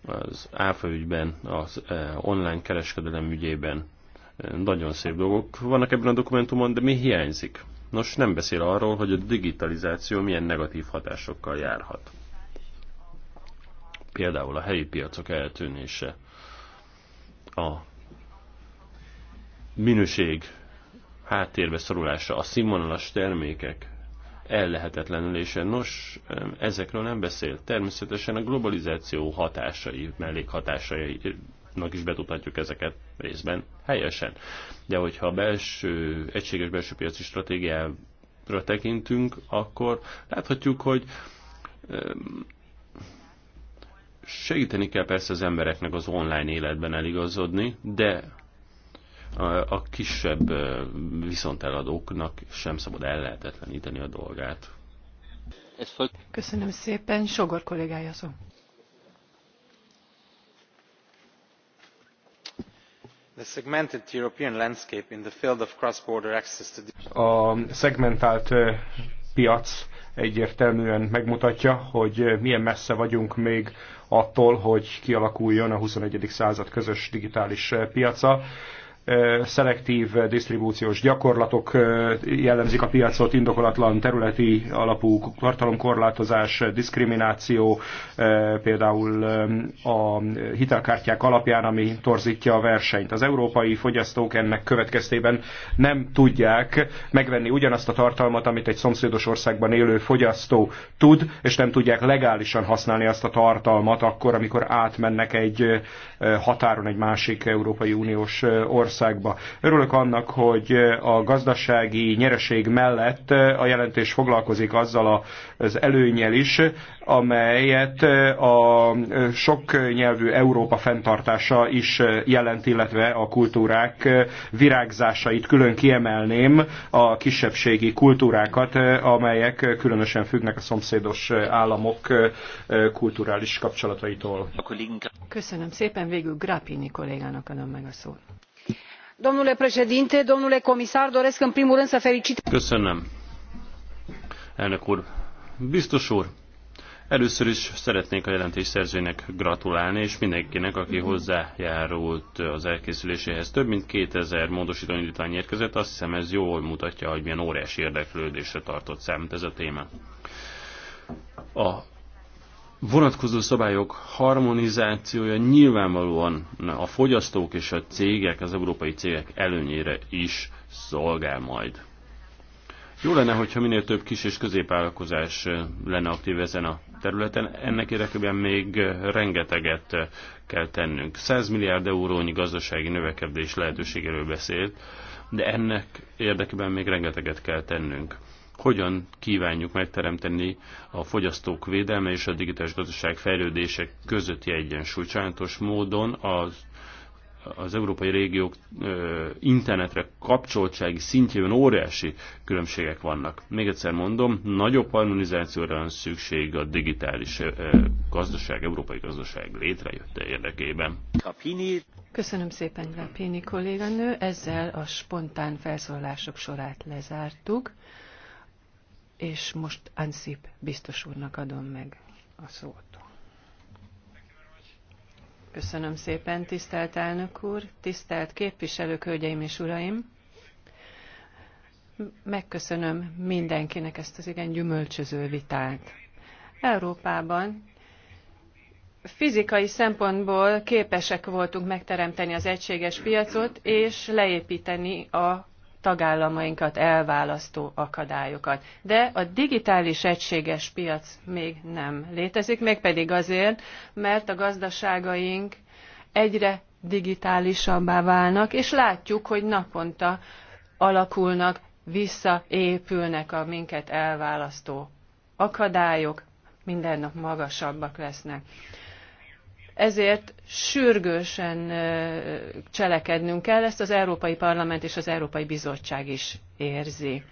S5: Az áfa ügyben, az eh, online kereskedelem ügyében eh, nagyon szép dolgok vannak ebben a dokumentumon, de mi hiányzik? Nos, nem beszél arról, hogy a digitalizáció milyen negatív hatásokkal járhat. Például a helyi piacok eltűnése, a minőség háttérbe szorulása, a színvonalas termékek ellehetetlenülése. Nos, ezekről nem beszél. Természetesen a globalizáció hatásai, mellékhatásainak is betudhatjuk ezeket részben helyesen. De hogyha a belső, egységes belső piaci stratégiára tekintünk, akkor láthatjuk, hogy segíteni kell persze az embereknek az online életben eligazodni, de a kisebb viszonteladóknak sem szabad ellehetetleníteni a dolgát.
S7: Köszönöm szépen, Sogor kollégája szó.
S1: A
S3: szegmentált piac egyértelműen megmutatja, hogy milyen messze vagyunk még attól, hogy kialakuljon a 21. század közös digitális piaca szelektív disztribúciós gyakorlatok jellemzik a piacot, indokolatlan területi alapú tartalomkorlátozás, diszkrimináció, például a hitelkártyák alapján, ami torzítja a versenyt. Az európai fogyasztók ennek következtében nem tudják megvenni ugyanazt a tartalmat, amit egy szomszédos országban élő fogyasztó tud, és nem tudják legálisan használni azt a tartalmat akkor, amikor átmennek egy határon egy másik Európai Uniós ország országba. Örülök annak, hogy a gazdasági nyereség mellett a jelentés foglalkozik azzal az előnyel is, amelyet a sok nyelvű Európa fenntartása is jelent, illetve a kultúrák virágzásait külön kiemelném a kisebbségi kultúrákat, amelyek különösen függnek a szomszédos államok kulturális kapcsolataitól.
S7: Köszönöm szépen, végül Grappini kollégának adom meg a szót
S2: domnule președinte domnule comisar doresc în primul rând să felicit.
S5: köszönöm elnök úr biztos úr először is szeretnék a jelentés szerzőjének gratulálni és mindenkinek aki hozzájárult az elkészüléséhez több mint kétezer módosító indítvány érkezett azt hiszem ez jól mutatja hogy milyen óriási érdeklődésre tartott számot ez a téma a vonatkozó szabályok harmonizációja nyilvánvalóan a fogyasztók és a cégek, az európai cégek előnyére is szolgál majd. Jó lenne, hogyha minél több kis és középvállalkozás lenne aktív ezen a területen. Ennek érdekében még rengeteget kell tennünk. 100 milliárd eurónyi gazdasági növekedés lehetőségéről beszélt, de ennek érdekében még rengeteget kell tennünk hogyan kívánjuk megteremteni a fogyasztók védelme és a digitális gazdaság fejlődése közötti egyensúly? Sajnos módon az az európai régiók internetre kapcsoltsági szintjében óriási különbségek vannak. Még egyszer mondom, nagyobb harmonizációra van szükség a digitális gazdaság, európai gazdaság létrejötte érdekében.
S7: Köszönöm szépen, Grappini kolléganő. Ezzel a spontán felszólalások sorát lezártuk és most Ansip biztos úrnak adom meg a szót. Köszönöm szépen, tisztelt elnök úr, tisztelt képviselők, hölgyeim és uraim! Megköszönöm mindenkinek ezt az igen gyümölcsöző vitát. Európában fizikai szempontból képesek voltunk megteremteni az egységes piacot és leépíteni a tagállamainkat elválasztó akadályokat. De a digitális egységes piac még nem létezik, mégpedig azért, mert a gazdaságaink egyre digitálisabbá válnak, és látjuk, hogy naponta alakulnak, visszaépülnek a minket elválasztó akadályok, minden nap magasabbak lesznek ezért sürgősen cselekednünk kell, ezt az Európai Parlament és az Európai Bizottság is érzi.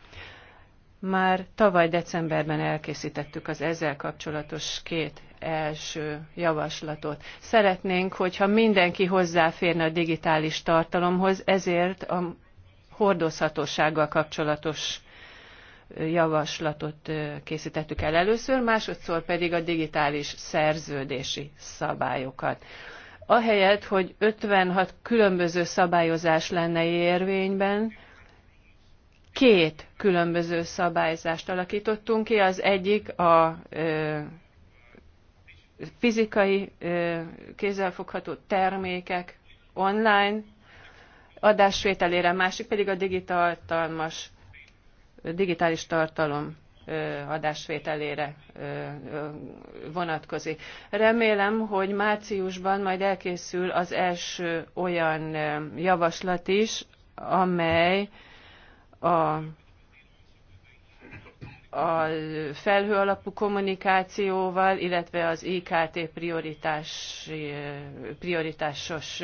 S7: Már tavaly decemberben elkészítettük az ezzel kapcsolatos két első javaslatot. Szeretnénk, hogyha mindenki hozzáférne a digitális tartalomhoz, ezért a hordozhatósággal kapcsolatos javaslatot készítettük el először, másodszor pedig a digitális szerződési szabályokat. Ahelyett, hogy 56 különböző szabályozás lenne érvényben, két különböző szabályzást alakítottunk ki, az egyik a fizikai kézzelfogható termékek online adásvételére, másik pedig a digitaltalmas digitális tartalom adásvételére vonatkozik. Remélem, hogy márciusban majd elkészül az első olyan javaslat is, amely a, a felhő alapú kommunikációval, illetve az IKT prioritás, prioritásos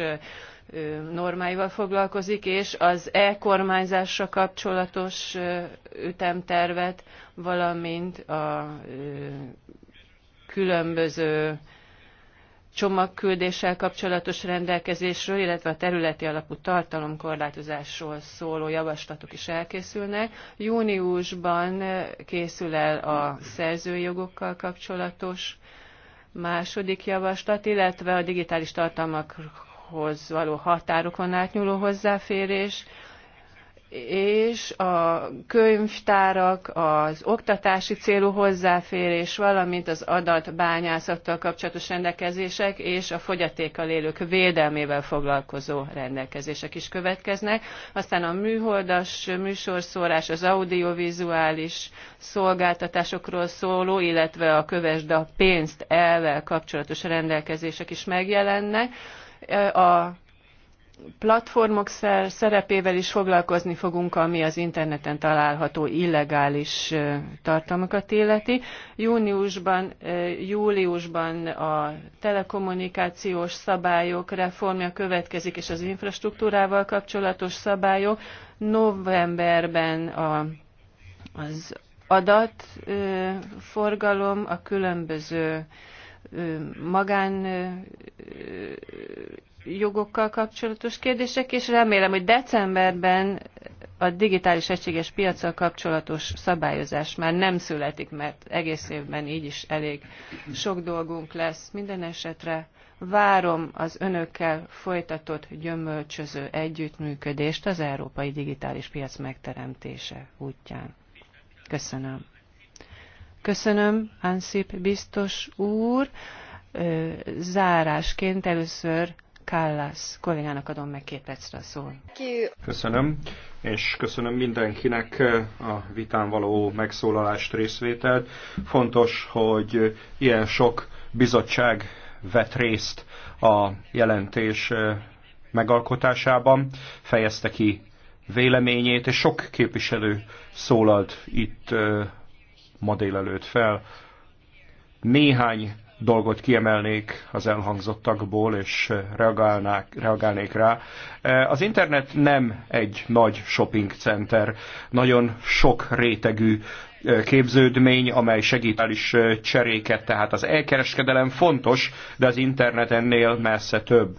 S7: normáival foglalkozik, és az e-kormányzásra kapcsolatos ütemtervet, valamint a különböző csomagküldéssel kapcsolatos rendelkezésről, illetve a területi alapú tartalomkorlátozásról szóló javaslatok is elkészülnek. Júniusban készül el a szerzőjogokkal kapcsolatos második javaslat, illetve a digitális tartalmak hoz való határokon átnyúló hozzáférés, és a könyvtárak, az oktatási célú hozzáférés, valamint az adatbányászattal kapcsolatos rendelkezések és a fogyatékkal élők védelmével foglalkozó rendelkezések is következnek. Aztán a műholdas műsorszórás, az audiovizuális szolgáltatásokról szóló, illetve a kövesd a pénzt elvel kapcsolatos rendelkezések is megjelennek a platformok szerepével is foglalkozni fogunk, ami az interneten található illegális tartalmakat illeti. Júniusban, júliusban a telekommunikációs szabályok reformja következik, és az infrastruktúrával kapcsolatos szabályok. Novemberben a, az adatforgalom, a különböző magán jogokkal kapcsolatos kérdések, és remélem, hogy decemberben a digitális egységes piacsal kapcsolatos szabályozás már nem születik, mert egész évben így is elég sok dolgunk lesz. Minden esetre várom az önökkel folytatott gyömölcsöző együttműködést az európai digitális piac megteremtése útján. Köszönöm. Köszönöm, Ansip biztos úr. Zárásként először Kállász kollégának adom meg két percre a szót.
S3: Köszönöm, és köszönöm mindenkinek a vitán való megszólalást, részvételt. Fontos, hogy ilyen sok bizottság vett részt a jelentés megalkotásában, fejezte ki véleményét, és sok képviselő szólalt itt ma délelőtt fel. Néhány dolgot kiemelnék az elhangzottakból, és reagálnák, reagálnék rá. Az internet nem egy nagy shopping center, nagyon sok rétegű képződmény, amely segít el is cseréket, tehát az elkereskedelem fontos, de az internet ennél messze több.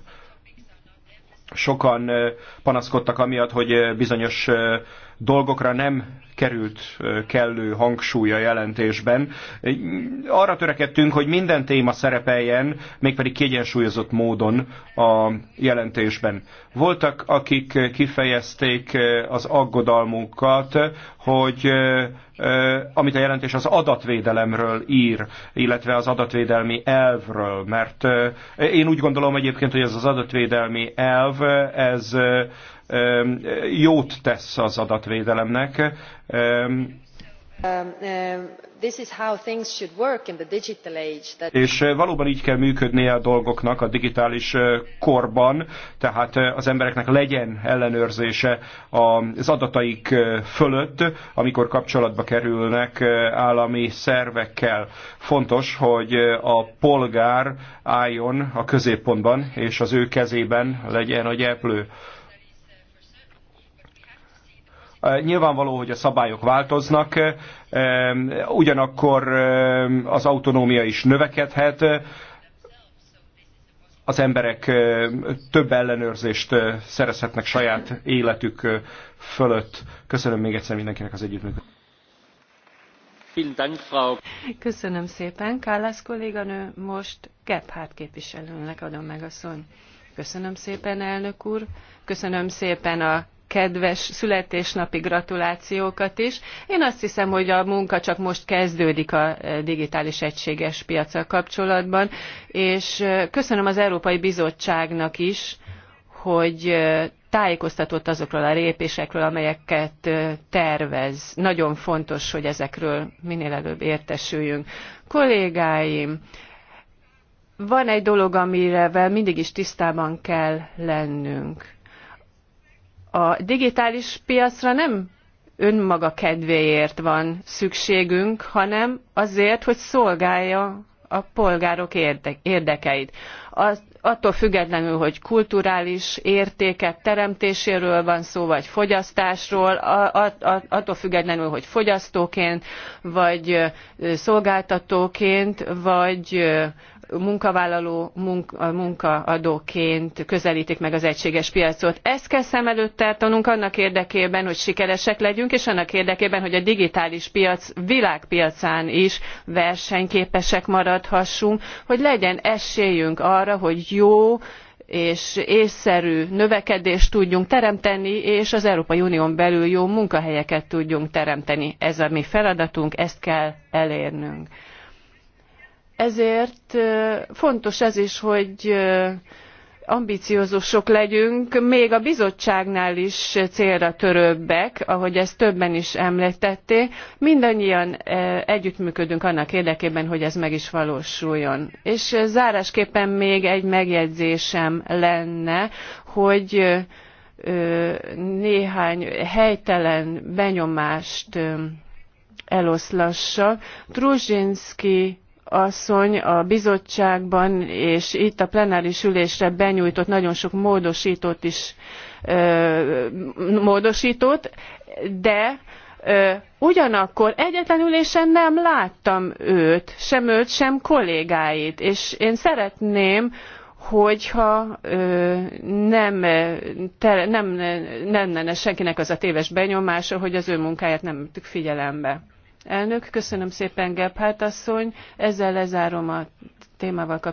S3: Sokan panaszkodtak amiatt, hogy bizonyos dolgokra nem került kellő hangsúly a jelentésben. Arra törekedtünk, hogy minden téma szerepeljen, mégpedig kiegyensúlyozott módon a jelentésben. Voltak, akik kifejezték az aggodalmunkat, hogy amit a jelentés az adatvédelemről ír, illetve az adatvédelmi elvről, mert én úgy gondolom egyébként, hogy ez az adatvédelmi elv, ez jót tesz az adatvédelemnek. Um, um, és valóban így kell működnie a dolgoknak a digitális korban, tehát az embereknek legyen ellenőrzése az adataik fölött, amikor kapcsolatba kerülnek állami szervekkel. Fontos, hogy a polgár álljon a középpontban, és az ő kezében legyen a gyeplő. Nyilvánvaló, hogy a szabályok változnak, ugyanakkor az autonómia is növekedhet, az emberek több ellenőrzést szerezhetnek saját életük fölött. Köszönöm még egyszer mindenkinek az együttműködést.
S7: Köszönöm szépen, Kállász kolléganő, most Gebhardt képviselőnek adom meg a szót. Köszönöm szépen, elnök úr, köszönöm szépen a kedves születésnapi gratulációkat is. Én azt hiszem, hogy a munka csak most kezdődik a e, digitális egységes piacsal kapcsolatban, és e, köszönöm az Európai Bizottságnak is, hogy e, tájékoztatott azokról a lépésekről, amelyeket tervez. Nagyon fontos, hogy ezekről minél előbb értesüljünk. Kollégáim, van egy dolog, amirevel mindig is tisztában kell lennünk a digitális piacra nem önmaga kedvéért van szükségünk, hanem azért, hogy szolgálja a polgárok érde érdekeit. Az, attól függetlenül, hogy kulturális értékek teremtéséről van szó, vagy fogyasztásról, a, a, a, attól függetlenül, hogy fogyasztóként, vagy szolgáltatóként, vagy munkavállaló munkaadóként közelítik meg az egységes piacot. Ezt kell szem előtt tartanunk annak érdekében, hogy sikeresek legyünk, és annak érdekében, hogy a digitális piac világpiacán is versenyképesek maradhassunk, hogy legyen esélyünk arra, hogy jó, és észszerű növekedést tudjunk teremteni, és az Európai Unión belül jó munkahelyeket tudjunk teremteni. Ez a mi feladatunk, ezt kell elérnünk. Ezért fontos ez is, hogy ambiciózusok legyünk, még a bizottságnál is célra törőbbek, ahogy ezt többen is említették. Mindannyian együttműködünk annak érdekében, hogy ez meg is valósuljon. És zárásképpen még egy megjegyzésem lenne, hogy néhány helytelen benyomást eloszlassak. Druzsinski asszony a bizottságban és itt a plenáris ülésre benyújtott nagyon sok módosítót is ö, módosítót, de ugyanakkor egyetlen ülésen nem láttam őt, sem őt, sem kollégáit, és én szeretném, hogyha ö, nem, te, nem, nem lenne senkinek az a téves benyomása, hogy az ő munkáját nem tük figyelembe. Elnök, köszönöm szépen, Gebhardt asszony. Ezzel lezárom a témával kapcsolatban.